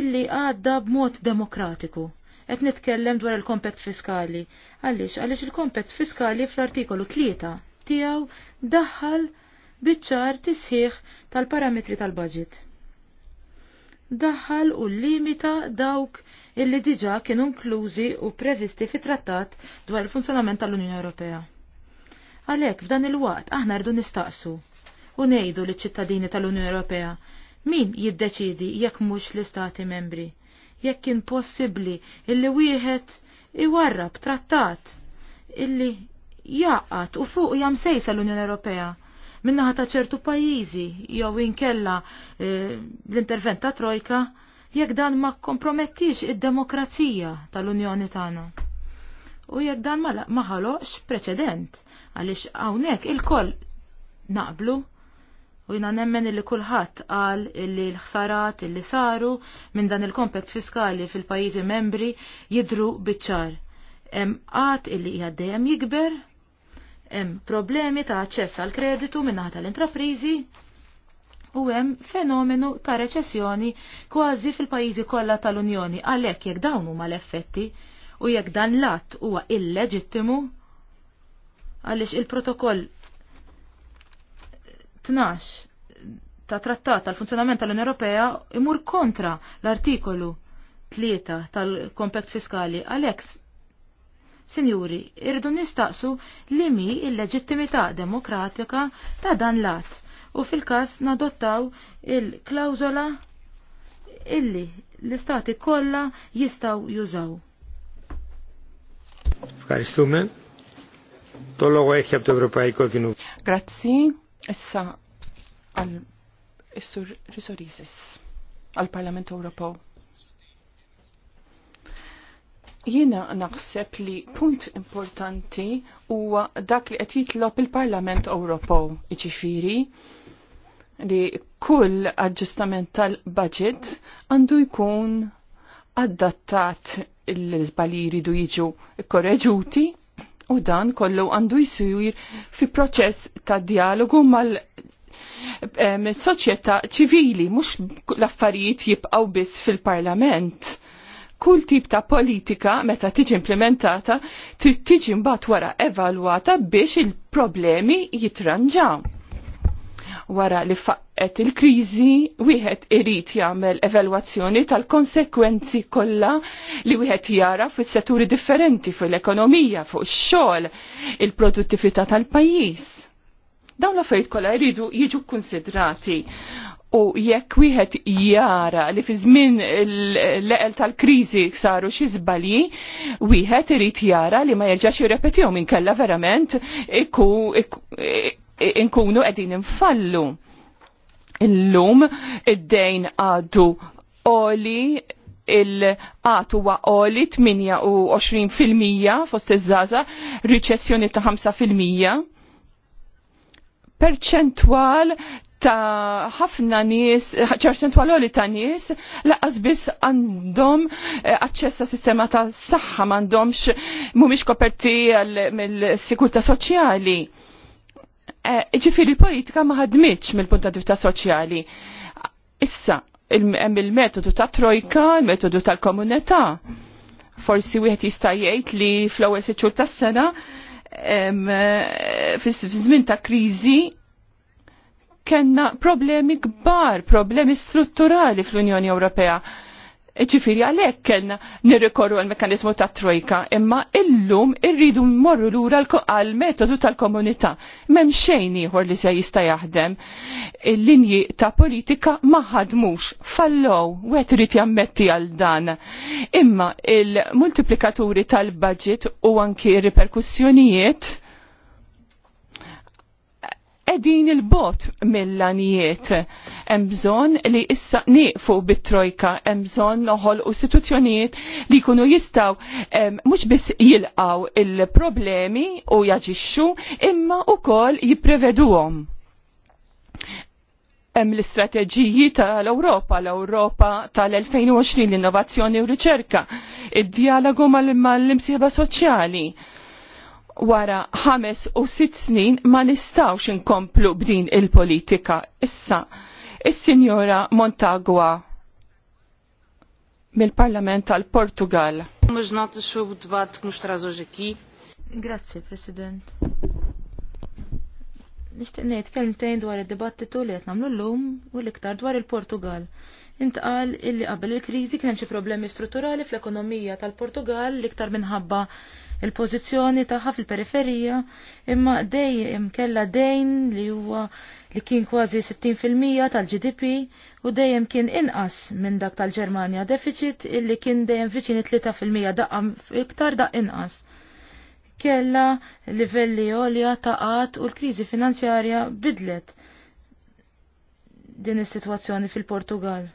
illi għadda b'mod demokratiku qed nitkellem dwar il-kompakt fiskali. Għaliex, għaliex il-kompakt fiskali fl-artikolu 3 tijaw daħħal biċ-ċar tisħiħ tal-parametri tal-budget. Daħħal u limita dawk illi diġa kienu inklużi u previsti fi trattat dwar il-funzjonament tal-Unjoni Ewropea. Għalhekk f'dan il-waqt aħna rdu nistaqsu u ngħidu li ċittadini tal-Unjoni Ewropea min jiddeċidi jekk mhux l-istati membri jekk kien possibbli illi wieħed iwarrab trattat illi jaqat u fuq jam sejsa l-Unjoni Ewropea minnaħa ta' ċertu pajjiżi jew inkella e, l-intervent ta' Trojka jekk dan ma kompromettix id-demokrazija tal-Unjoni tagħna. U jekk dan ma ħaloqx preċedent għaliex hawnhekk il-koll naqblu u jina nemmen li kulħadd qal li l-ħsarat illi saru minn dan il-kompakt fiskali fil-pajjiżi membri jidru biċ-ċar. Hemm qatt illi hija dejjem jikber hemm problemi ta' aċċess għal kreditu minnaħa tal-intraprizi u hemm fenomenu ta' reċessjoni kważi fil-pajjiżi kollha tal-Unjoni għalhekk jekk dawn huma l-effetti u jekk dan l-att huwa illeġittimu għaliex il-protokoll 12 ta' trattat tal-funzjonament tal-Unjoni Ewropea imur kontra l-artikolu 3 tal-kompakt fiskali għalhekk Sinjuri, irridu nistaqsu li mi il-leġittimità demokratika ta' dan lat u fil-kas nadottaw il-klawzola illi l-istati kollha jistaw jużaw. Fkaristume, tollogu eħjab t-Europajko kienu. Grazzi, issa għal-Isur Risorisis, għal-Parlament Ewropew. Jiena naħseb li punt importanti huwa dak li qed jitlob il-Parlament Ewropew, iġifieri li kull aġġustament tal-budget għandu jkun adattat l-żbalji jridu jiġu korreġuti u dan kollu għandu jisir fi proċess ta' dialogu mal eh, soċjetà ċivili, mhux l-affarijiet jibqgħu biss fil-parlament kull tip ta' politika meta tiġi implementata trid tiġi mbagħad wara evalwata biex il-problemi jitranġaw. Wara li faqqet il-kriżi, wieħed irid jagħmel evalwazzjoni tal-konsekwenzi kollha li wieħed jara fis-setturi differenti fil-ekonomija, fuq ix-xogħol, il-produttività tal-pajjiż dawn l-affarijiet kollha jridu jiġu konsidrati U jekk wieħed jara li fi żmien l-eqel tal-kriżi saru xi żbalji, wieħed irid jara li ma jerġax jirrepetihom minkella verament inkunu qegħdin infallu. Illum id-dejn għadu oli il-qat huwa oli 28% fost iż-żaża, riċessjoni ta' 5% perċentwal ta' ħafna nies, ċerċentwaloli ta' nies, laqas biss għandhom eh, aċċess ta' sistema ta' saħħa m'għandhomx mhumiex koperti mill-sikurta soċjali. Eh, Ġifieri politika ma ħadmitx mill-punta di vista soċjali. Issa, il-metodu ta' trojka, il-metodu tal-komunità. Forsi wieħed jista' jgħid li fl-ewwel siċur tas-sena eh, fiż-żmien ta' kriżi kena problemi kbar, problemi strutturali fl-Unjoni Ewropea. Ċifiri għalek kena nirrikorru għal-mekanizmu ta' trojka, imma illum irridu morru lura għal-metodu tal-komunità. Mem xejn ieħor li se jista' jaħdem. Il-linji ta' politika ma ħadmux, fallow, u qed irid jammetti għal dan. Imma il-multiplikaturi tal-budget u anki ir-riperkussjonijiet edin il-bot mill-lanijiet. Emżon li issa niqfu bit-trojka, emżon noħol u istituzzjonijiet li kunu jistaw mux biss jilqaw il-problemi u jaġixxu imma u kol jipreveduhom Em l-istrateġiji tal-Ewropa, l-Ewropa tal-2020, l-innovazzjoni u r-riċerka, id-dialogu mal-imsieba soċjali, wara ħames u sitt snin ma nistawx inkomplu b'din il-politika. Issa, is-Sinjora Montagua mill-Parlament tal-Portugal. Mġnat xub dbat Grazie, President. Nishtiq ngħid kelmtejn dwar id-dibattitu li qed nagħmlu llum u l-iktar dwar il-Portugal. Intqal illi qabel il-kriżi kien hemm xi problemi strutturali fl-ekonomija tal-Portugal l-iktar minħabba il-pożizzjoni tagħha fil-periferija imma dej imkella dejn li huwa li kien kważi 60% tal-GDP u dejjem kien inqas minn dak tal-Ġermanja deficit illi kien dejjem viċini 3% daqqa iktar daq inqas. Kella livelli għolja ta' qatt u l-kriżi finanzjarja bidlet din is-sitwazzjoni fil-Portugal.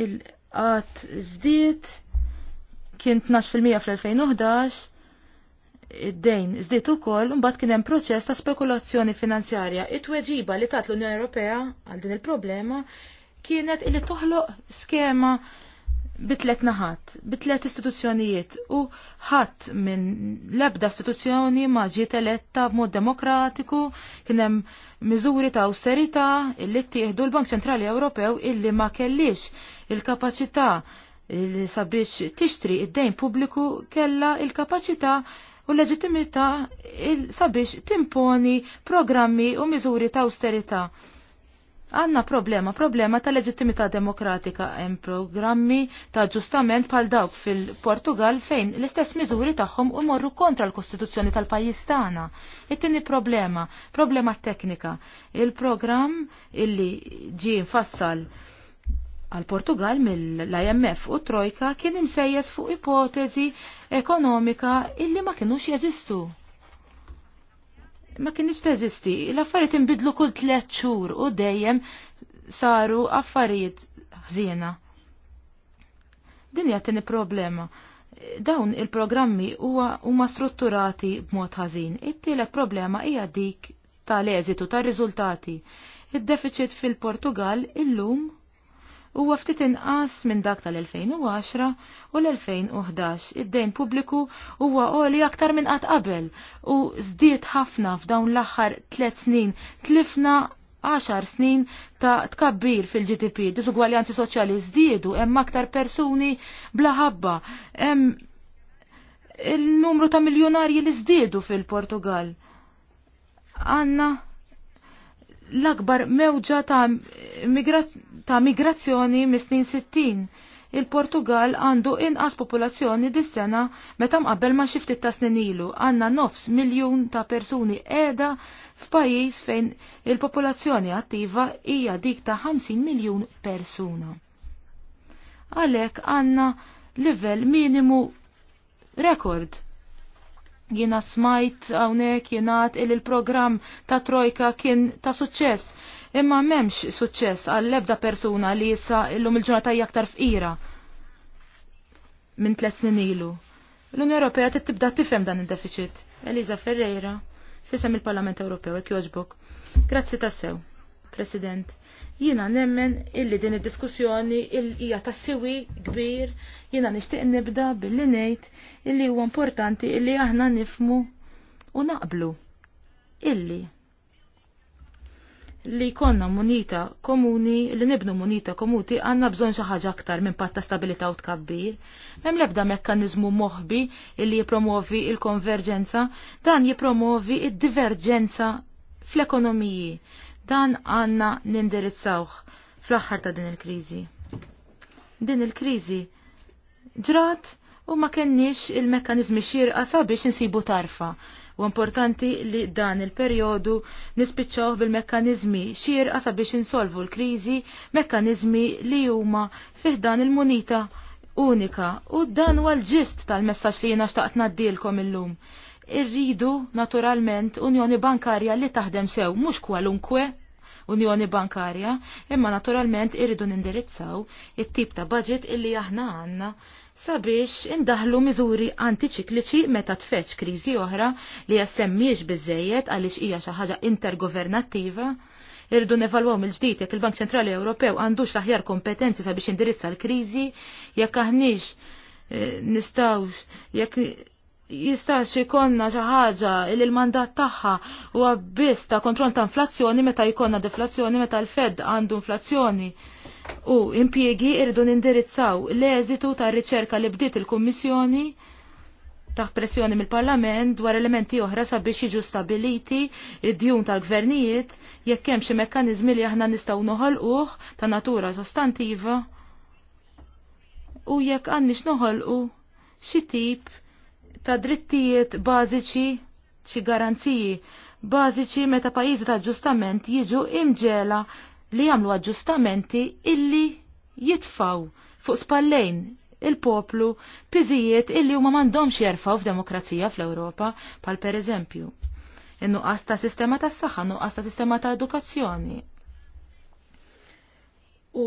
il-qat zdiet kien 12% fl-2011, id-dejn żdiet ukoll mbagħad kien hemm proċess ta' spekulazzjoni finanzjarja. It-tweġiba li tat l-Unjoni Ewropea għal din il-problema kienet li toħloq skema bitlet naħat, bitlet istituzzjonijiet u ħadd minn l-ebda istituzzjoni ma ġiet eletta b'mod demokratiku, kien hemm miżuri ta' awsterità illi ttieħdu l-Bank Ċentrali Ewropew illi ma kellix il-kapaċità li sabiex tixtri id-dejn pubbliku kella il-kapacità u leġitimità sabiex timponi programmi u miżuri ta' austerità. Għanna problema, problema ta' leġittimità demokratika hemm programmi ta' ġustament pal dawk fil-Portugal fejn l-istess miżuri tagħhom morru kontra l-Kostituzzjoni tal-pajjiż tagħna. It-tieni problema, problema teknika. Il-programm illi ġie mfassal għal Portugal mill-IMF u Trojka kien imsejjes fuq ipotezi ekonomika illi ma kienux jeżistu. Ma kienx teżisti, l-affarijiet inbidlu kull tliet xhur u dejjem saru affarijiet ħżiena. Din hija tieni problema dawn il-programmi huma strutturati b'mod ħażin. It-tielet problema hija dik tal-eżitu, tar-riżultati. Id-deficit fil-Portugal illum huwa ftit inqas minn dak tal-2010 u l-2011. Id-dejn pubbliku huwa qoli aktar minn qatt qabel u żdied ħafna f'dawn l-aħħar tliet snin tlifna 10 snin ta' tkabbir fil-GDP, disugwaljanzi soċjali żdiedu, hemm aktar persuni bla ħabba, hemm il-numru ta' miljonarji li żdiedu fil-Portugal. Anna l-akbar mewġa ta' ta' migrazzjoni mis-snin 60. Il-Portugal għandu inqas popolazzjoni dis-sena meta mqabbel ma' xifti ta' snin ilu. Għandna nofs miljun ta' persuni qiegħda f'pajjiż fejn il-popolazzjoni attiva hija dik ta' 50 miljun persuna. Għalhekk għandna livell minimu rekord Jiena smajt hawnhekk jingħad il il-programm ta' Trojka kien ta' suċċess. Imma m'hemmx suċċess għall-ebda persuna li issa llum il-ġurnata hija aktar fqira minn tliet snin ilu. L-Unjoni Ewropea tibda tifhem dan id-deficit. Eliza Ferreira, fisem il-Parlament Ewropew, ek joġbok. Grazzi tassew, President. Jiena nemmen illi din id-diskussjoni hija ta' siwi kbir, jiena nixtieq nibda billi ngħid illi huwa importanti illi aħna nifmu u naqblu illi li konna munita komuni, li nibnu munita komuti għanna bżon xaħġa aktar minn patta stabilita u tkabbir. Mem lebda mekkanizmu moħbi illi jipromovi il-konverġenza, dan jipromovi il-diverġenza fl-ekonomiji. Dan għanna nindirizzawh fl-axħar ta' din il-krizi. Din il-krizi ġrat u ma kenniex il-mekkanizmi xirqa sabiex insibu tarfa. U importanti li dan il-periodu nispiċċaw bil-mekkanizmi xirqa sabiex insolvu l-krizi, mekkanizmi li huma fih dan il-munita unika. U dan huwa l-ġist tal-messaġġ li jiena xtaqt naddilkom illum irridu naturalment unjoni bankarja li taħdem sew mhux kwalunkwe unjoni bankarja, imma naturalment irridu nindirizzaw it-tip ta' budget illi aħna għandna sabiex indaħlu miżuri antiċikliċi meta tfeċ kriżi oħra li jassemmiex biżejjed għaliex hija xi ħaġa intergovernattiva irridu nevalwaw mill-ġdid jekk il-Bank Ċentrali Ewropew għandux l-aħjar kompetenzi sabiex indirizza l-kriżi, jekk aħniex eh, nistawx, jekk jistax ikonna xi ħaġa li l-mandat tagħha huwa biss ta' kontroll ta' inflazzjoni meta jkollna deflazzjoni meta l-Fed għandu inflazzjoni. U impjiegi irridu nindirizzaw l-eżitu ta' riċerka li bdiet il-Kummissjoni taħt pressjoni mill-Parlament dwar elementi oħra sabiex jiġu stabiliti id-djum tal-gvernijiet jekk hemm xi mekkaniżmi li aħna nistgħu noħolquh ta' natura sostantiva u jekk għandniex noħolqu xi tip ta' drittijiet bażiċi xi garanziji bażiċi meta pajjiżi ta' aġġustament jiġu imġela li jagħmlu aġġustamenti illi jitfaw fuq spallejn il-poplu piżijiet illi huma m'għandhomx jerfaw f'demokrazija fl-Ewropa pal pereżempju in-nuqqas ta' sistema tas saħħa nuqqas ta' sistema ta' edukazzjoni. U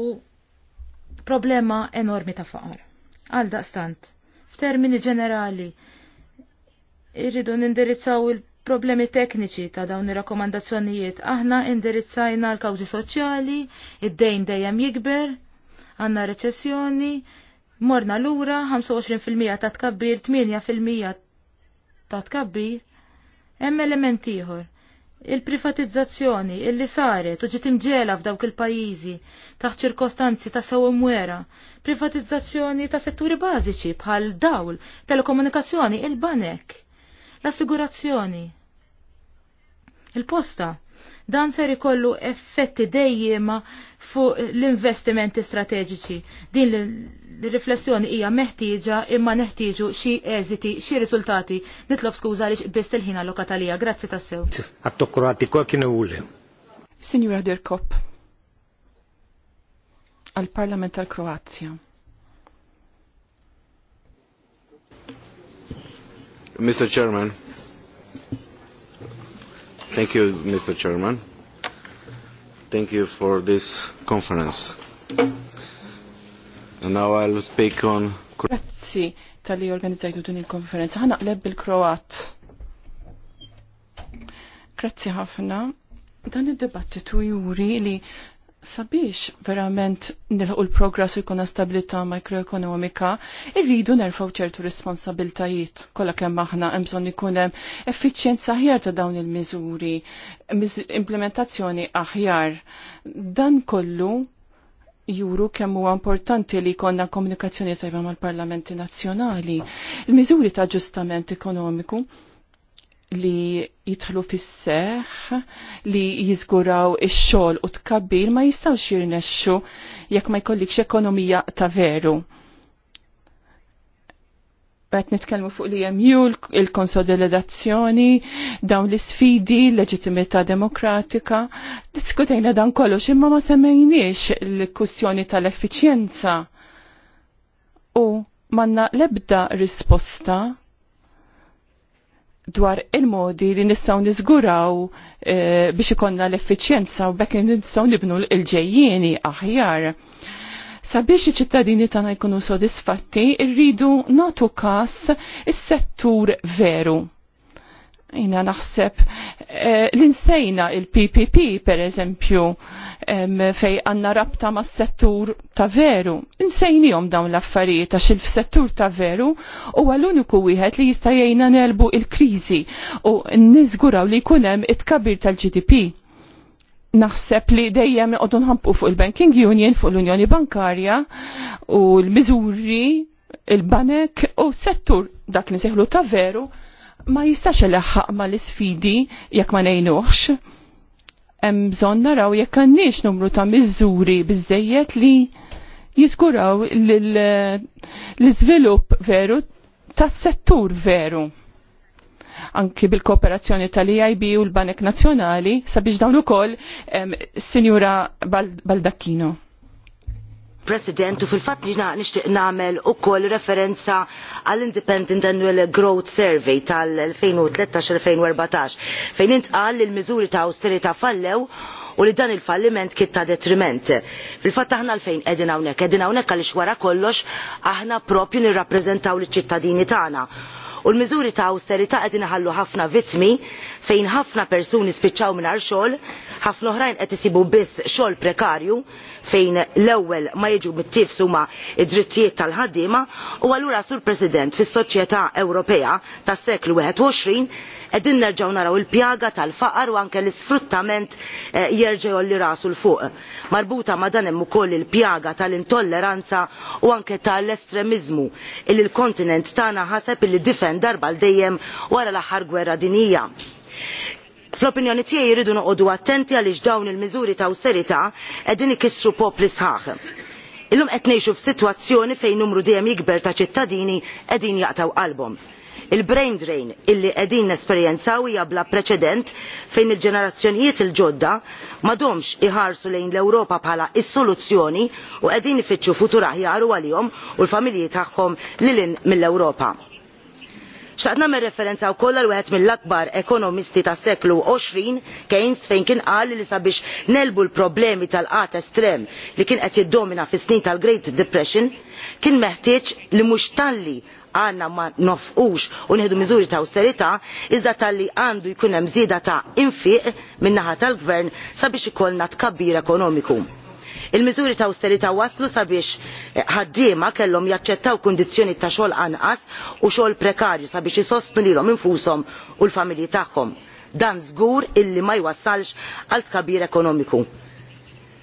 problema enormi ta' faqar. Għal daqstant, f'termini ġenerali, irridu nindirizzaw il-problemi tekniċi ta' dawn ir-rakkomandazzjonijiet. Aħna indirizzajna l-kawżi soċjali, id-dejn dejjem jikber, għandna reċessjoni, morna lura 25% ta' tkabbir, 8% ta' tkabbir. Hemm element ieħor. Il-privatizzazzjoni illi saret u ġiet imġela f'dawk il-pajjiżi taħt ċirkostanzi ta' sew mwera. privatizzazzjoni ta' setturi bażiċi bħal dawl, telekomunikazzjoni, il-banek L-assigurazzjoni. Il-posta. Dan ser ikollu effetti dejjema fuq l-investimenti strateġiċi. Din l-riflessjoni hija meħtieġa imma neħtieġu xi eżiti, xi riżultati. Nitlob skuża li biss il-ħin allokat għalija. Grazzi tassew. Attokkurati kwa kienu ule. Signora Derkop, Al parlament tal-Kroazja. Mr. Chairman. Thank you, Mr. Chairman. Thank you for this conference. And now I'll speak on... Grazie tali li organizzajtu din il-konferenza. Ħana qleb bil-Kroat. Grazie ħafna. Dan id-debattitu juri li sabiex verament nilħu l-progress u jkuna stabilità makroekonomika, irridu nerfaw ċertu responsabiltajiet kollha kemm aħna hemm bżonn ikun hemm effiċjenza aħjar ta' dawn il-miżuri, implementazzjoni aħjar. Dan kollu juru kemm huwa importanti li jkollna komunikazzjoni tajba mal-parlamenti nazzjonali. Il-miżuri ta' ġustament ekonomiku li jitħlu fis-seħ, li jizguraw ix-xogħol u tkabbir ma jistgħux jirnexxu jekk ma jkollikx ekonomija ta' veru. Għet nitkellmu fuq li jemju il-konsolidazzjoni, dawn l isfidi l leġittimità demokratika, diskutejna dan kollox imma ma semmejniex l-kustjoni tal-effiċjenza u manna lebda risposta dwar il-modi li nistaw nizguraw e, biex ikonna l-effiċjenza u bekk nistaw nibnu l-ġejjieni aħjar. Sabiex iċ-ċittadini tagħna jkunu sodisfatti, irridu natu kas is-settur veru jina naħseb eh, l-insejna il-PPP per eżempju fej għanna rabta ma' settur ta' veru. jom dawn l-affarijiet għax il-settur ta' veru u għal-uniku wieħed li jista' jgħinna nelbu il-kriżi u nizguraw li kunem it-kabir tal-GDP. Naħseb li dejjem għodun ħampu fuq il-Banking Union, fuq l-Unjoni Bankarja u l-Mizuri, il-Banek u settur dak li seħlu ta' veru ma jistax il-ħaq ma l-sfidi jekk ma nejnuħx. Hemm bżonn naraw jekk għandniex numru ta' miżuri biżejjed li jiskuraw l-iżvilupp veru tas-settur veru anki bil-kooperazzjoni tal iib u l-Banek Nazzjonali sabiex dawn ukoll Sinjura Baldacchino. President, u fil-fat nixtieq nagħmel ukoll referenza għall Independent Annual Growth Survey tal-2013-2014 fejn intqal li l-miżuri ta' austerità fallew u li dan il-falliment kien ta' detriment. Fil-fatt aħna għalfejn qegħdin hawnhekk, qegħdin hawnhekk għaliex wara kollox aħna propju nirrappreżentaw liċ-ċittadini tagħna. U l-miżuri ta' austerità qegħdin iħallu ħafna vittmi fejn ħafna persuni spiċċaw mingħajr xogħol, ħafna oħrajn qed isibu biss xogħol prekarju, fejn l-ewwel ma jiġu mittiefs huma id-drittijiet tal-ħaddiema u allura sur President fis-soċjetà Ewropea tas-seklu 21 qegħdin nerġgħu naraw il-pjaga tal-faqar u anke l-isfruttament eh, jerġgħu li rasu l fuq. Marbuta ma' dan hemm ukoll il-pjaga tal-intolleranza u anke tal-estremiżmu il il-kontinent tagħna ħaseb illi difend darba l dejjem wara l-aħħar gwerra dinija Fl-opinjoni tiegħi jridu noqogħdu attenti għaliex dawn il-miżuri ta' awsterità qegħdin ikissru popli sħaħ. Illum qed ngħixu f'sitwazzjoni fejn numru dejjem ikber ta' ċittadini qegħdin jaqtaw qalbhom. Il-brain drain illi qegħdin nesperjenzaw hija bla preċedent fejn il-ġenerazzjonijiet il-ġodda m'għadhomx iħarsu lejn l-Ewropa bħala is-soluzzjoni u qegħdin ifittxu futur aħjar għalihom u l-familji tagħhom lilin mill-Ewropa Xtaqt nagħmel referenza wkoll għal wieħed mill-akbar ekonomisti tas-seklu 20 Keynes fejn kien qal li sabiex nelbu l-problemi tal-qat estrem li kien qed jiddomina fis-snin tal-Great Depression kien meħtieġ li mhux talli għanna ma nofqux u nieħdu miżuri ta' austerità iżda talli għandu jkun hemm żieda ta' infiq min-naħa tal-gvern sabiex ikollna tkabbir ekonomiku. Il-miżuri ta' austerità waslu sabiex eh, ħaddiema kellhom jaċċettaw kundizzjoni ta' xogħol anqas u xogħol prekarju sabiex isostnu lilhom infushom u l-familji tagħhom. Dan żgur illi ma jwassalx għal skabir ekonomiku.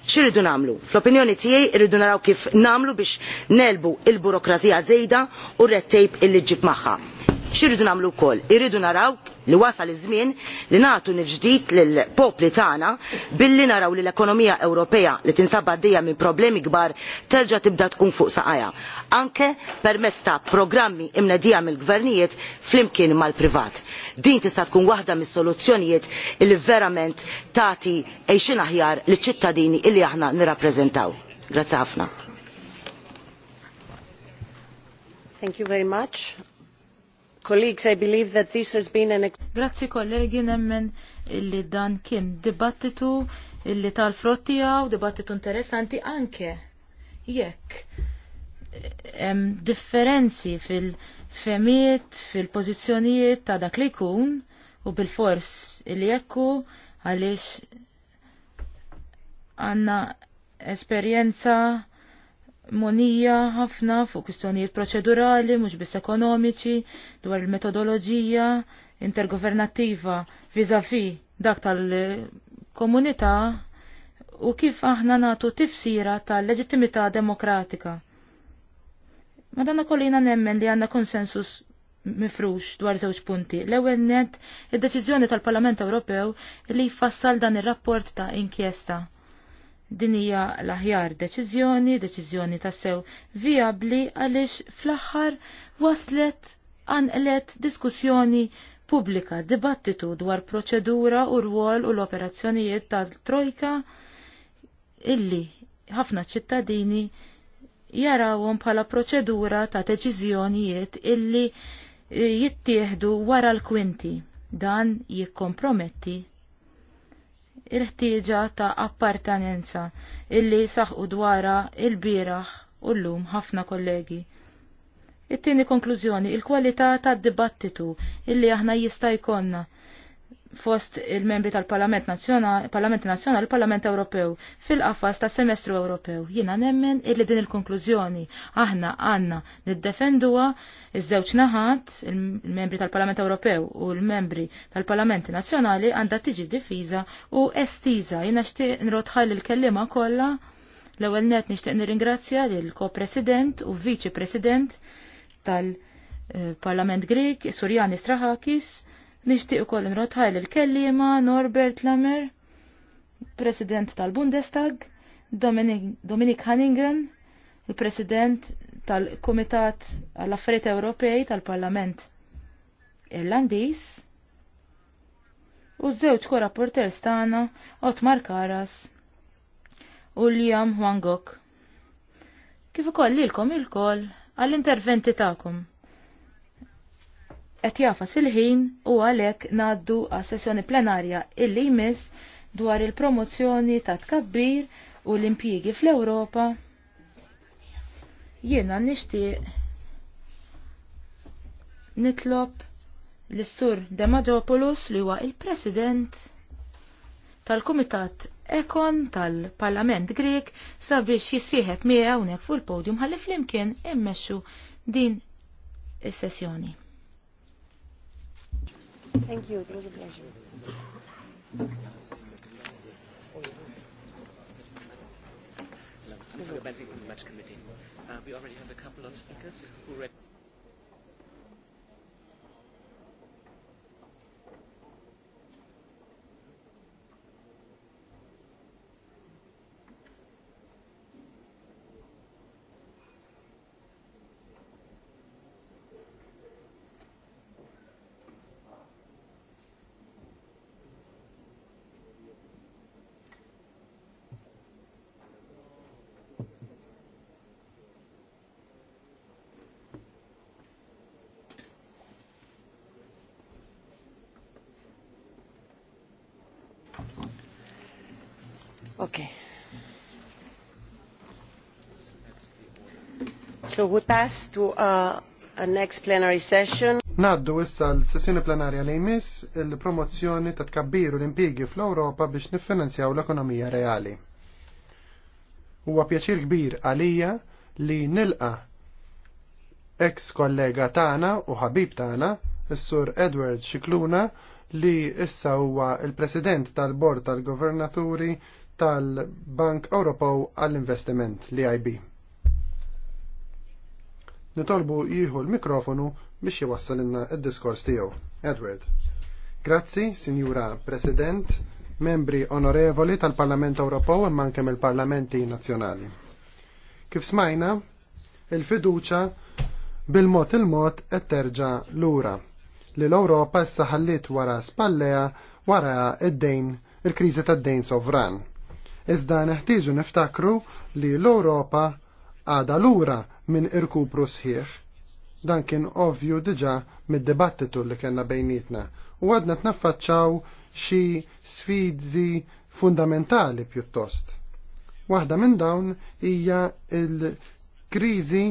X'iridu nagħmlu? Fl-opinjoni tiegħi rridu naraw kif nagħmlu biex nelbu il-burokrazija żejda u r-red tape illi ġib magħha X'iridu nagħmlu wkoll? Irridu naraw li wasal iż-żmien li nagħtu nifġdid lill popli tagħna billi naraw li l-ekonomija Ewropea li tinsab għaddejja minn problemi kbar terġa' tibda tkun fuq saqajja anke permezz ta' programmi imnedija mill-gvernijiet flimkien mal-privat. Din tista' tkun waħda mis-soluzzjonijiet li verament tagħti għejxin aħjar li ċittadini illi aħna nirrappreżentaw. Grazzi ħafna. Thank you very much. Colleagues, I believe that this has been an... Grazzi kollegi nemmen illi dan kien dibattitu illi tal-frottija u dibattitu interessanti anke jekk hemm differenzi fil-femiet, fil-pożizzjonijiet ta' dak li jkun u bil-fors li jekku għaliex għanna esperjenza monija ħafna fuq kwistjonijiet proċedurali, mhux biss ekonomiċi, dwar il-metodoloġija intergovernattiva vizafi dak tal-komunità u kif aħna nagħtu tifsira tal-leġittimità demokratika. Madonna kollina nemmen li għandna konsensus mifrux dwar żewġ punti. L-ewwel net id-deċiżjoni tal-Parlament Ewropew li jfassal dan ir-rapport ta' inkjesta Din hija l-aħjar deċiżjoni, deċiżjoni tassew viabli għaliex fl-aħħar waslet għanqlet diskussjoni pubblika, dibattitu dwar proċedura u rwol u l-operazzjonijiet tal-Trojka illi ħafna ċittadini jarawhom bħala proċedura ta' deċiżjonijiet illi jittieħdu wara l-kwinti. Dan jikkomprometti il-ħtieġa ta' appartenenza illi saħqu dwara il-biraħ u llum ħafna kollegi. It-tieni konklużjoni, il-kwalità tad-dibattitu illi aħna jista' jkollna fost il-membri tal-Parlament Nazzjonali, Parlament Nazzjonali, Parlament Ewropew, fil-qafas ta' semestru Ewropew. Jina nemmen illi din il-konklużjoni aħna għanna niddefenduha iż-żewġ naħat, il-membri tal-Parlament Ewropew u l-membri tal parlament Nazzjonali għandha tiġi diffiża u estiża. Jina xtieq nrotħalli l-kellima kollha L-ewwel net nixtieq nirringrazzja lil ko-president u viċi-president tal-Parlament eh, Grek, Surjani Strahakis, Nixtieq ukoll nrotħaj l-kellima Norbert Lammer, President tal-Bundestag, Dominic, Dominik Hanningen, il-President tal-Kumitat għall-Affarijiet Ewropej tal-Parlament Irlandiż, u żewġ korrapporters tagħna Otmar Karas u Liam Wangok. Kif ukoll lilkom ilkoll għall-interventi tagħkom qed jafas il-ħin u għalhekk ngħaddu għas sessjoni plenarja illi jmiss dwar il-promozzjoni ta' tkabbir u l-impjiegi fl-Ewropa. Jiena nixtieq nitlob l-Sur Demagopoulos li huwa il-President tal-Kumitat Ekon tal-Parlament Grek sabiex jissieħeb miegħu hawnhekk fuq il-podium ħalli flimkien immexxu din is-sessjoni. Thank you. It was a pleasure. Uh, we already have a couple of speakers who read. Okay. So we pass to uh, a next plenary session. Naddu issa l-sessjoni plenarja li jmiss il-promozzjoni ta' tkabbiru l-impigi fl-Ewropa biex niffinanzjaw l-ekonomija reali. Huwa pjaċir kbir għalija li nilqa ex kollega tagħna u ħabib tagħna, s sur Edward Xikluna, li issa huwa il-President tal-Bord tal-Governaturi tal-Bank Ewropew għall-Investiment l-IB. Nitolbu jieħu l-mikrofonu biex jwassalilna id-diskors tiegħu. Edward. Grazzi, Sinjura President, membri onorevoli tal-Parlament Ewropew imma anke mill-Parlamenti Nazzjonali. Kif smajna, il-fiduċa bil-mod il-mod qed terġa' lura li l-Ewropa issa ħallit wara spallea wara id-dejn il-kriżi tad-dejn sovran Iżda neħtieġu niftakru li l-Ewropa għada lura minn irkupru sħiħ. Dan kien ovvju diġa mid-dibattitu li kellna bejnietna u għadna naffaċċaw xi sfidzi fundamentali pjuttost. Waħda minn dawn hija l-kriżi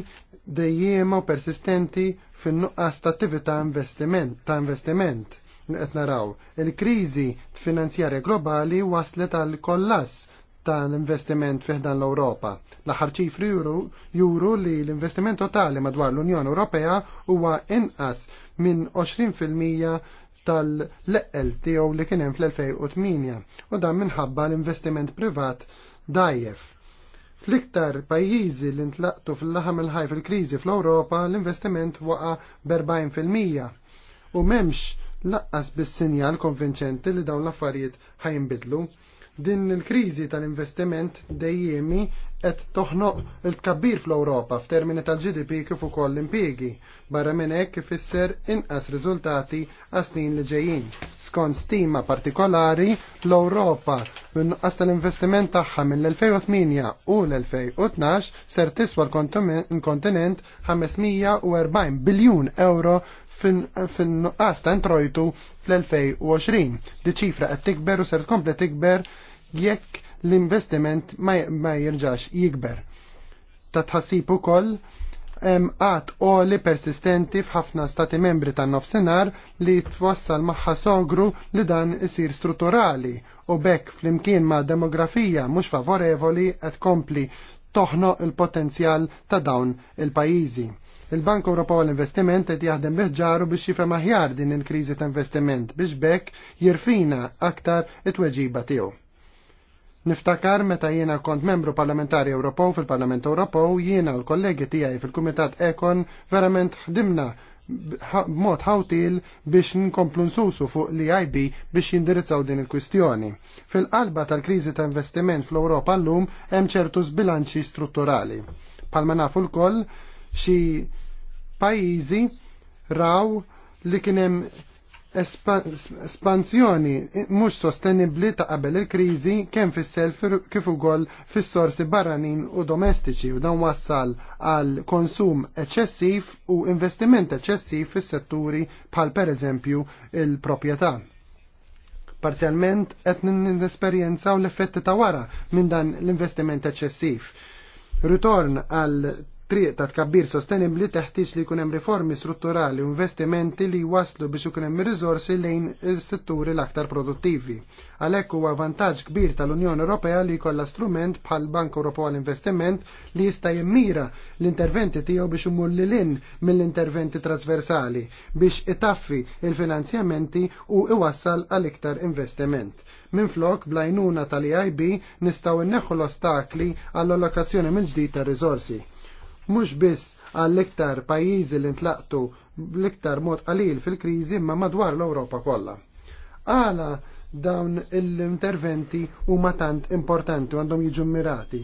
dejjema u persistenti fin-nuqqas ta' attività investiment ta' investiment qed naraw. Il-kriżi finanzjarja globali waslet għal kollass ta' l-investiment fiħdan l-Europa. L-aħħar ċifri juru li l-investiment totali madwar l-Unjoni Ewropea huwa inqas minn 20% tal-leqel tiegħu li kien hemm fl-2008 u dan minħabba l-investiment privat dajjef. Fl-iktar pajjiżi li ntlaqtu fil-laħam il-ħaj fil-kriżi fl-Ewropa l-investiment waqa' fil-Mija u memx laqqas bis-sinjal konvinċenti li dawn l-affarijiet ħajnbidlu. Din il-kriżi tal-investiment dejjemi qed toħnoq il-tkabbir fl-Ewropa f'termini tal-GDP kif ukoll l-impjiegi, barra minn hekk ifisser inqas riżultati għas snin li ġejjin. Skont stima partikolari, l-Ewropa minnuqqas tal-investiment tagħha mill-2008 u l-2012 ser tiswa l-kontinent 540 biljun euro fin-nuqqas ta' introjtu fl-2020. Di ċifra qed tikber u ser tkompli tikber jekk l-investiment ma jirġax jikber. Ta' tħassib ukoll hemm qatt li persistenti f'ħafna stati membri tan-nofsinhar li twassal magħha sogru li dan isir strutturali u bekk flimkien ma' demografija mhux favorevoli qed kompli toħno il-potenzjal ta' dawn il-pajjiżi. Il-Bank Ewropew l-Investiment qed jaħdem biħġaru biex jifhem aħjar din il-kriżi ta' investiment biex bekk jirfina aktar it-tweġiba tiegħu. Niftakar meta jiena kont membru parlamentari Ewropew fil-Parlament Ewropew jiena l-kollegi tiegħi fil-Kumitat Ekon verament ħdimna b'mod ħawtil biex nkomplu nsusu fuq li ib biex jindirizzaw din il-kwistjoni. Fil-qalba tal-kriżi ta' investiment fl-Ewropa llum hemm ċertu sbilanċi strutturali. Palma nafu l-koll xi pajjiżi raw li kien hemm espansjoni mhux sostenibbli ta' qabel il-kriżi kemm fis-self kif ukoll fis-sorsi barranin u domestiċi u dan wassal għal konsum eċċessiv u investiment eċċessiv fis-setturi bħal pereżempju il-proprjetà. Parzjalment qed nesperjenzaw l-effetti ta' wara minn dan l-investiment eċċessiv. Ritorn għal triq ta' tkabbir sostenibli teħtieġ li jkun hemm riformi strutturali u investimenti li waslu biex ikun hemm riżorsi lejn is-setturi l-aktar produttivi. Għalhekk huwa vantaġġ kbir tal-Unjoni Ewropea li jkollha strument bħal Bank Ewropew għall-Investiment li jista' jimmira l-interventi tiegħu biex imur lil mill-interventi trasversali biex itaffi il-finanzjamenti u iwassal għal iktar investiment. Minflok blajnuna tal-EIB nistgħu nneħħu l-ostakli għall-allokazzjoni mill-ġdid ta' riżorsi mhux biss għall-iktar pajjiżi li ntlaqtu l-iktar mod qalil fil-kriżi imma madwar l-Ewropa kollha. Għala dawn l-interventi huma tant importanti għandhom jiġu mirati.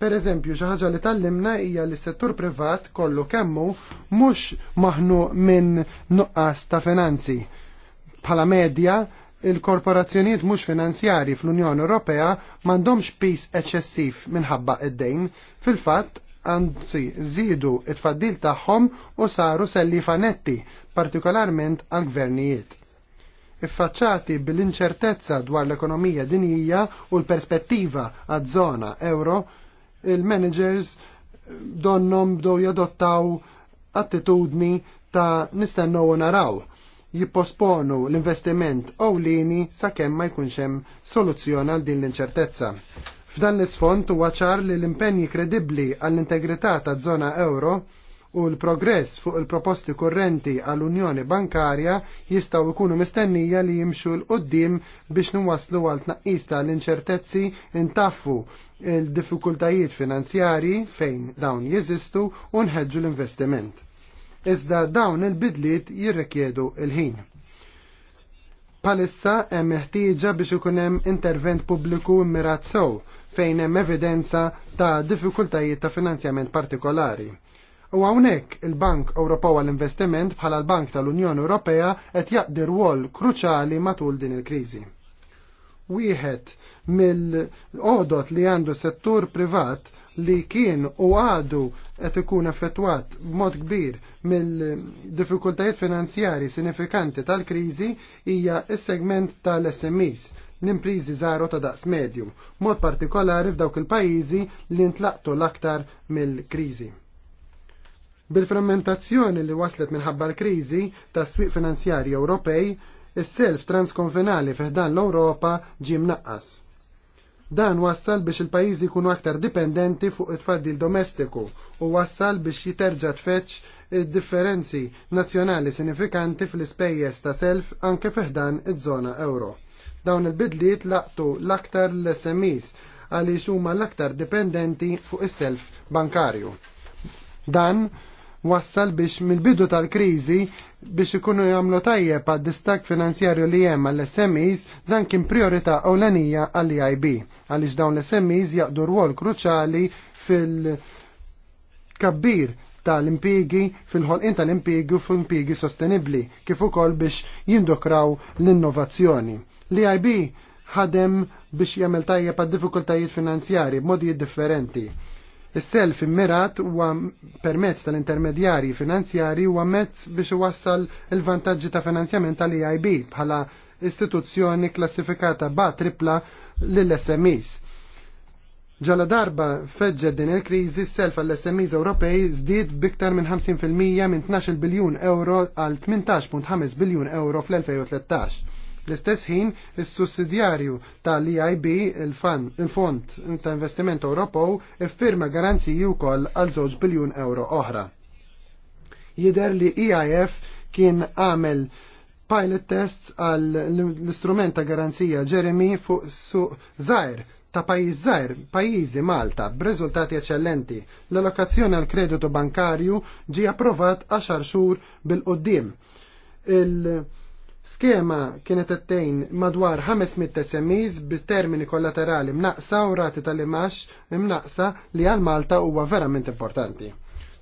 Per eżempju, xi ħaġa li tallimna hija li s-settur privat kollu kemmu mhux maħnu minn nuqqas ta' finanzi. Bħala medja, il-korporazzjonijiet mhux finanzjari fl-Unjoni Ewropea m'għandhomx pis eċċessiv minħabba id-dejn. Fil-fatt, anzi zidu it-faddil tagħhom u saru selli fanetti, partikolarment għal gvernijiet. Iffaċċati bil-inċertezza dwar l-ekonomija dinjija u l-perspettiva għad-żona euro, il-managers eh, donnom bdow jadottaw attitudni ta' nistennu u naraw jipposponu l-investiment ewlieni sakemm ma jkunx hemm soluzzjoni għal din l-inċertezza. F'dan l-isfond huwa ċar li l-impenji kredibbli għall-integrità ta' żona euro u l-progress fuq il-proposti korrenti għall-Unjoni Bankarja jistgħu jkunu mistennija li jimxu l-qoddim biex nwaslu għal tnaqqis tal-inċertezzi intaffu il-diffikultajiet finanzjari fejn dawn jeżistu u nħeġġu l-investiment. Iżda dawn il-bidliet jirrikjedu il-ħin. Palissa hemm ħtieġa biex ikun hemm intervent pubbliku immirat sew fejn hemm evidenza ta' diffikultajiet ta' finanzjament partikolari. U hawnhekk il-Bank Ewropew għall-Investiment bħala l-Bank tal-Unjoni Ewropea qed jaqdi rwol kruċali matul din il-kriżi wieħed mill-qodot li għandu settur privat li kien u għadu qed ikun effettwat b'mod kbir mill-diffikultajiet finanzjari sinifikanti tal-kriżi hija s-segment tal-SMEs l-imprizi żaru ta' daqs medju, mod partikolari f'dawk il-pajjiżi li ntlaqtu l-aktar mill-kriżi. Bil-frammentazzjoni li waslet minħabba l-kriżi tas-swieq finanzjari Ewropej, is-self transkonfinali fiħdan l-Ewropa ġie mnaqqas. Dan wassal biex il-pajjiżi jkunu aktar dipendenti fuq it-tfaddil domestiku u wassal biex jiterġa' il differenzi nazzjonali sinifikanti fl-ispejjeż ta' self anke fiħdan iż-żona euro. Dawn il-bidliet laqtu l-aktar l-SMEs għaliex huma l-aktar dipendenti fuq is-self bankarju. Dan wassal biex mill-bidu tal-kriżi biex ikunu jagħmlu tajjeb għad distak finanzjarju li hemm għall smes dan kien priorita' ewlenija għall IB għaliex dawn l-SMEs jaqdu rwol kruċali fil-kabbir tal-impigi fil-ħolqin tal-impigi u fil-impigi sostenibli kif ukoll biex jindokraw l-innovazzjoni. L-IB e ħadem biex jagħmel tajjeb għad diffikultajiet finanzjari b'modijiet differenti Is-self immirat huwa permezz tal-intermedjari finanzjari huwa mezz biex iwassal il-vantaġġi ta' finanzjament tal-EIB bħala istituzzjoni klassifikata ba' tripla lill-SMEs. Ġala darba feġġed din il-kriżi s-self għall-SMEs Ewropej żdied biktar minn 50% minn 12 biljun euro għal 18.5 biljun euro fl-2013 L-istess ħin, il sussidjarju tal-EIB il-Fond ta' Investiment Ewropew iffirma garanziji wkoll għal 2 biljun euro oħra. Jider li EIF kien għamel pilot tests għal l-istrument ta' garanzija Jeremy fuq su Zair ta' pajiz zaħir, pajizi Malta, b'rezultati eccellenti. L-allokazzjoni għal kreditu bankarju ġi approvat għaxar xur bil-qoddim. Il- Skema kienet attejn madwar 500 SMEs bit-termini kollaterali mnaqsa u rati tal-imax mnaqsa li għal Malta huwa verament importanti.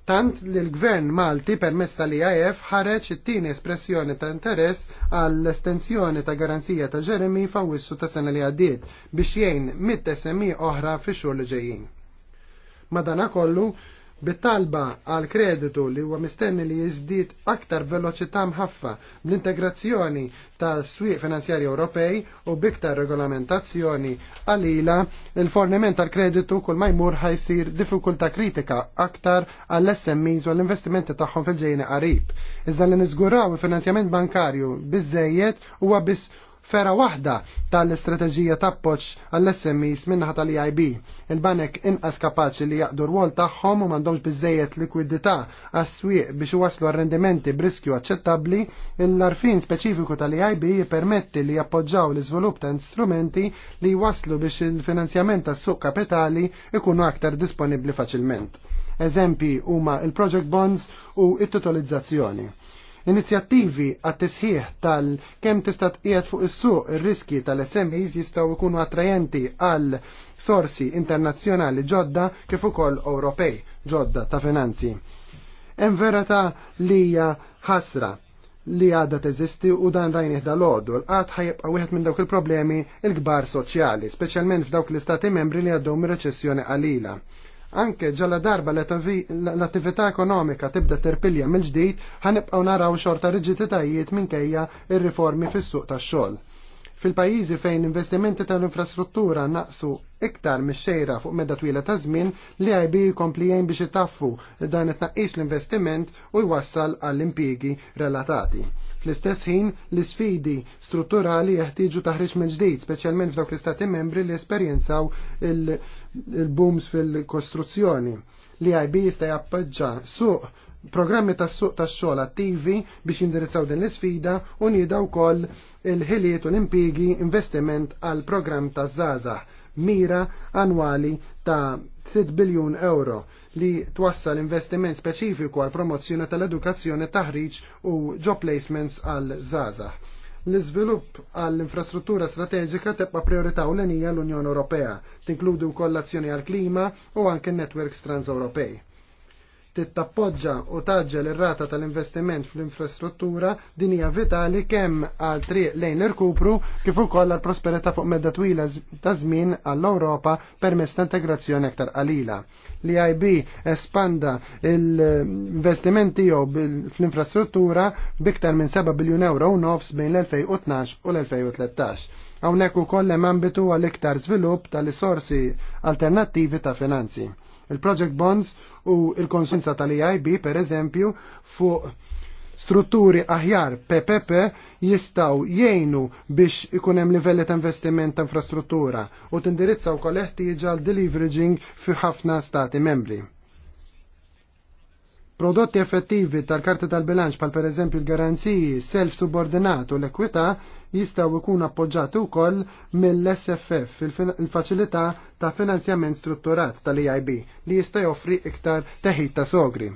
Tant li l-gvern Malti permess tal-IAF ħareġ it-tieni espressjoni ta' interess għall estensjoni ta' garanzija ta' Jeremy fawissu ta' sena li għaddiet biex jgħin mit SMI e oħra fi xhur li ġejjin. Madana kollu, bit-talba għal kreditu li huwa mistenni li jiżdied aktar veloċità mħaffa bl-integrazzjoni tas-swieq finanzjarji Ewropej u biktar regolamentazzjoni għalila il-forniment tal kreditu kull ma jmur ħajsir diffikultà kritika aktar għall smis u l investimenti tagħhom fil ġejni qarib. Iżda li niżguraw il-finanzjament bankarju biżejjed huwa biss fera waħda tal-istrateġija poċ għall-SMEs minnaħa tal-EIB. Il-banek inqas kapaċi li jaqdur wol tagħhom u m'għandhomx biżejjed likwidità għas-swieq biex iwasslu rendimenti briskju aċċettabbli, l-arfin speċifiku tal-EIB jippermetti li jappoġġaw l-iżvilupp ta' instrumenti li jwaslu biex il-finanzjament tas-suq kapitali ikunu aktar disponibbli faċilment. Eżempi huma il-project bonds u it-totalizzazzjoni. Inizjattivi għat tisħiħ tal kem tista' tqiegħed fuq is-suq ir-riski tal-SMEs jistgħu jkunu attrajenti għal sorsi internazzjonali ġodda kif ukoll Ewropej ġodda ta' finanzi. Hemm verata li hija ħasra li għadda teżisti u dan rajnih iħda l-għoddu l-għad ħajibqa wieħed minn dawk il-problemi il-kbar soċjali, speċjalment f'dawk l-istati membri li għaddew mir-reċessjoni qalila. Anke ġala darba l-attività ekonomika tibda terpilja mill-ġdid ħanibqaw naraw xorta riġiditajiet minkejja ir-riformi fis-suq tax-xogħol. Fil-pajjiżi fejn investimenti tal-infrastruttura naqsu iktar mix-xejra fuq medda twila ta' żmien li IB jkompli jgħin biex itaffu dan it-tnaqqis l-investiment u jwassal għall-impjiegi relatati. Fl-istess ħin, l-sfidi strutturali jeħtieġu taħriġ minn ġdid, speċjalment f'dawk l-istati membri li esperjenzaw il- il-booms fil-kostruzzjoni. li ib jista' jappoġġa suq programmi tas suq tax xogħol attivi biex indirizzaw din l-isfida u nieda wkoll il-ħiliet u l-impigi investiment għal programm ta' Zaza mira annwali ta' 6 biljun euro li twassal investiment speċifiku għal promozzjoni tal-edukazzjoni taħriġ u job placements għal Zaza l izvilupp għall-infrastruttura strateġika tebqa' priorità ewlenija l-Unjoni Ewropea, tinkludi wkoll l-azzjoni għall-klima u anke networks transewropej tittappoġġa u taġġel ir-rata tal-investiment fl-infrastruttura din hija vitali kemm għal triq lejn irkupru kif ukoll għal prosperità fuq medda twila ta' żmien għall europa permezz ta' integrazzjoni aktar qalila. L-IB espanda l-investiment tiegħu fl-infrastruttura biktar minn 7 biljun euro u nofs bejn l-2012 u l-2013. Hawnhekk ukoll hemm ambitu għal iktar żvilupp tal-risorsi alternattivi ta' finanzi il-project bonds u il-konsenza tal-EIB per eżempju fuq strutturi aħjar PPP jistaw jgħinu biex ikun hemm livelli ta' investiment ta' infrastruttura u tindirizza wkoll ħtieġa l deliveraging fi ħafna stati membri. Prodotti effettivi tal-karta tal-bilanċ pal per eżempju l-garanziji self-subordinat u l-ekwita jistaw ikun appoġġati wkoll mill-SFF, il-faċilità ta' finanzjament strutturat tal-EIB li jista' joffri iktar teħid ta' sogri.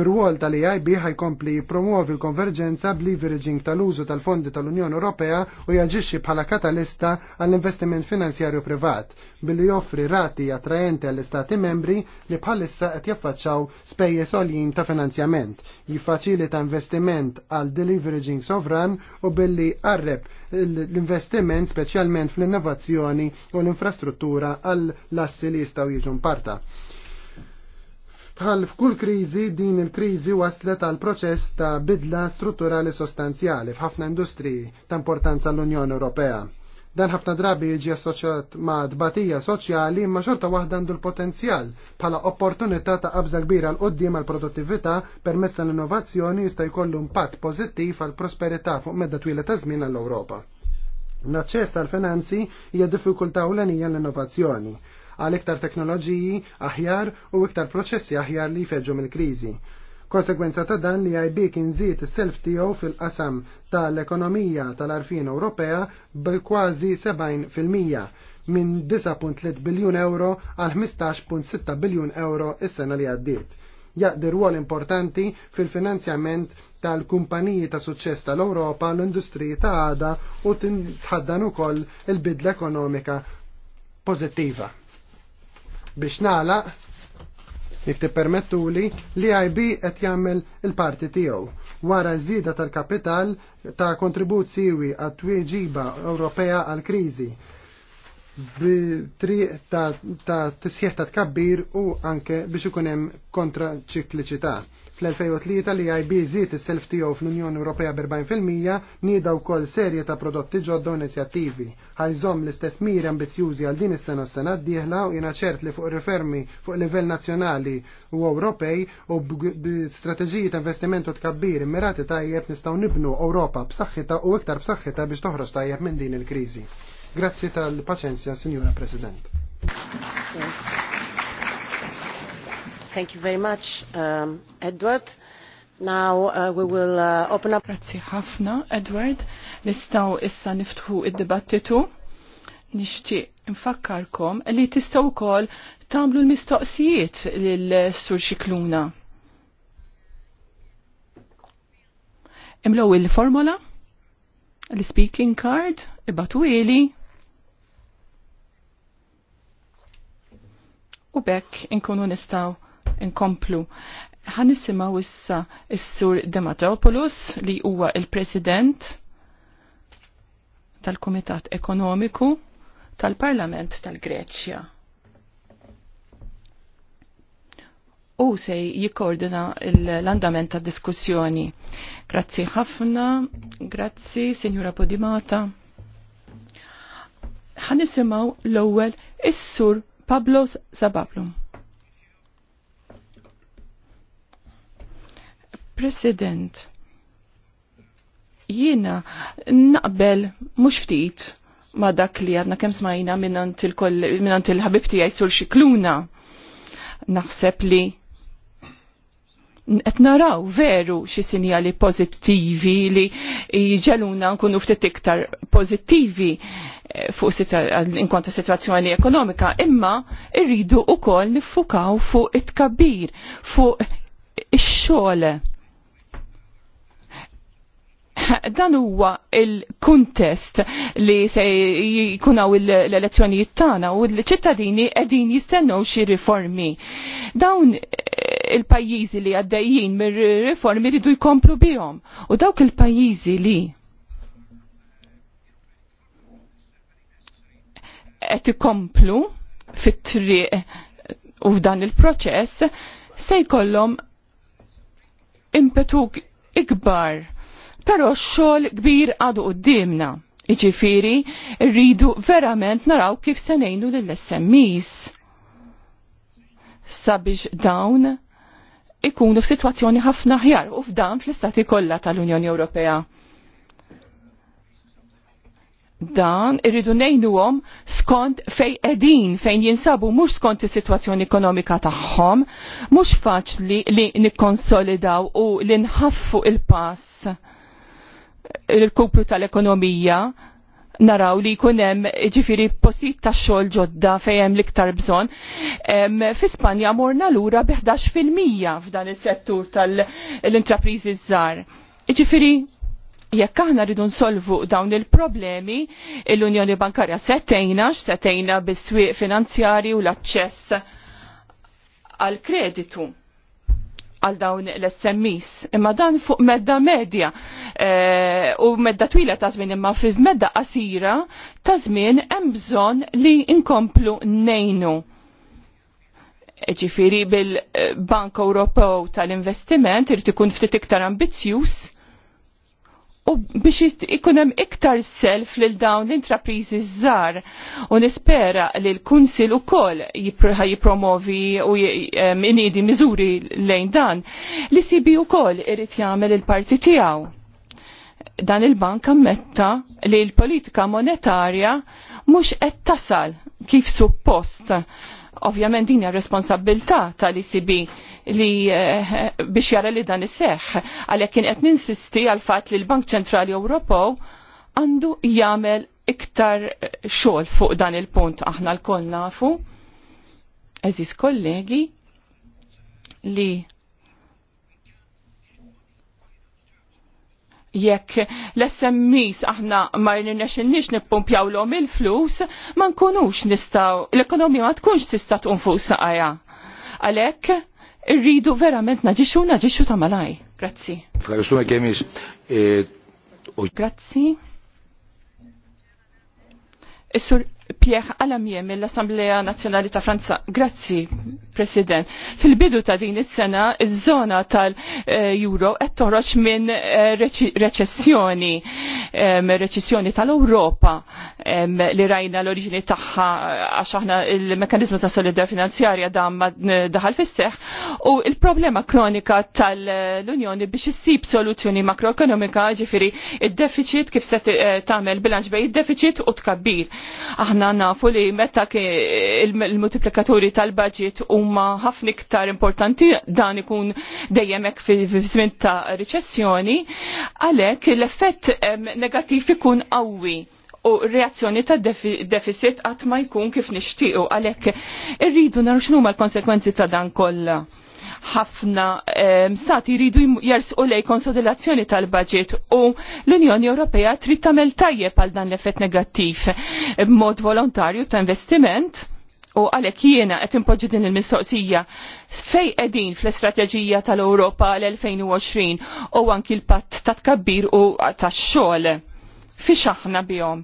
Ir-rwol tal-EIB ħajkompli promuovi l-konverġenza b'leveraging tal-użu tal-fondi tal-Unjoni Ewropea u jaġixxi bħala katalista għall-investiment finanzjarju privat billi joffri rati attrajenti għall-Istati membri li bħalissa qed jaffaċċaw spejjeż għoljin ta' finanzjament, jiffaċilita investiment għal deliveraging sovran u billi qarreb l-investiment speċjalment fl-innovazzjoni u l-infrastruttura għall-assi li jistgħu jiġu mparta. Bħal f'kull kriżi din il-kriżi waslet għal proċess ta' bidla strutturali sostanzjali f'ħafna industriji ta' importanza l-Unjoni Ewropea. Dan ħafna drabi jiġi assoċjat ma' dbatija soċjali imma xorta waħda għandu l-potenzjal bħala opportunità ta' qabża kbira l qoddim għal produttività permezz l-innovazzjoni jista' jkollu impatt pożittiv għal prosperità fuq medda twila ta' żmien għall-Ewropa. L-aċċess għal finanzi hija diffikultà ewlenija l-innovazzjoni għal iktar teknoloġiji aħjar u iktar proċessi aħjar li jfeġġu mill-kriżi. Konsekwenza ta' dan li IB kien zid is-self tiegħu fil-qasam tal-ekonomija tal-arfin Ewropea bi kważi 70% minn 9.3 biljun euro għal 15.6 biljun euro is-sena li għaddiet. Jaqdi rwol importanti fil-finanzjament tal-kumpaniji ta' suċċess tal-Ewropa, l-industriji ta' għada u tħaddan ukoll il-bidla ekonomika pożittiva. Biex nagħlaq, ti permettu li l-IB qed jagħmel il-parti tiegħu wara zida tal-kapital ta' kontribut siwi għat twieġiba Ewropea għal kriżi b'triq ta' tisħiħ ta' tkabbir u anke biex ikun hemm kontraċikliċità Fl-2003 li IB żiet is-self tiegħu fl-Unjoni Ewropea b'40% nieda wkoll serje ta' prodotti ġodda u inizjattivi. Ħajżhom l-istess miri ambizzjużi għal din is-sena s sena d-dieħla u jiena ċert li fuq rifermi fuq livell nazzjonali u Ewropej u b'strateġiji ta' investimentu u tkabbir immirati tajjeb nistgħu nibnu Ewropa b'saħħitha u iktar b'saħħitha biex toħroġ tajjeb minn din il-kriżi. Grazzi tal-paċenzja, Signora President. Yes. Thank you very much, um, Edward. Now uh, we will uh, open up. Grazzi ħafna, Edward. Nistaw issa niftħu id-dibattitu. Nixtieq infakkarkom li tistaw wkoll tagħmlu l-mistoqsijiet lil-sur Xikluna. Imlow il-formola, l-speaking card, ibatu ili. U bekk inkunu nistaw inkomplu. Ħanisimgħu issa is-Sur Dematopoulos li huwa il-President tal-Kumitat Ekonomiku tal-Parlament tal-Greċja. u se jikkoordina l-andament ta' diskussjoni. Grazzi ħafna, grazzi Sinjura Podimata. Ħanisimaw l-ewwel is-sur Pablo Zabablu. President, jiena naqbel mhux ftit ma dak li għadna kemm smajna minnant il-ħabib tiegħi sur xikluna. Naħseb li qed naraw veru xi sinjali pożittivi li jġeluna nkunu ftit iktar pożittivi eh, fuq inkonta situazzjoni ekonomika, imma irridu wkoll niffukaw fuq it kabir fuq ix-xogħol dan huwa il-kuntest li se jikunaw l-elezzjonijiet tagħna u l-ċittadini qegħdin jistennew xi riformi. Dawn il-pajjiżi li għaddejjin mir-riformi ridu jkomplu bihom. U dawk il-pajjiżi li qed ikomplu fit-triq u f'dan il-proċess se jkollhom impetu ikbar pero xogħol kbir għadu qudiemna. Iġifiri, rridu verament naraw kif se ngħinu lill Sabiġ Sabiex dawn ikunu f'sitwazzjoni ħafna ħjar u f'dan fl-istati kollha tal-Unjoni Ewropea dan irridu nejnuhom skont fej edin fejn jinsabu mhux skont is-sitwazzjoni ekonomika tagħhom, mhux faċli li nikkonsolidaw u li nħaffu il-pass il-kupru tal-ekonomija naraw li kunem ġifiri posit ta' xol ġodda fejem liktar bżon. Fi Spanja morna l-ura bi 11% f'dan il-settur tal-intraprizi zzar. Ġifiri, jekk aħna rridu nsolvu dawn il-problemi, l-Unjoni Bankarja setejna, setejna bis-swieq finanzjari u l-aċċess għal kreditu għal dawn l-SMIs. Imma dan fuq medda medja e, u medda twila ta' żmien imma fi medda qasira ta' żmien hemm bżonn li nkomplu nejnu. E, ġifiri bil-Bank Ewropew tal-Investiment irti ikun ftit iktar ambizzjuż u biex ikunem iktar self lil dawn l-intrapriżi żgħar u nispera li l-Kunsil ukoll jippromovi u inidi miżuri lejn dan li sibi ukoll irid jagħmel il-parti tiegħu. Dan il-bank ammetta li l-politika monetarja mhux qed tasal kif suppost. Ovvjament din hija responsabilità tal icb li eh, biex jara li dan iseħħ għalhekk kien qed ninsisti għal fatt li l-Bank Ċentrali Ewropew għandu jagħmel iktar eh, xogħol fuq dan il-punt aħna lkoll nafu eżis kollegi li jekk l smes aħna ma rnexinniex nippumpjaw l-om il-flus, ma nkunux nistaw, l-ekonomija ma tkunx tista' tqum fuq saqajja. Għalhekk irridu verament naġixxu naġixxu ta' malaj. Grazzi. Eh, Grazzi. Issur Pierre Alamie mill-Assemblea Nazzjonali ta' Franza. Grazzi, President. Fil-bidu ta' din is-sena, iż-żona tal-Euro qed toħroġ minn eh, reċessjoni, reċessjoni tal-Ewropa li rajna l-oriġini tagħha għax aħna il mekkanizmu ta' solidar finanzjarja damma daħal fis-seħ u il-problema kronika tal-Unjoni biex issib soluzzjoni makroekonomika ġifieri id-deficit kif se eh, tagħmel bilanċ bejn id-deficit u tkabbir. Aħna aħna nafu li meta il-multiplikaturi tal-budget huma ħafna iktar importanti dan ikun dejjem hekk fi-żmien ta' riċessjoni, għalhekk l-effett negattiv ikun qawwi u reazzjoni ta' deficit qatt ma jkun kif nixtiequ għalhekk irridu nara x'numa l-konsekwenzi ta' dan kollha ħafna ehm, stati jridu jersqu lej konsolidazzjoni tal-budget u l-Unjoni Ewropea trid tagħmel tajjeb għal dan l-effett negattiv b'mod volontarju ta' investiment u għalhekk jiena qed impoġġi din il-mistoqsija fejn qegħdin fl-istrateġija tal-Ewropa l-2020 u anki l-patt ta' tkabbir u tax-xogħol. Fiex aħna bihom.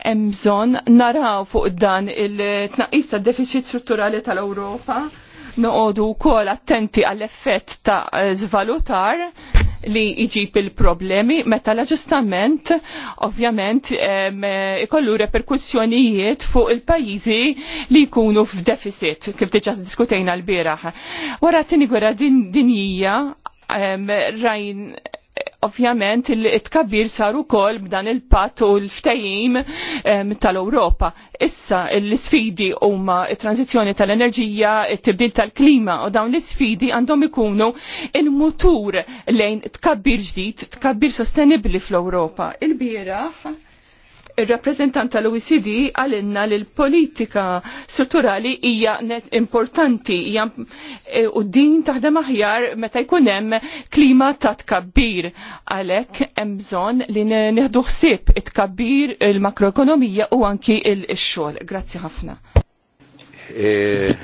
Hemm bżonn naraw fuq dan il-tnaqqis tad defiċit strutturali tal-Ewropa noqogħdu wkoll attenti għall-effett ta' zvalutar eh, li jġib il-problemi meta l-aġustament ovvjament eh, ikollu reperkussjonijiet fuq il-pajjiżi li jkunu f'deficit kif diġa diskutejna l-bieraħ. Wara t-tieni din dinjija rajn ovvjament il-tkabbir sar ukoll b'dan il pat u l-ftejim tal-Ewropa. Issa l-sfidi huma t-tranzizzjoni tal-enerġija, t tibdil tal-klima u dawn l-sfidi għandhom ikunu il-mutur lejn tkabbir ġdid, tkabbir sostenibbli fl-Ewropa. Il-bieraħ il-rappresentant tal-OECD għalinna li l-politika strutturali hija net importanti hija eh, u din taħdem aħjar meta jkun hemm klima ta' tkabbir għalhekk hemm bżonn li nieħdu ħsieb it-tkabbir il-makroekonomija u anki l xogħol Grazzi ħafna. Eh,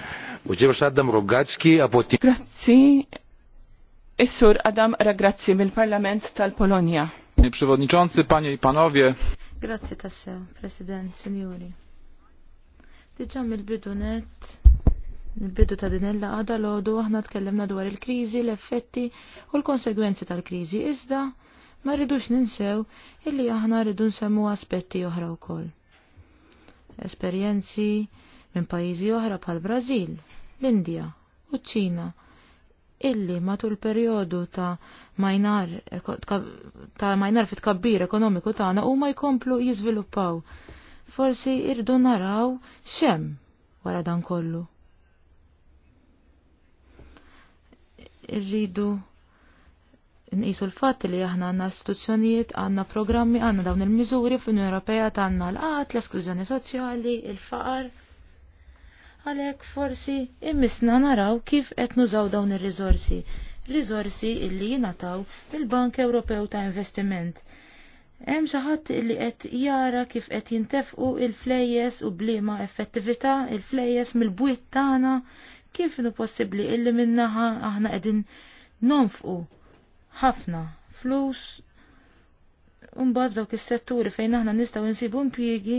Rogatski apoti. Grazzi. Is-sur Adam Ragrazzi mill-Parlament tal-Polonja. Panie Przewodniczący, Panie i Panowie. Grazzi tasse, President, Signori. Diġa mill bidu net, mill-bidu ta' din il-laqda l-għodu aħna tkellimna dwar il-kriżi, l-effetti u l-konsegwenzi tal-kriżi. Iżda, ma rridux ninsew illi aħna rridu nsemmu aspetti oħra wkoll. Esperjenzi minn pajjiżi oħra bħal Brażil, l-Indja u ċ-Ċina illi matul perjodu ta' majnar ta' majnar fit kabbir ekonomiku tagħna huma jkomplu jiżviluppaw. Forsi irdu naraw xem wara dan kollu. Irridu nqisu l-fatt li aħna għandna istituzzjonijiet, għandna programmi, għandna dawn il-miżuri fl-Unjoni Ewropea għanna l-qat, l-esklużjoni soċjali, il-faqar. il faqar għalhekk forsi immisna naraw kif qed nużaw dawn ir-riżorsi, riżorsi illi jingħataw il-Bank Ewropew ta' Investiment. Hemm xi ħadd illi qed jara kif qed jintefqu il-flejjes u bliema effettività il-flejjes mill-bwiet tagħna kif nu possibbli illi minnaħa aħna qegħdin nonfqu ħafna flus Umbad dawk is-setturi fejn aħna nistgħu nsibu impjiegi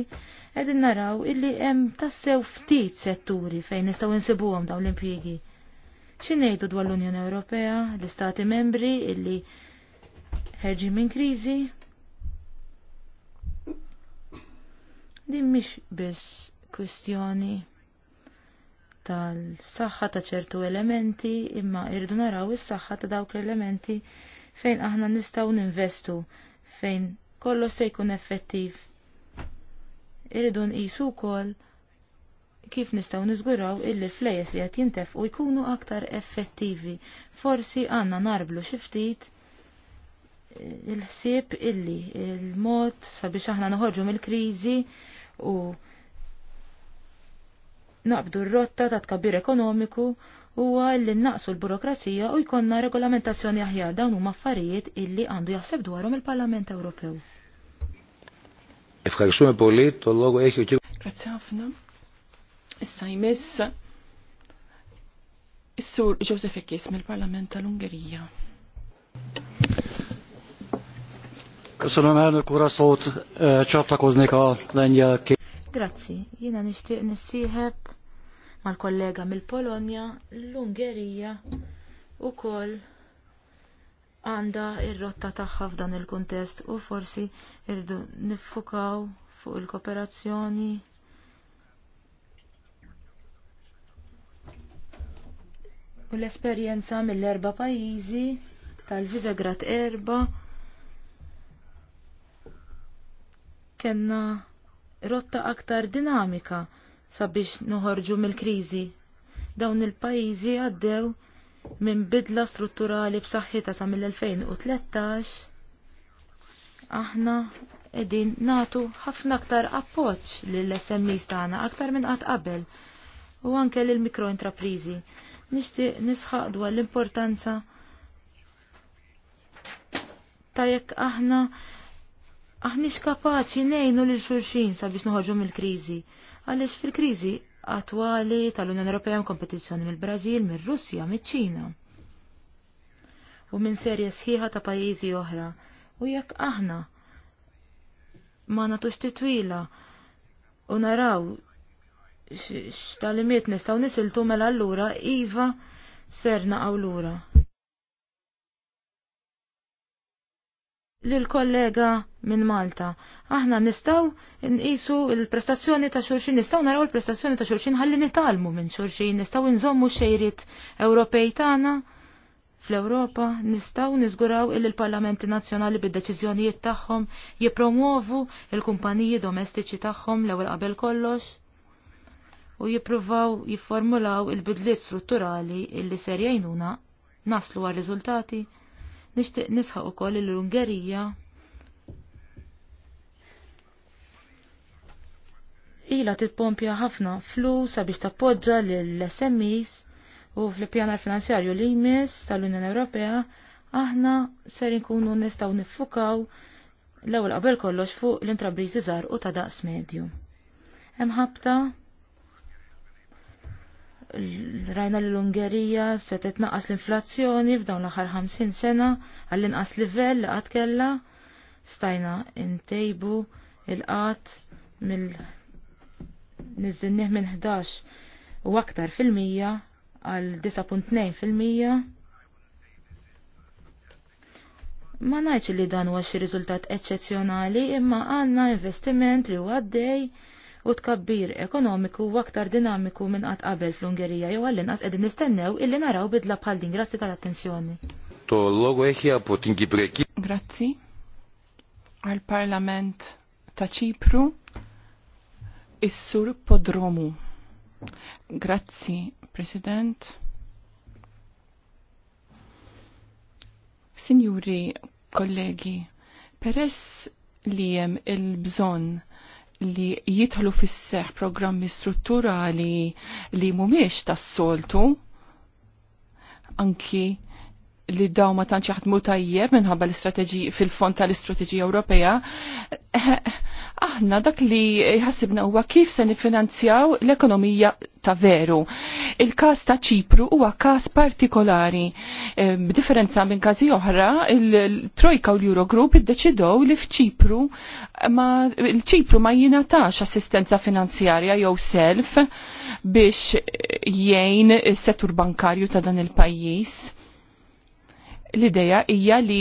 qegħdin naraw illi hemm tassew ftit setturi fejn nistgħu nsibuhom dawn l-impjiegi. X'ingħidu dwar l-Unjoni Ewropea, l-Istati Membri illi ħerġin minn kriżi? Din mhix biss kwestjoni tal-saħħa ta' ċertu elementi imma irridu naraw is-saħħa ta' dawk l-elementi fejn aħna nistgħu ninvestu fejn kollox se jkun effettiv. Irridu nqisu wkoll kif nistgħu niżguraw illi flejes li qed jintefqu jkunu aktar effettivi. Forsi għandna narblu xi ftit eh, il-ħsieb illi il-mod sabiex aħna noħorġu mill-kriżi u naqbdu r-rotta ta' tkabbir ekonomiku huwa li naqsu l-burokrazija u jkonna regolamentazzjoni aħjar dawn huma affarijiet illi għandu jaħseb dwarhom il-Parlament Ewropew. Ifħarxumi poli, tollogu eħi uġi. Grazie ħafna. Issa jmiss Is-sur Josef Ekis mill-Parlament tal-Ungerija. Köszönöm elnök úr a szót, csatlakoznék a lengyel Grazzi, jina nishtiq nissiħeb mal-kollega mill-Polonja, l-Ungerija u koll għanda ir-rotta tagħha f'dan il-kuntest u forsi irdu niffukaw fuq il-kooperazzjoni u l-esperjenza mill-erba pajjiżi tal-Visegrad erba kenna rotta aktar dinamika sabiex noħorġu mill-kriżi. Dawn il-pajjiżi għaddew minn bidla strutturali b'saħħitha sa mill-2013 aħna qegħdin natu ħafna aktar appoġġ lill smi tagħna aktar minn qatt qabel u anke l mikrointraprizi. Nixtieq nisħaq dwar l-importanza ta' jekk aħna aħniex kapaċi ngħinu lil xulxin sabiex noħorġu mill-kriżi għaliex fil-kriżi attwali tal-Unjoni Ewropea kompetizzjoni mill-Brażil, mill russja miċ-Ċina u minn serje sħiħa ta' pajjiżi oħra. U jekk aħna ma nagħtux titwila u naraw x'talimiet nistgħu nisiltu mela allura iva serna lura. Lil kollega minn Malta. Aħna nistaw nqisu l-prestazzjoni ta' xulxin, nistaw naraw l-prestazzjoni ta' xulxin ħalli nitalmu minn xulxin, nistaw nżommu xejrit Ewropej tagħna fl-Ewropa, nistaw niżguraw il parlamenti Nazzjonali bid-deċiżjonijiet tagħhom jippromuovu il-kumpaniji domestiċi tagħhom l-ewwel qabel kollox u jippruvaw jifformulaw il-bidliet strutturali illi ser jgħinuna naslu għal riżultati Nixtieq nisħaq ukoll l ungerija ila tippompja ħafna flus sabiex tappoġġa l-SMEs u fl pjana finanzjarju li jmiss tal-Unjoni Ewropea aħna ser inkunu nistgħu niffukaw l-ewwel qabel kollox fuq l-intrabriżi żgħar u ta' daqs medju. Hemm ħabta rajna l-Ungerija se titnaqqas l-inflazzjoni f'dawn l-aħħar 50 sena għall-inqas livell li qatt kellha stajna ntejbu il-qat mill nizzinnieh minn 11 u aktar fil-mija għal 9.2 fil-mija. Ma ngħidx li dan huwa xi riżultat eċċezzjonali imma għandna investiment li huwa għaddej u tkabbir ekonomiku u aktar dinamiku minn qatt qabel fl-Ungerija jew għall-inqas qegħdin nistennew illi naraw bidla bħal din grazzi tal-attenzjoni. Grazzi. għall parlament ta' Ċipru is-sur Podromu. Grazzi, President. Signori, kollegi, peress li jem il-bżon li jidħlu fis programmi strutturali li mhumiex tas-soltu anki li daw ma tantx jaħdmu tajjeb minħabba l-istrateġi fil-fond tal-istrateġija Ewropea, aħna dak li jħassibna huwa kif se nifinanzjaw l-ekonomija ta' veru. Il-każ ta' Ċipru huwa każ partikolari. E, b'differenza minn każi oħra, il-Trojka u l-Eurogroup iddeċidew li f'Ċipru ma ċipru ma jingħatax assistenza finanzjarja jew self biex jgħin is-settur bankarju ta' dan il-pajjiż l-ideja hija li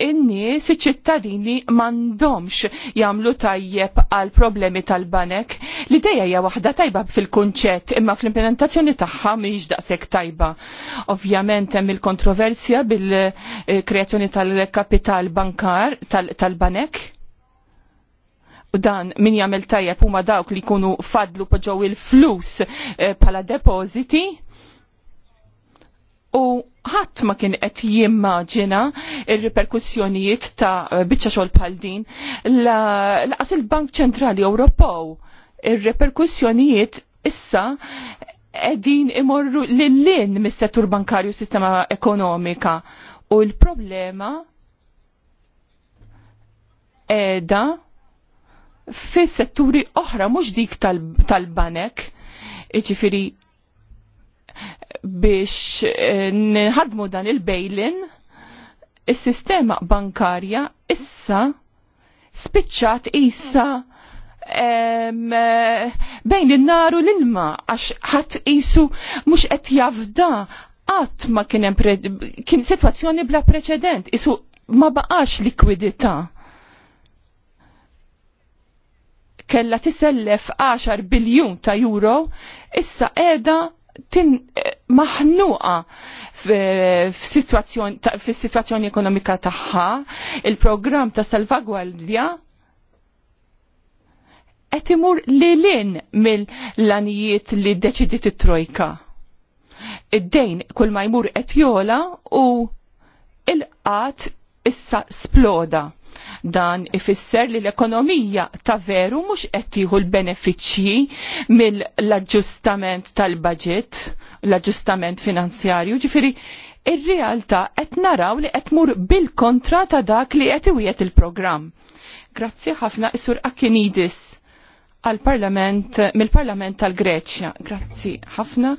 in-nies iċ-ċittadini m'għandhomx jagħmlu tajjeb għal problemi tal-banek. L-idea hija waħda tajba fil-kunċett imma fl-implementazzjoni tagħha mhijiex daqshekk tajba. Ovvjament hemm il-kontroversja bil-kreazzjoni tal-kapital bankar tal-banek. u dan min jagħmel tajjeb huma dawk li jkunu fadlu poġġew il-flus eh, bħala depożiti u ħadd ma kien qed jimmaġina ir-riperkussjonijiet ta' biċċa xogħol bħal din laqas il-Bank Ċentrali Ewropew ir-reperkussjonijiet issa qegħdin imorru lil-lin mis-settur bankarju sistema ekonomika u l-problema qiegħda fis-setturi oħra mhux dik tal-banek tal biex eh, nħadmu dan il-bejlin, il-sistema bankarja issa spiċċat issa em, eh, bejn il-naru l-ilma għax ħadd isu mhux qed jafda qatt ma kien kien sitwazzjoni bla preċedent, jisu ma baqax likwidità. Kella tisellef 10 biljun ta' euro, issa qiegħda tin eh, maħnuqa fis-sitwazzjoni ekonomika tagħha, il-programm ta' salvagwardja qed imur l-in mill-lanijiet li deċidiet it-trojka. Id-dejn kull ma jmur qed jola u il-qat issa sploda Dan ifisser li l-ekonomija ta' veru mhux qed tieħu l-benefiċċji mill-aġġustament tal-budget, l-aġġustament finanzjarju, ġifiri ir-realtà qed naraw li qed mur bil-kontra ta' dak li qed iwiet il-programm. Grazzi ħafna Isur Akinidis għal-parlament, mill-parlament tal-Greċja. Grazzi ħafna.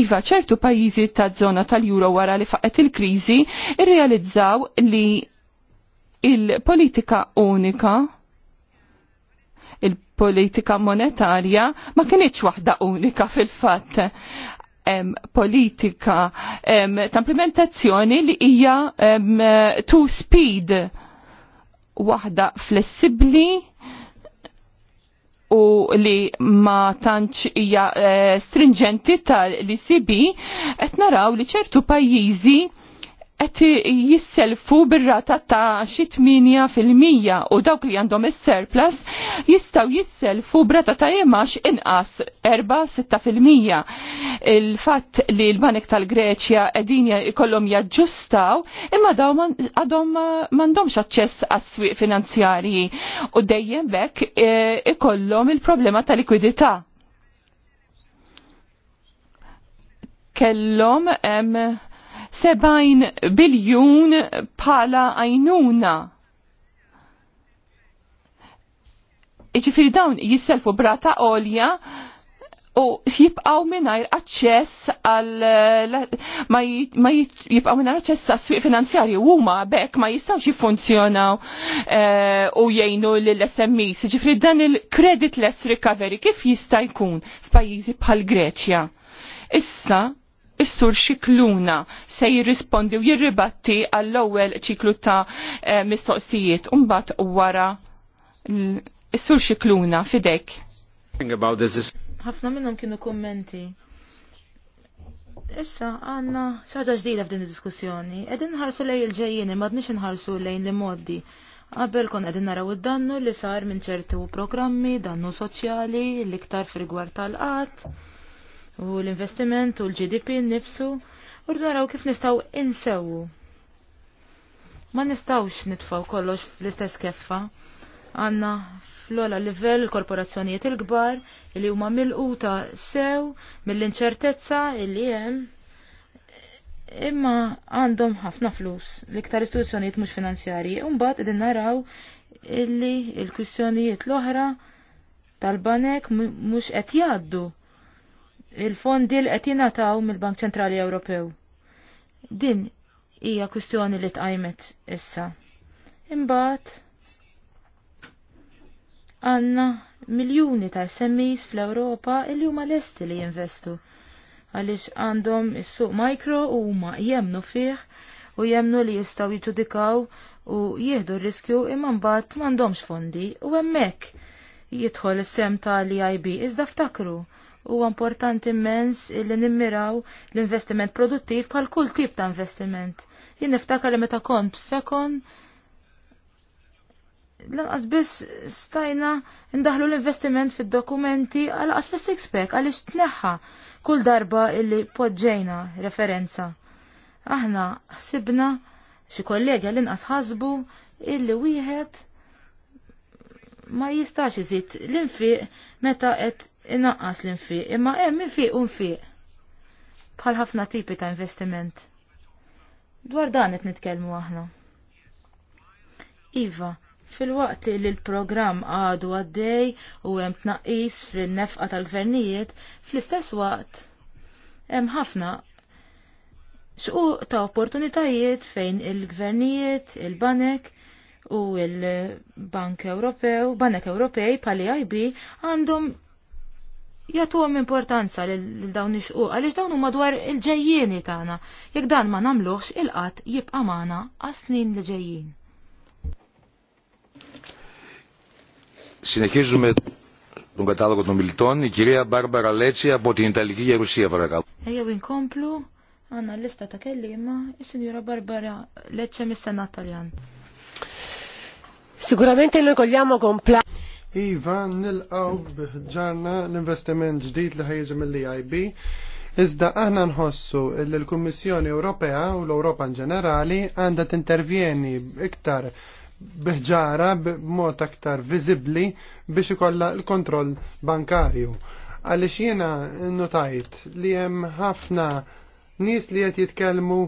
Iva, ċertu pajizi ta' zona tal-Euro wara li faqet il-krizi, irrealizzaw li il-politika unika il-politika monetarja ma kienieċ waħda unika fil-fatt em, politika em, ta' implementazzjoni li hija two speed waħda flessibli u li ma tantx hija eh, stringenti tal icb qed naraw li ċertu pajjiżi qed jisselfu bir-rata ta' xi 8% u dawk li għandhom is-surplus jistgħu jisselfu brata ta' imax inqas 4-6%. Il-fatt li l-Banek tal-Greċja qegħdin ikollhom jaġġustaw imma daw għadhom m'għandhomx aċċess għas-swieq finanzjarji u dejjem bekk e, ikollhom il-problema ta' likwidità. Kellhom sebajn biljun pala għajnuna. Iġifiri dawn jisselfu brata olja u jibqaw minnajr aċċess għal ma jibqaw minnajr aċċess għal sfiq finanzjarju u ma bekk ma jistawx jifunzjonaw eh, u jgħinu l-SMEs. Ġifri dan il-credit less recovery kif jista' jkun f'pajjiżi bħal Greċja. Issa is-sur xikluna se jirrispondi u jirribatti għall-ewwel ċiklu ta' eh, mistoqsijiet u mbagħad wara is-sur xikluna fidek. Ħafna minnhom kienu kummenti. Issa għanna xaġa ġdida f'din id-diskussjoni. Qegħdin nħarsu lejn il-ġejjieni, m'għadniex inħarsu lejn li moddi. Qabel kon qegħdin naraw id-dannu li sar minn ċertu programmi, dannu soċjali, l-iktar fil-gwar tal-qatt u l-investiment u l-GDP nifsu u naraw kif nistaw insewu. Ma nistawx nitfaw kollox fl-istess keffa. Għanna fl-ola livell korporazzjonijiet il-kbar li huma mil quta sew mill-inċertezza li hemm imma għandhom ħafna flus l-iktar istituzzjonijiet mhux finanzjarji. mbagħad qegħdin naraw illi l-kwistjonijiet l-oħra tal-banek mhux qed jgħaddu il-fondi li qed jingħataw mill-Bank Ċentrali Ewropew. Din hija kwistjoni li tqajmet issa. Imbagħad għandna miljuni ta' SMEs fl-Ewropa li huma lesti li jinvestu għaliex għandhom is-suq mikro u huma jemnu fih u jemnu li jistgħu jiġudikaw u jieħdu r-riskju imma mbagħad m'għandhomx fondi u hemmhekk jidħol is-sem tal-IB iżda ftakru huwa importanti immens li nimmiraw l-investiment produttiv bħal kull tip ta' investiment. Jien niftakar li meta kont fekon lanqas biss stajna ndaħlu l-investiment fid-dokumenti għal qas fis pack għaliex tneħħa kull darba illi poġġejna referenza. Aħna ħsibna xi kollega l-inqas ħasbu illi wieħed ma jistax iżid l-infiq meta qed inaqqas l-infiq, imma hemm eh, infiq u infiq. Bħal ħafna tipi ta' investiment. Dwar dan qed nitkellmu aħna. Iva, fil-waqt li l-programm għadu għaddej u hemm tnaqqis fil-nefqa tal-gvernijiet, fl-istess waqt hemm ħafna xquq ta' opportunitajiet fejn il-gvernijiet, il-banek u il-Bank Ewropew, Banek Ewropej pali IB għandhom jagħtuhom importanza l dawn nixqu, għalix għaliex dawn huma dwar il ġejjini tagħna. Jekk dan ma nagħmluhx il-qatt jibqa' magħna għas-snin li ġejjin. Συνεχίζουμε τον κατάλογο των μιλητών. Η κυρία Μπάρμπαρα Λέτσι από Jerusija, Ιταλική Γερουσία, παρακαλώ. inkomplu għanna l-lista ta' kellima, il-Sinjura Barbara Lecce mis-Senat Taljan. Sicuramente noi cogliamo con plan. Iva, nilqaw bħġarna l-investiment ġdid li ħajġi mill-EIB. Iżda aħna nħossu li l-Kummissjoni Ewropea u l-Ewropa in ġenerali għandha intervjeni iktar bħġara b'mod aktar viżibbli biex ikollha l-kontroll bankarju. Għaliex jiena notajt li hemm ħafna nies li qed jitkellmu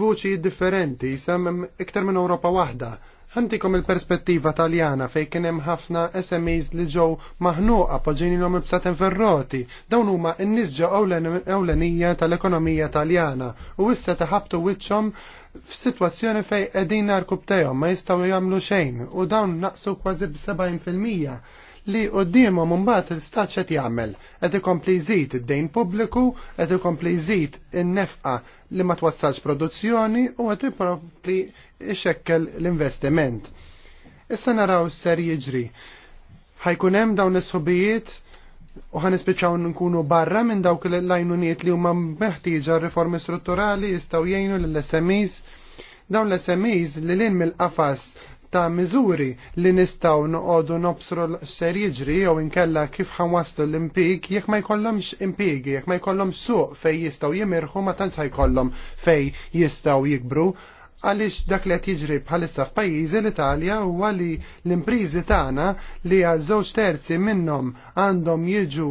buċi differenti, sem iktar minn Ewropa waħda Għandikom il-perspettiva taljana fej kienem ħafna SMEs li ġew maħnuqa poġġinilhom bsatem ferroti. Dawn huma n-nies ewlenija tal-ekonomija taljana u issa taħabtu wiċċhom f'sitwazzjoni fej qegħdin narkubtejom ma jistgħu jagħmlu xejn u dawn naqsu kważi b'70 fil-mija li qoddimhom mumbat l-istat xed jagħmel qed ikompli jżid id-dejn pubbliku, qed ikompli jżid in-nefqa li ma twassalx produzzjoni u qed ikompli ixekkel l-investiment. Issa naraw ser jiġri. Ħajkun hemm dawn is-sobijiet u ħan ispiċaw nkunu barra minn dawk l-lajnuniet li huma meħtieġa riformi strutturali jistgħu jgħinu lill-SMEs dawn l-SMEs li l-in mill-qafas ta' miżuri li nistgħu noqogħdu nobsru ser jiġri jew inkella kif ħanwaslu l-impik jekk ma jkollhomx impigi, jekk ma jkollhomx suq fej jistgħu jimirħu ma tantx ħajkollhom fej jistgħu jikbru għalix dak li jiġri bħalissa f'pajjiżi l-Italja huwa li l-imprizi tagħna li għal żewġ terzi minnhom għandhom jiġu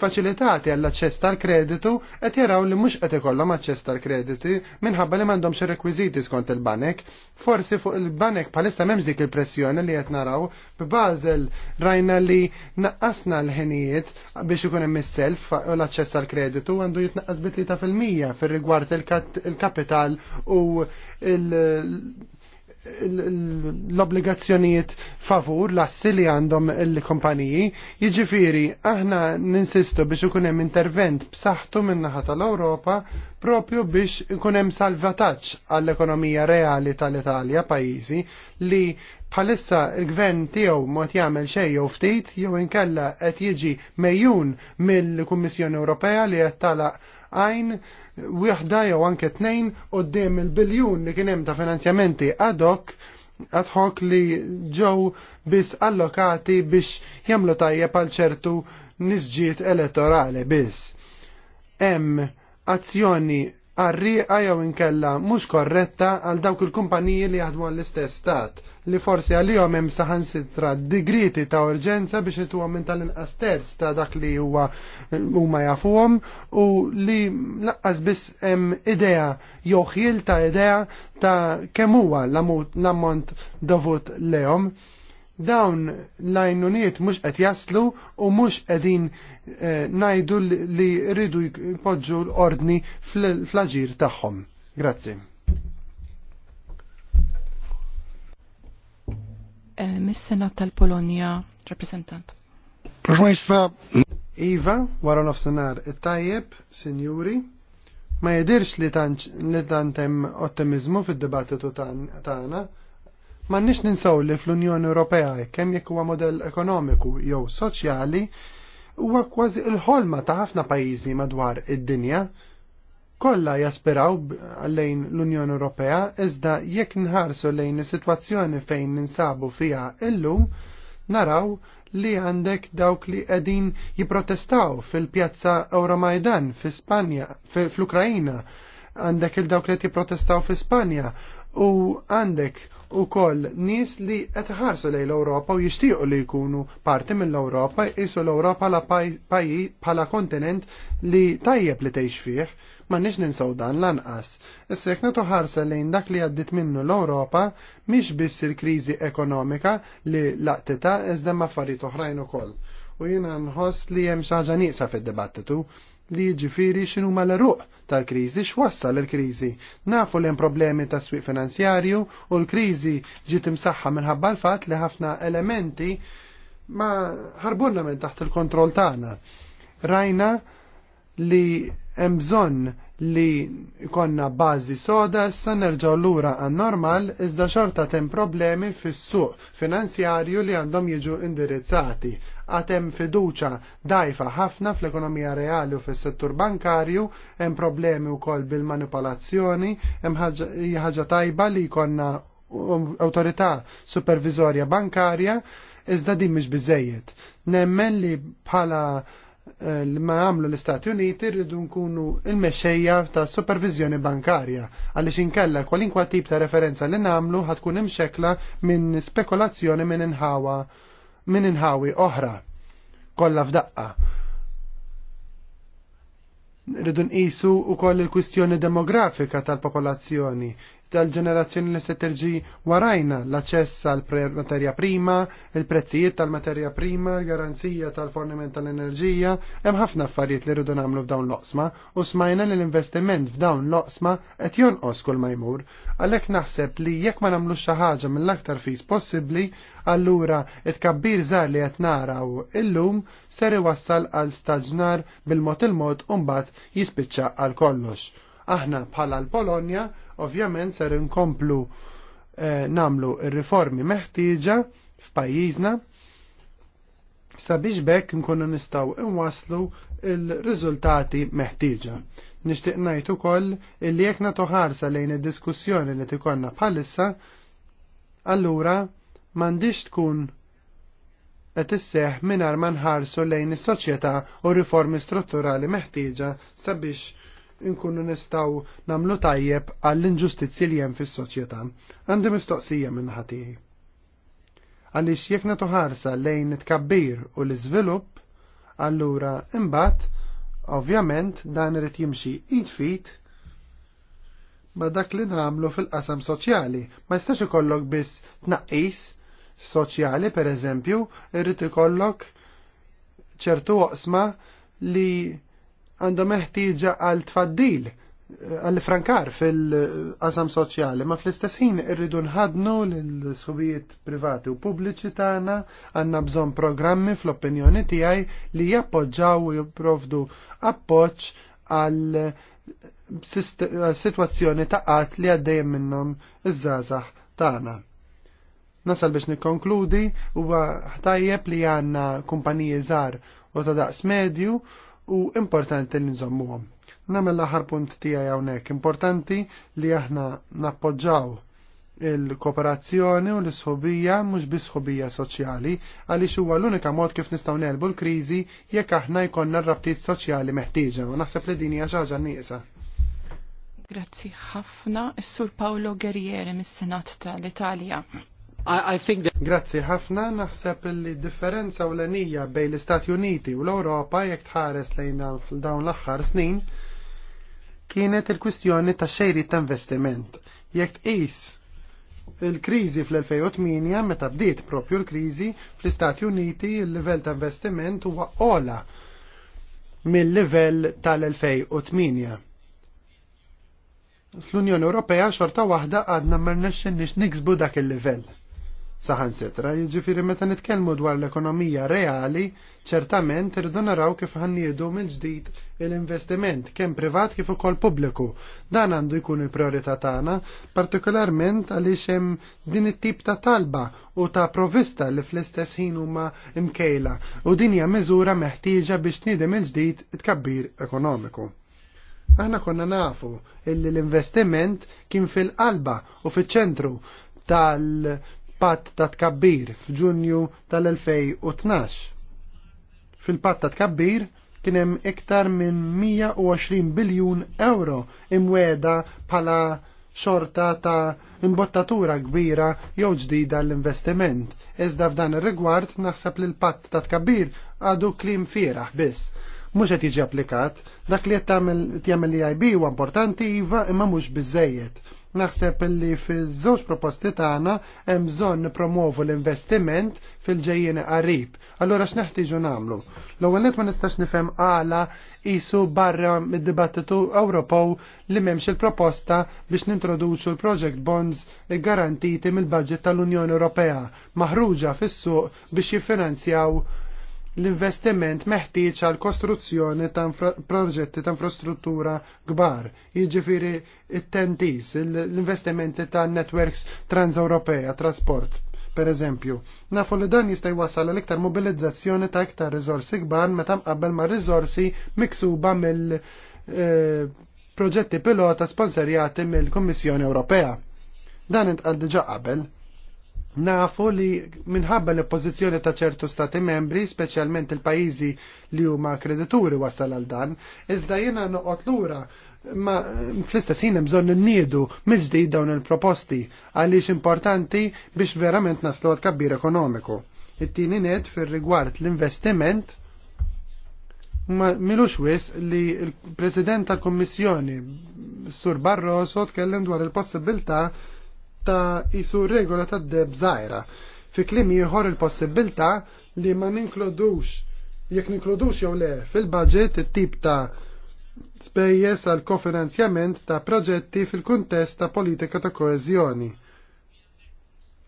faċilitati għall-aċċess tal-kreditu qed jaraw li mhux qed ikollhom aċċess tal-krediti minħabba li m'għandhomx rekwiżiti skont il-banek. Forsi fuq il-banek bħalissa m'hemmx dik il-pressjoni li qed naraw b'Basel rajna li naqqasna l-ħinijiet biex ikun hemm is-self u l-aċċess tal-kreditu għandu jitnaqqas bit-tlieta fil-mija fir-rigward il-kapital u il- l-obbligazzjonijiet favur l-assi li għandhom il-kompaniji, jiġifieri aħna ninsistu biex ikun hemm intervent b'saħħtu min-naħa tal-Ewropa propju biex ikun salvataċ għall-ekonomija reali tal-Italja pajjiżi li bħalissa l-gvern tiegħu mod jagħmel xejn jew ftit jew inkella qed jiġi mejjun mill-Kummissjoni Ewropea li qed talaq għajn wieħda jew anke tnejn qudiem il-biljun li kien hemm ta' finanzjamenti ad hoc ad hoc li ġew biss allokati biex jagħmlu tajjeb għal ċertu nisġiet elettorali biss. Hemm azzjoni għarriqa jew inkella mhux korretta għal dawk il-kumpaniji li jaħdmu għall-istess stat li forsi għalihom hemm saħansitra digriti ta' urġenza biex ituhom minn tal-inqas terz ta' dak li huwa huma jafuhom u li laqqas biss hemm idea jew ta' idea ta' kemm huwa l-ammont dovut lehom dawn l-għajnuniet mux qed jaslu u mux qegħdin eh, najdu li rridu jpoġġu l-ordni fl-aġir tagħhom. Grazzi. Eh, miss Mis-Senat tal-Polonja, rappresentant. Iva, wara nofsenar, tajjeb, sinjuri, ma jedirx li tant hemm ottimizmu fid-dibattitu tagħna. Ta M'għandniex ninsaw li fl-Unjoni Ewropea kemm jekk huwa modell ekonomiku jew soċjali huwa kważi l-ħolma ta' ħafna pajjiżi madwar id-dinja kollha jaspiraw lejn l-Unjoni Ewropea iżda jekk nħarsu lejn is-sitwazzjoni fejn ninsabu fiha illum naraw li għandek dawk li qegħdin jipprotestaw fil-pjazza Euromajdan fi Spanja, fl-Ukrajina, għandek il-dawk li jipprotestaw fi Spanja u għandek u koll nis li etħarsu lej l-Europa u jishtiqu li jkunu parti mill-Europa jisu l-Europa pala kontinent li tajjeb li teħx fiħ ma nix ninsaw dan lanqas. Issa jek natu ħarsa lejn dak li għaddit minnu l-Europa miex biss il-krizi ekonomika li laqtita iżda ma affarijiet oħrajn ukoll. U jiena nħoss li hemm xi ħaġa nieqsa fid-dibattitu li ġifiri xinu ma l-ruq tal-krizi x'wassal l-krizi. Nafu li hemm problemi ta' swieq finanzjarju u l-krizi ġiet imsaħħa minħabba l-fatt li ħafna elementi ma ħarbunna minn taħt il-kontroll tagħna. Rajna li hemm bżonn li konna bażi soda issa nerġgħu lura għan normal iżda xorta tem problemi fis-suq finanzjarju li għandhom jiġu indirizzati għatem fiduċa dajfa ħafna fl-ekonomija reali u fis-settur bankarju, hemm problemi wkoll bil-manipolazzjoni, hemm ħaġa tajba li jkollna um, awtorità supervizorja bankarja, iżda din mhix biżejjed. Nemmen li bħala eh, li ma għamlu l-Istati Uniti rridu nkunu il-mexxejja ta' supervizjoni bankarja għaliex inkella kwalinkwa tip ta' referenza li nagħmlu ħatkun imxekla minn spekulazzjoni minn inħawa minn inħawi oħra kollha f'daqqa. Rridu nqisu wkoll il-kwistjoni demografika tal-popolazzjoni tal-ġenerazzjoni li se terġi warajna l-aċċess għal materja prima, il-prezzijiet tal-materja prima, l-garanzija tal-forniment tal-enerġija, hemm ħafna affarijiet li rridu nagħmlu f'dawn l-oqsma u smajna li l-investiment f'dawn l-oqsma qed jonqos kull ma jmur. Għalhekk naħseb li jekk ma nagħmlux xi ħaġa mill-aktar fis possibbli, allura it-kabbir żgħar li qed naraw illum ser iwassal għal staġnar bil-mod il-mod u mbagħad jispiċċa għal kollox Aħna bħala l-Polonja ovvjament ser inkomplu eh, namlu il riformi meħtieġa f'pajjiżna sabiex bekk nkunu nistgħu nwaslu il-riżultati meħtieġa. Nixtieq ngħid ukoll illi jekk nagħtu ħarsa lejn id-diskussjoni li tikonna bħalissa, allura m'għandix tkun qed isseħ mingħajr ma nħarsu lejn is-soċjetà u riformi strutturali meħtieġa sabiex nkunu nistaw namlu tajjeb għall-inġustizzi li jem fis-soċjetà. Għandi mistoqsija minn ħatiħi. Għaliex jekk nagħtu ħarsa lejn it-kabbir u l-iżvilupp, allura imbat, ovvjament dan irid jimxi id fit ma dak li namlu fil-qasam soċjali. Ma jistax ikollok biss tnaqqis soċjali pereżempju, rrit ikollok ċertu oqsma li għandhom meħtieġa għal tfaddil għall-frankar fil-qasam soċjali, ma fl-istess ħin irridu nħadnu l-subijiet privati u pubbliċi tagħna għandna bżonn programmi fl-opinjoni tiegħi li jappoġġaw u jipprovdu appoġġ għal situazzjoni ta' qatt li għaddejjem minnhom iż-żgħażagħ tagħna. Nasal biex nikkonkludi huwa tajjeb li għandna kumpaniji żgħar u ta' daqs medju u importanti li nżommuhom. Namel l punt tiegħi hawnhekk importanti li aħna nappoġġaw il-kooperazzjoni u l-sħobija mhux bi sħobija soċjali għaliex huwa l-unika mod kif nistgħu nelbu l-kriżi jekk aħna jkollna r-rabtiet soċjali meħtieġa u naħseb li din hija xi ħaġa nieqsa. Grazzi ħafna, is-Sur Paolo Guerrieri mis-Senat tal-Italja. Grazzi ħafna naħseb li differenza u l-enija bej l-Istati Uniti u l-Europa jek tħares lejna dawn l-aħħar snin kienet il-kwistjoni ta' xejri ta' investiment. Jek tqis il-krizi fl-2008 meta bdiet propju l-krizi fl-Istati Uniti il-livell ta' investiment huwa ola mill-livell tal-2008. Fl-Unjoni Ewropea xorta waħda għadna ma nix niksbu dak il-livell saħan setra, jiġifieri meta nitkellmu dwar l-ekonomija reali, ċertament irridu naraw kif ħanniedu mill-ġdid l-investiment, kemm privat kif ukoll pubbliku. Dan għandu jkun il-priorità tagħna, partikolarment għaliex hemm din it-tip ta' talba u ta' provista li fl-istess ħin huma imkejla u din hija miżura meħtieġa biex tniedem il-ġdid tkabbir ekonomiku. Aħna konna nafu illi l-investiment kien fil-qalba u fiċ-ċentru tal patt ta' tkabbir f'Ġunju tal-2012. Fil-patt ta' tkabbir kien hemm iktar minn 120 biljun euro imweda bħala xorta ta' imbottatura kbira jew ġdida l-investiment. Iżda f'dan ir-rigward naħseb li l-patt ta' tkabbir għadu klim fieraħ biss. Mhux qed jiġi applikat, dak li qed tagħmel li e IB huwa importanti iva imma mhux biżejjed Naħseb li fil-żewġ proposti tagħna hemm bżonn nipromovu l-investiment fil-ġejjien qarib. Allura x'neħtieġu nagħmlu? L-ewwel ma nistax nifhem għala qisu barra mid-dibattitu Ewropew li m'hemmx il-proposta biex nintroduċu l-project bonds garantiti mill-budget tal-Unjoni Ewropea maħruġa fis-suq biex jiffinanzjaw l-investiment meħtieġ għal kostruzzjoni ta' proġetti ta' infrastruttura kbar, jiġifieri it-tentis, l-investimenti ta' networks transeuropea, trasport, per eżempju. Nafu li dan jista' jwassal l iktar mobilizzazzjoni ta' iktar riżorsi kbar meta mqabbel ma' riżorsi miksuba mill eh, proġetti pilota sponsorjati mill-Kummissjoni Ewropea. Dan intqal diġa qabel Nafu li minħabba l-pożizzjoni ta' ċertu stati membri, speċjalment il-pajjiżi li huma kredituri wasal għal dan, iżda jiena noqgħod lura ma fl-istess ħin bżonn nniedu mill-ġdid dawn il-proposti għaliex importanti biex verament naslu għad kabbir ekonomiku. It-tieni net fir-rigward l-investiment ma milux wis li l-President tal-Kommissjoni Sur Barroso tkellem dwar il-possibilità ta' isu regola ta' deb zaħira. Fi klim ieħor il-possibilta li ma ninkludux, jekk ninkludux jew le fil-budget it-tip ta' spejjeż għal kofinanzjament ta' proġetti fil-kuntest ta' politika ta' koeżjoni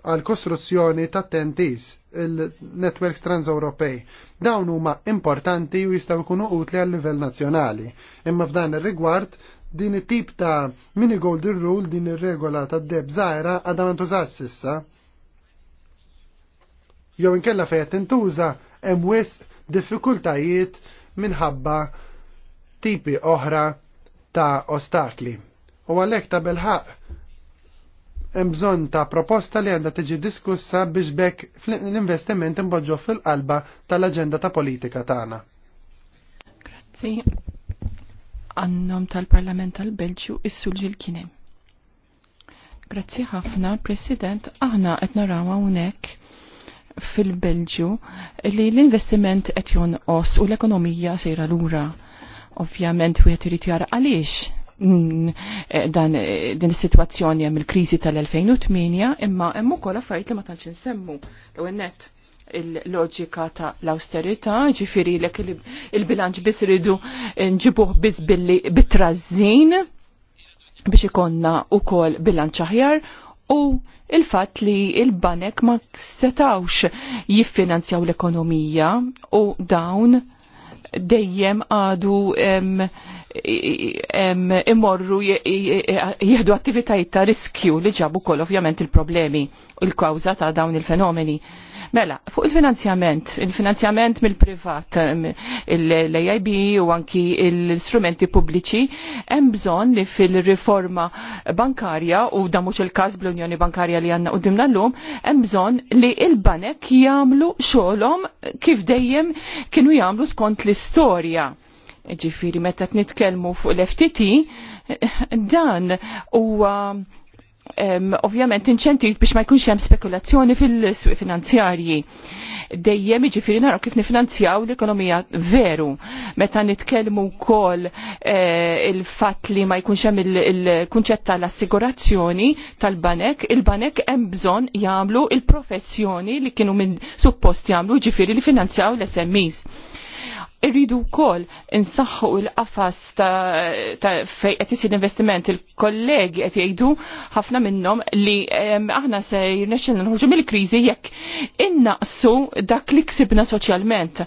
għal kostruzzjoni ta' tentis il-networks trans-Ewropej. Dawn huma importanti u jistgħu jkunu utli għal livell nazzjonali. Imma f'dan ir-rigward Din it-tip ta' mini golden rule din ir-regola ta' deb żgħira għadha ma ntużax sissa. Jew inkella fejn tintuża hemm wisq diffikultajiet minħabba tipi oħra ta' ostakli. U għalhekk ta' bilħaq hemm bżonn ta' proposta li għandha tiġi diskussa biex bekk l-investiment imboġġoh fil-qalba tal-aġenda ta' politika tagħna. Grazzi għannom tal-Parlament tal-Belġu is-Sul l ġilkinen. Grazzi ħafna, President, aħna qed naraw hawnhekk fil-Belġu li l-investiment qed jonqos u l-ekonomija sejra lura. Ovvjament wieħed irid jara għaliex mm, eh, dan eh, din is-sitwazzjoni hemm il-kriżi tal-2008 imma hemm ukoll affarijiet li ma tantx insemmu l net il-loġika ta' l-austerita, ġifiri l il-bilanċ bis ridu nġibuħ bis billi bitrażżin biex ikonna u kol bilanċ aħjar u il-fat li il-banek ma setawx jiffinanzjaw l-ekonomija u dawn dejjem għadu imorru jihdu attivitajiet ta' riskju li ġabu kol ovvjament il-problemi u l-kawza ta' dawn il-fenomeni. il fenomeni Mela, fuq il-finanzjament, il-finanzjament mill-privat, eh, l-AIB u anki l-istrumenti pubbliċi, hemm bżonn li fil-riforma bankarja u da mhux il-każ bl-Unjoni Bankarja li għandna l llum, hemm bżonn li l-banek jagħmlu xogħolhom kif dejjem kienu jagħmlu skont l-istorja ġifiri meta t-nitkelmu fuq l-FTT, eh, dan huwa uh, ovvjament inċentiv biex ma jkunx hemm spekulazzjoni fil-swiq finanzjarji. Dejjem jiġifieri naraw kif nifinanzjaw l-ekonomija veru. Meta nitkellmu wkoll eh, il-fatt li ma jkunx hemm il-kunċett tal-assigurazzjoni tal-banek, il-banek hemm bżonn jagħmlu il-professjoni li kienu minn suppost jagħmlu ġifieri li finanzjaw l-SMEs irridu wkoll insaħħu l-qafas ta' fejn qed l investiment il-kollegi qed jgħidu ħafna minnhom li aħna se jirnexxel nħuġu mill-kriżi jekk innaqsu dak li ksibna soċjalment.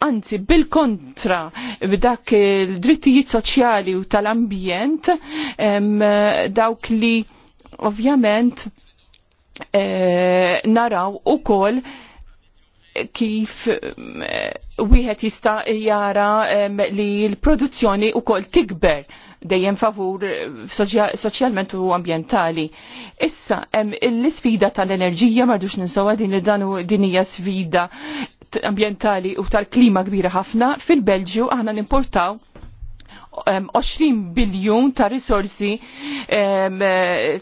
Anzi bil-kontra b'dak il-drittijiet soċjali u tal-ambjent dawk li ovvjament eh, naraw ukoll kif eh, wieħed jista' jara eh, li l-produzzjoni wkoll tikber dejjem favur eh, soċjalment u ambjentali. Issa hemm l-isfida tal-enerġija m'għadux ninsewha din li dan din hija sfida ambjentali u tal-klima kbira ħafna fil-Belġju aħna nimportaw 20 biljun ta' risorsi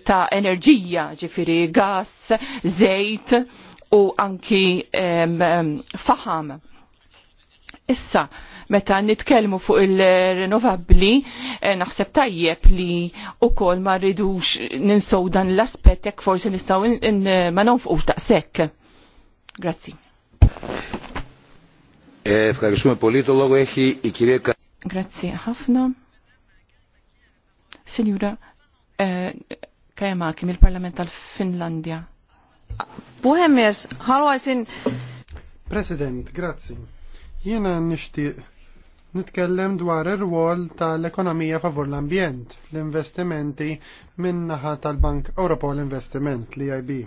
ta' enerġija, ġifiri gas, zejt, u anki faħam. Issa, meta nitkellmu fuq il-renovabli, eh, naħseb tajjeb li u kol ma rridux ninsow dan l-aspet jekk forsi nistaw ma nonfqux daqshekk. Grazzi. Eh, ευχαριστούμε πολύ. Το λόγο έχει η ħafna. Signora, eh, il-Parlament tal-Finlandja. Puhemies, haluaisin... President, grazzi. Jena nishtiq nitkellem dwar ir-rwol tal-ekonomija favur l-ambjent l-investimenti minn naħa tal-Bank Europol Investiment, l-IB.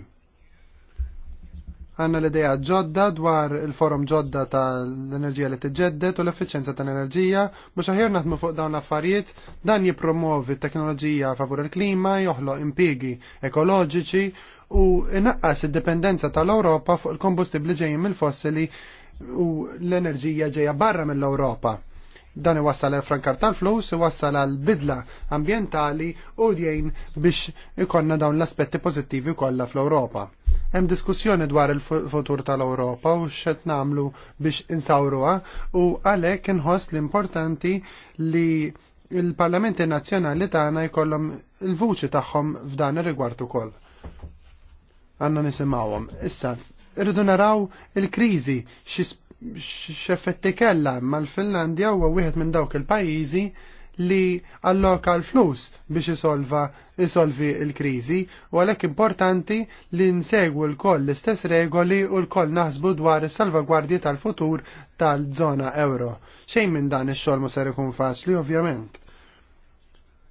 Għanna l-ideja ġodda dwar il-forum ġodda tal-enerġija li t-ġeddet u l efficienza tal-enerġija biex aħjar naħdmu fuq dawn l-affarijiet dan jipromovi teknoloġija favur il-klima, joħloq impigi ekoloġiċi u inaqqas id-dependenza tal-Ewropa fuq il-kombustibli ġejjin mill-fossili u l-enerġija ġejja barra mill-Ewropa. Dan iwassal għal frankar tal-flus, iwassal għal bidla ambientali u djejn biex ikonna dawn l-aspetti pozittivi kollha fl-Ewropa. Hemm diskussjoni dwar il-futur tal-Ewropa u x'qed nagħmlu biex insawruha u għalhekk inħoss l-importanti li il-parlamenti nazzjonali tagħna jkollhom il-vuċi tagħhom f'dan ir-rigward ukoll għanna nisimawhom. Issa, irridu naraw il-kriżi x'effetti kella ma l-Finlandja huwa wieħed minn dawk il-pajjiżi li alloka l-flus biex isolva isolvi il-kriżi u għalhekk importanti li nsegwu l-koll l-istess regoli u l-koll naħsbu dwar is-salvagwardji tal-futur tal-żona euro. Xejn minn dan ix-xogħol ma ser ikun faċli ovvjament.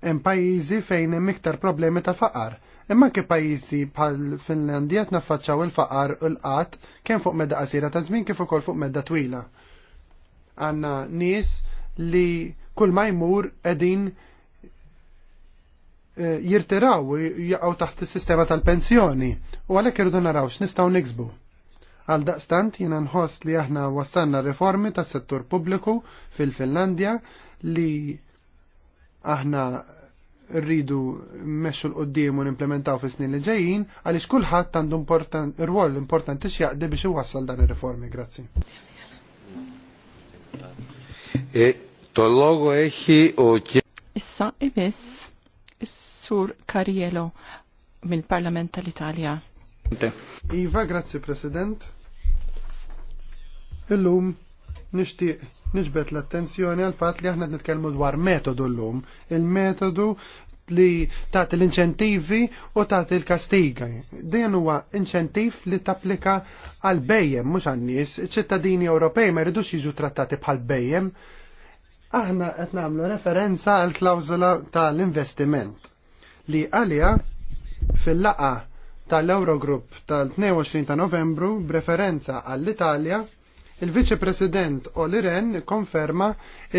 Hemm pajjiżi fejn hemm iktar problemi ta' faqar Imma ke pajjiżi bħal Finlandija tnaffaċċaw il-faqar u l-qatt kemm fuq medda qasira ta' żmien kif ukoll fuq medda twila. Għandna nies li kull ma jmur qegħdin e, jirtiraw jaqgħu taħt is-sistema tal-pensjoni u għalhekk irridu naraw x'nistgħu niksbu. Għal daqstant jiena nħoss li aħna wassalna riformi tas settur pubbliku fil-Finlandja li aħna rridu mmexxu l qoddim u implementaw fis snin li ġejjin għaliex kulħadd għandu important, rwol importanti xjaqde biex iwassal dan il-reformi. Grazzi. E, Tollogo eħi u Issa imis sur Karielo mill-Parlament tal-Italja. Iva, grazzi President. Illum nixtieq niġbet l-attenzjoni għal fatt li aħna nitkellmu dwar metodu llum, il-metodu li tagħti l-inċentivi u tagħti l-kastiga. Din huwa inċentiv li tapplika għal bejjem mhux għan-nies, ċittadini Ewropej ma jridux jiġu trattati bħal bejjem. Aħna qed nagħmlu referenza għal klawzula tal-investiment li għalija fil-laqa tal-Eurogroup tal-22 ta' novembru b'referenza għall-Italja il vice President Oliren konferma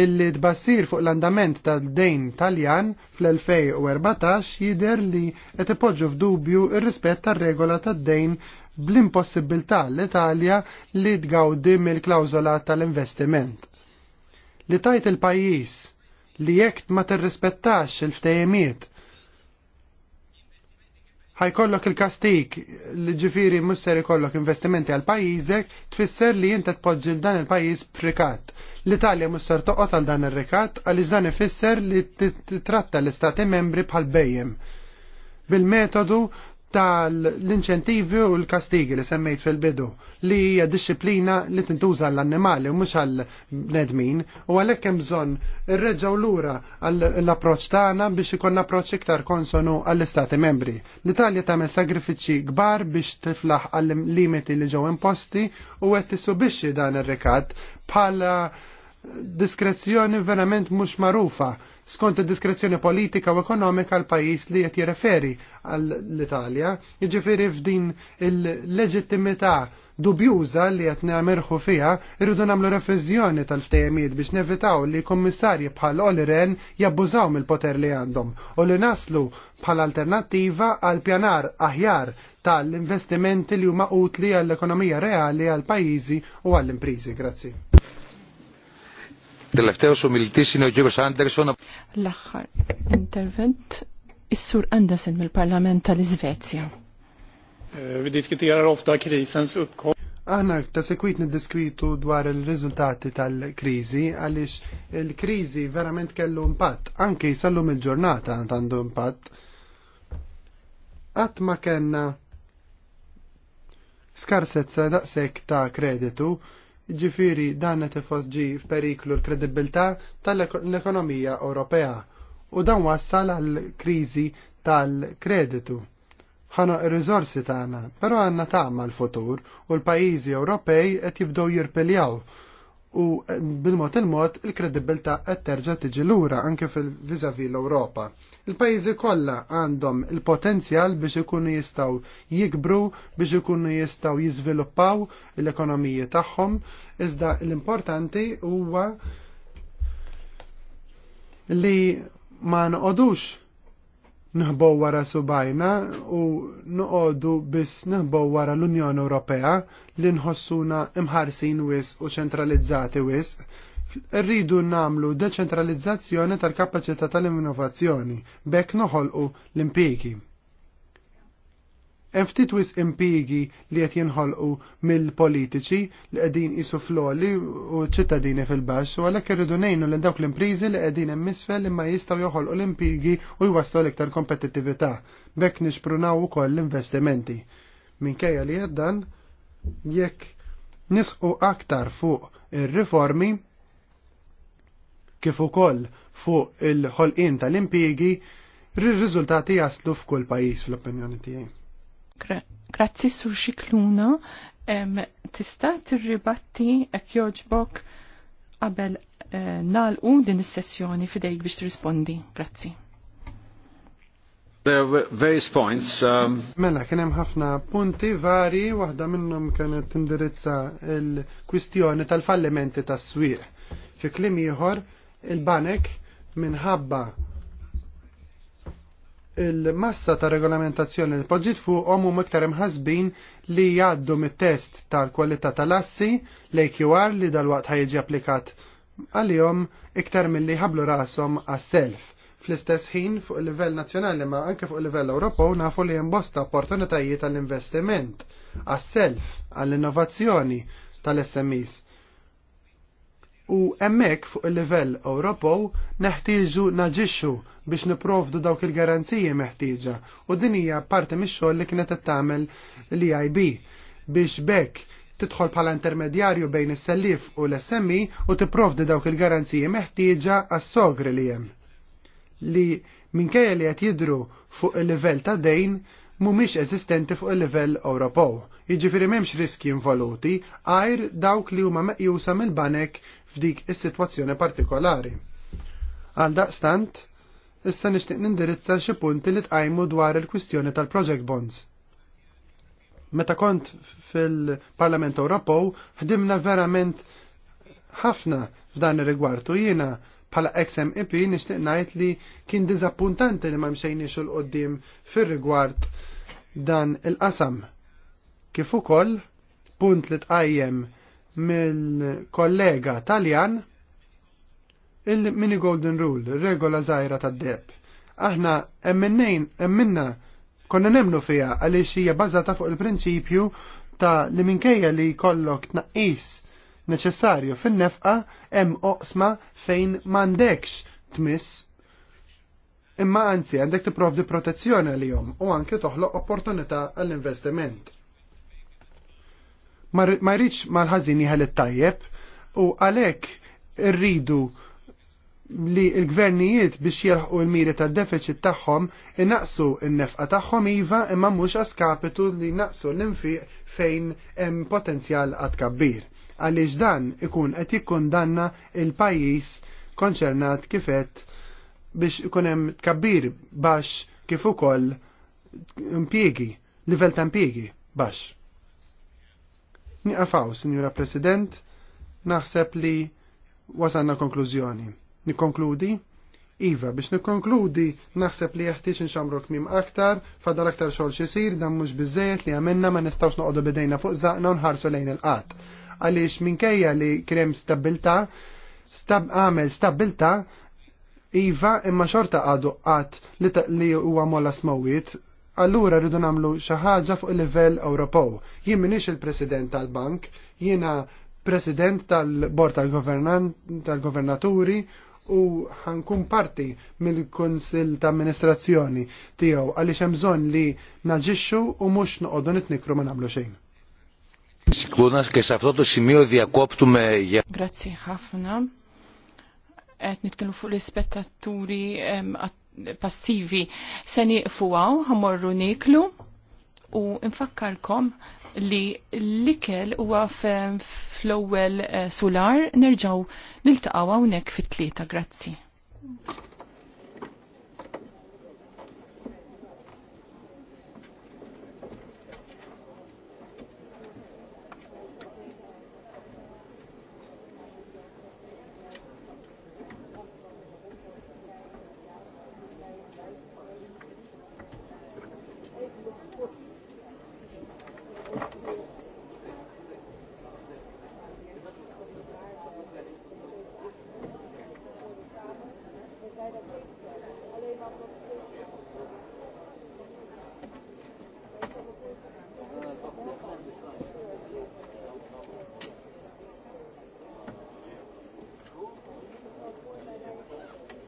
illi tbassir fuq l-andament tal-dejn taljan fl-2014 jider li qed ipoġġu f'dubju ir-rispett tar-regola tad-dejn bl-impossibilità l-Italja li tgawdi mill-klawżola tal-investiment. Li tajt il-pajjiż li jekk ma tirrispettax il-ftejemiet ħajkollok il-kastik li ġifiri musser ikollok investimenti għal pajizek tfisser li jinta tpoġġil dan il-pajiz prikat. L-Italja musser toqgħod għal dan ir-rikat għaliex dan ifisser li titratta l-istati membri bħal bejjem bil-metodu tal-inċentivi u l-kastigi li semmejt fil-bidu li hija disciplina li tintuża għall-annimali u mhux għall-bnedmin u għalhekk hemm bżonn irreġgħu lura l-approċċ tagħna biex ikun approċċ iktar konsonu għall-Istati membri. L-Italja tagħmel sagrifiċċji kbar biex tiflaħ għall-limiti li ġew imposti u qed tissubixxi dan ir-rikat bħala diskrezzjoni verament mhux marufa skont id-diskrezzjoni politika u ekonomika l pajjiż li qed jirreferi għall-Italja, jiġifieri f'din il-leġittimità dubjuża li qed nagħmerħu fiha, irridu nagħmlu refiżjoni tal ftejmijiet biex nevitaw li kummissarji bħal Oliren jabbużaw mill-poter li għandhom u li naslu bħal alternattiva għal pjanar aħjar tal-investimenti li huma utli għall-ekonomija reali għall pajjiżi u għall-imprizi. Grazzi. Τελευταίος ομιλητής είναι ο κύριος Άντερσον. L-aħħar intervent is-sur Andersen mill-Parlament tal-Iżvezja. Eh, vi krisens Aħna ta' sekwit niddiskwitu dwar il-riżultati tal-krizi għaliex il-krizi verament kellu impatt, anke jsallum il-ġurnata għandu impatt. Qatt ma kellna skarsezza daqshekk ta' kreditu ġifiri dan qed ifoġġi f'periklu l-kredibilità tal-ekonomija Ewropea u dan wassal għal kriżi tal-kreditu. Ħano ir-riżorsi tagħna, però għandna tagħma l-futur u l-pajjiżi Ewropej qed jibdew jirpiljaw u bil-mod il-mod il-kredibilità qed terġa' tiġi lura anke fil-viżavi l-Ewropa. Il-pajjiżi kollha għandhom il-potenzjal biex ikunu jistgħu jikbru, biex ikunu jistgħu jiżviluppaw l-ekonomiji tagħhom, iżda l-importanti huwa li ma noqodux nħbow wara subajna u noqodu biss nħbow wara l-Unjoni Ewropea li nħossuna imħarsin wis u ċentralizzati wis rridu namlu deċentralizzazzjoni tal-kapacità tal-innovazzjoni bekk noħolqu l impiegi Hemm ftit wis impigi li qed jinħolqu mill-politiċi li qegħdin isu floli u ċittadini fil-baxx u għalhekk irridu ngħinu lil dawk l-impriżi li qegħdin hemm misfel imma jistgħu joħolqu l impiegi u jwaslu l-iktar kompetittività bekk nixprunaw ukoll l-investimenti. Minkejja li dan jekk nisqu aktar fuq ir-riformi kif ukoll fuq il-ħolqien tal-impjiegi, r-riżultati jaslu f'kull pajjiż fl-opinjoni tiegħi. Grazzi sur xikluna, tista' tirribatti hekk joġbok qabel eh, nalqu din is-sessjoni fidejk biex tirrispondi. Grazzi. There were various points. Um, mela, kien hemm ħafna punti vari, waħda minnhom kienet tindirizza l-kwistjoni tal-fallimenti tas-swieq. Fi kliem ieħor, il-banek minħabba il-massa ta' regolamentazzjoni li poġġiet fuqhom huma miktar imħasbin li jgħaddu mit-test tal-kwalità tal-assi l-AQR li dalwaqt ħajġi applikat għalihom iktar milli ħablu rashom għas-self. Fl-istess ħin fuq il-livell nazzjonali ma anke fuq il-livell Ewropew nafu li jimbosta opportunitajiet għall-investiment, għas-self, għall-innovazzjoni tal-SMEs U emmek fuq il-livell Ewropew neħtieġu naġixxu biex niprovdu dawk il-garanziji meħtieġa u din hija parti mix-xogħol li kienet qed tagħmel l-EIB biex bekk tidħol bħala intermedjarju bejn is-sellif u l-SMI e u tipprovdi dawk il-garanziji meħtieġa għas-sogri li hemm. Li minkejja li qed jidru fuq il-livell ta' dejn mhumiex eżistenti fuq il-livell Ewropew jiġifieri m'hemmx riski involuti għajr dawk li huma meqjusa mill-banek f'dik is-sitwazzjoni partikolari. Għal daqstant, issa nixtieq nindirizza xi punti li tqajmu dwar il-kwistjoni tal-project bonds. Meta kont fil-Parlament Ewropew ħdimna verament ħafna f'dan ir-rigwartu jiena bħala XMEP nixtieq ngħid li kien diżappuntanti li ma mxejniex il qoddim fir-rigward dan il-qasam kif ukoll punt li tqajjem mill-kollega Taljan il-mini golden rule, regola zaħira tad deb Aħna emminnejn, emminna konna nemnu fija għaliex hija bażata fuq il-prinċipju ta' li minkejja li kollok tnaqqis neċessarju fin-nefqa hemm oqsma fejn m'għandekx tmiss imma anzi għandek tipprovdi protezzjoni għalihom u anke toħloq opportunità għall-investiment ma rridx mal-ħażin jħel it-tajjeb u għalhekk irridu li l-gvernijiet biex jelħqu l-miri tad-deficit tagħhom innaqsu n-nefqa tagħhom iva imma mhux għaskapitu li naqsu l-infiq fejn hemm potenzjal għad kabbir. Għaliex dan ikun qed jikkundanna il-pajjiż konċernat kifet biex ikun hemm tkabbir baxx kif ukoll impjiegi, livell ta' impjiegi baxx. Niqafaw, Sinjura President, naħseb li wasanna konklużjoni. Nikonkludi? Iva, biex nikkonkludi, naħseb li jeħtieġ nxamru kmim aktar, fadal aktar xogħol xisir, dan mhux biżejjed li għamilna ma nistgħux noqogħdu bidejna fuq zaqna u nħarsu lejn il-qatt. Għaliex minkejja li kien hemm stabilta, stab għamel stabilta, Iva imma xorta għadu qatt li huwa molla smawiet allura rridu nagħmlu xi ħaġa fuq il-livell Ewropew. Jien minix il-President tal-Bank, jiena President tal-Bord tal-Governaturi u ħankun parti mill-Kunsill ta' Amministrazzjoni tiegħu għaliex hemm bżonn li naġixxu u mhux noqogħdu nitnikru ma nagħmlu xejn. Grazzi ħafna. Et nitkellmu fuq l għat passivi se għaw, ħamorru niklu u nfakkarkom li l-ikel huwa fl-ewwel eh, solar nerġgħu niltaqgħu hawnhekk fit-tlieta. Grazzi.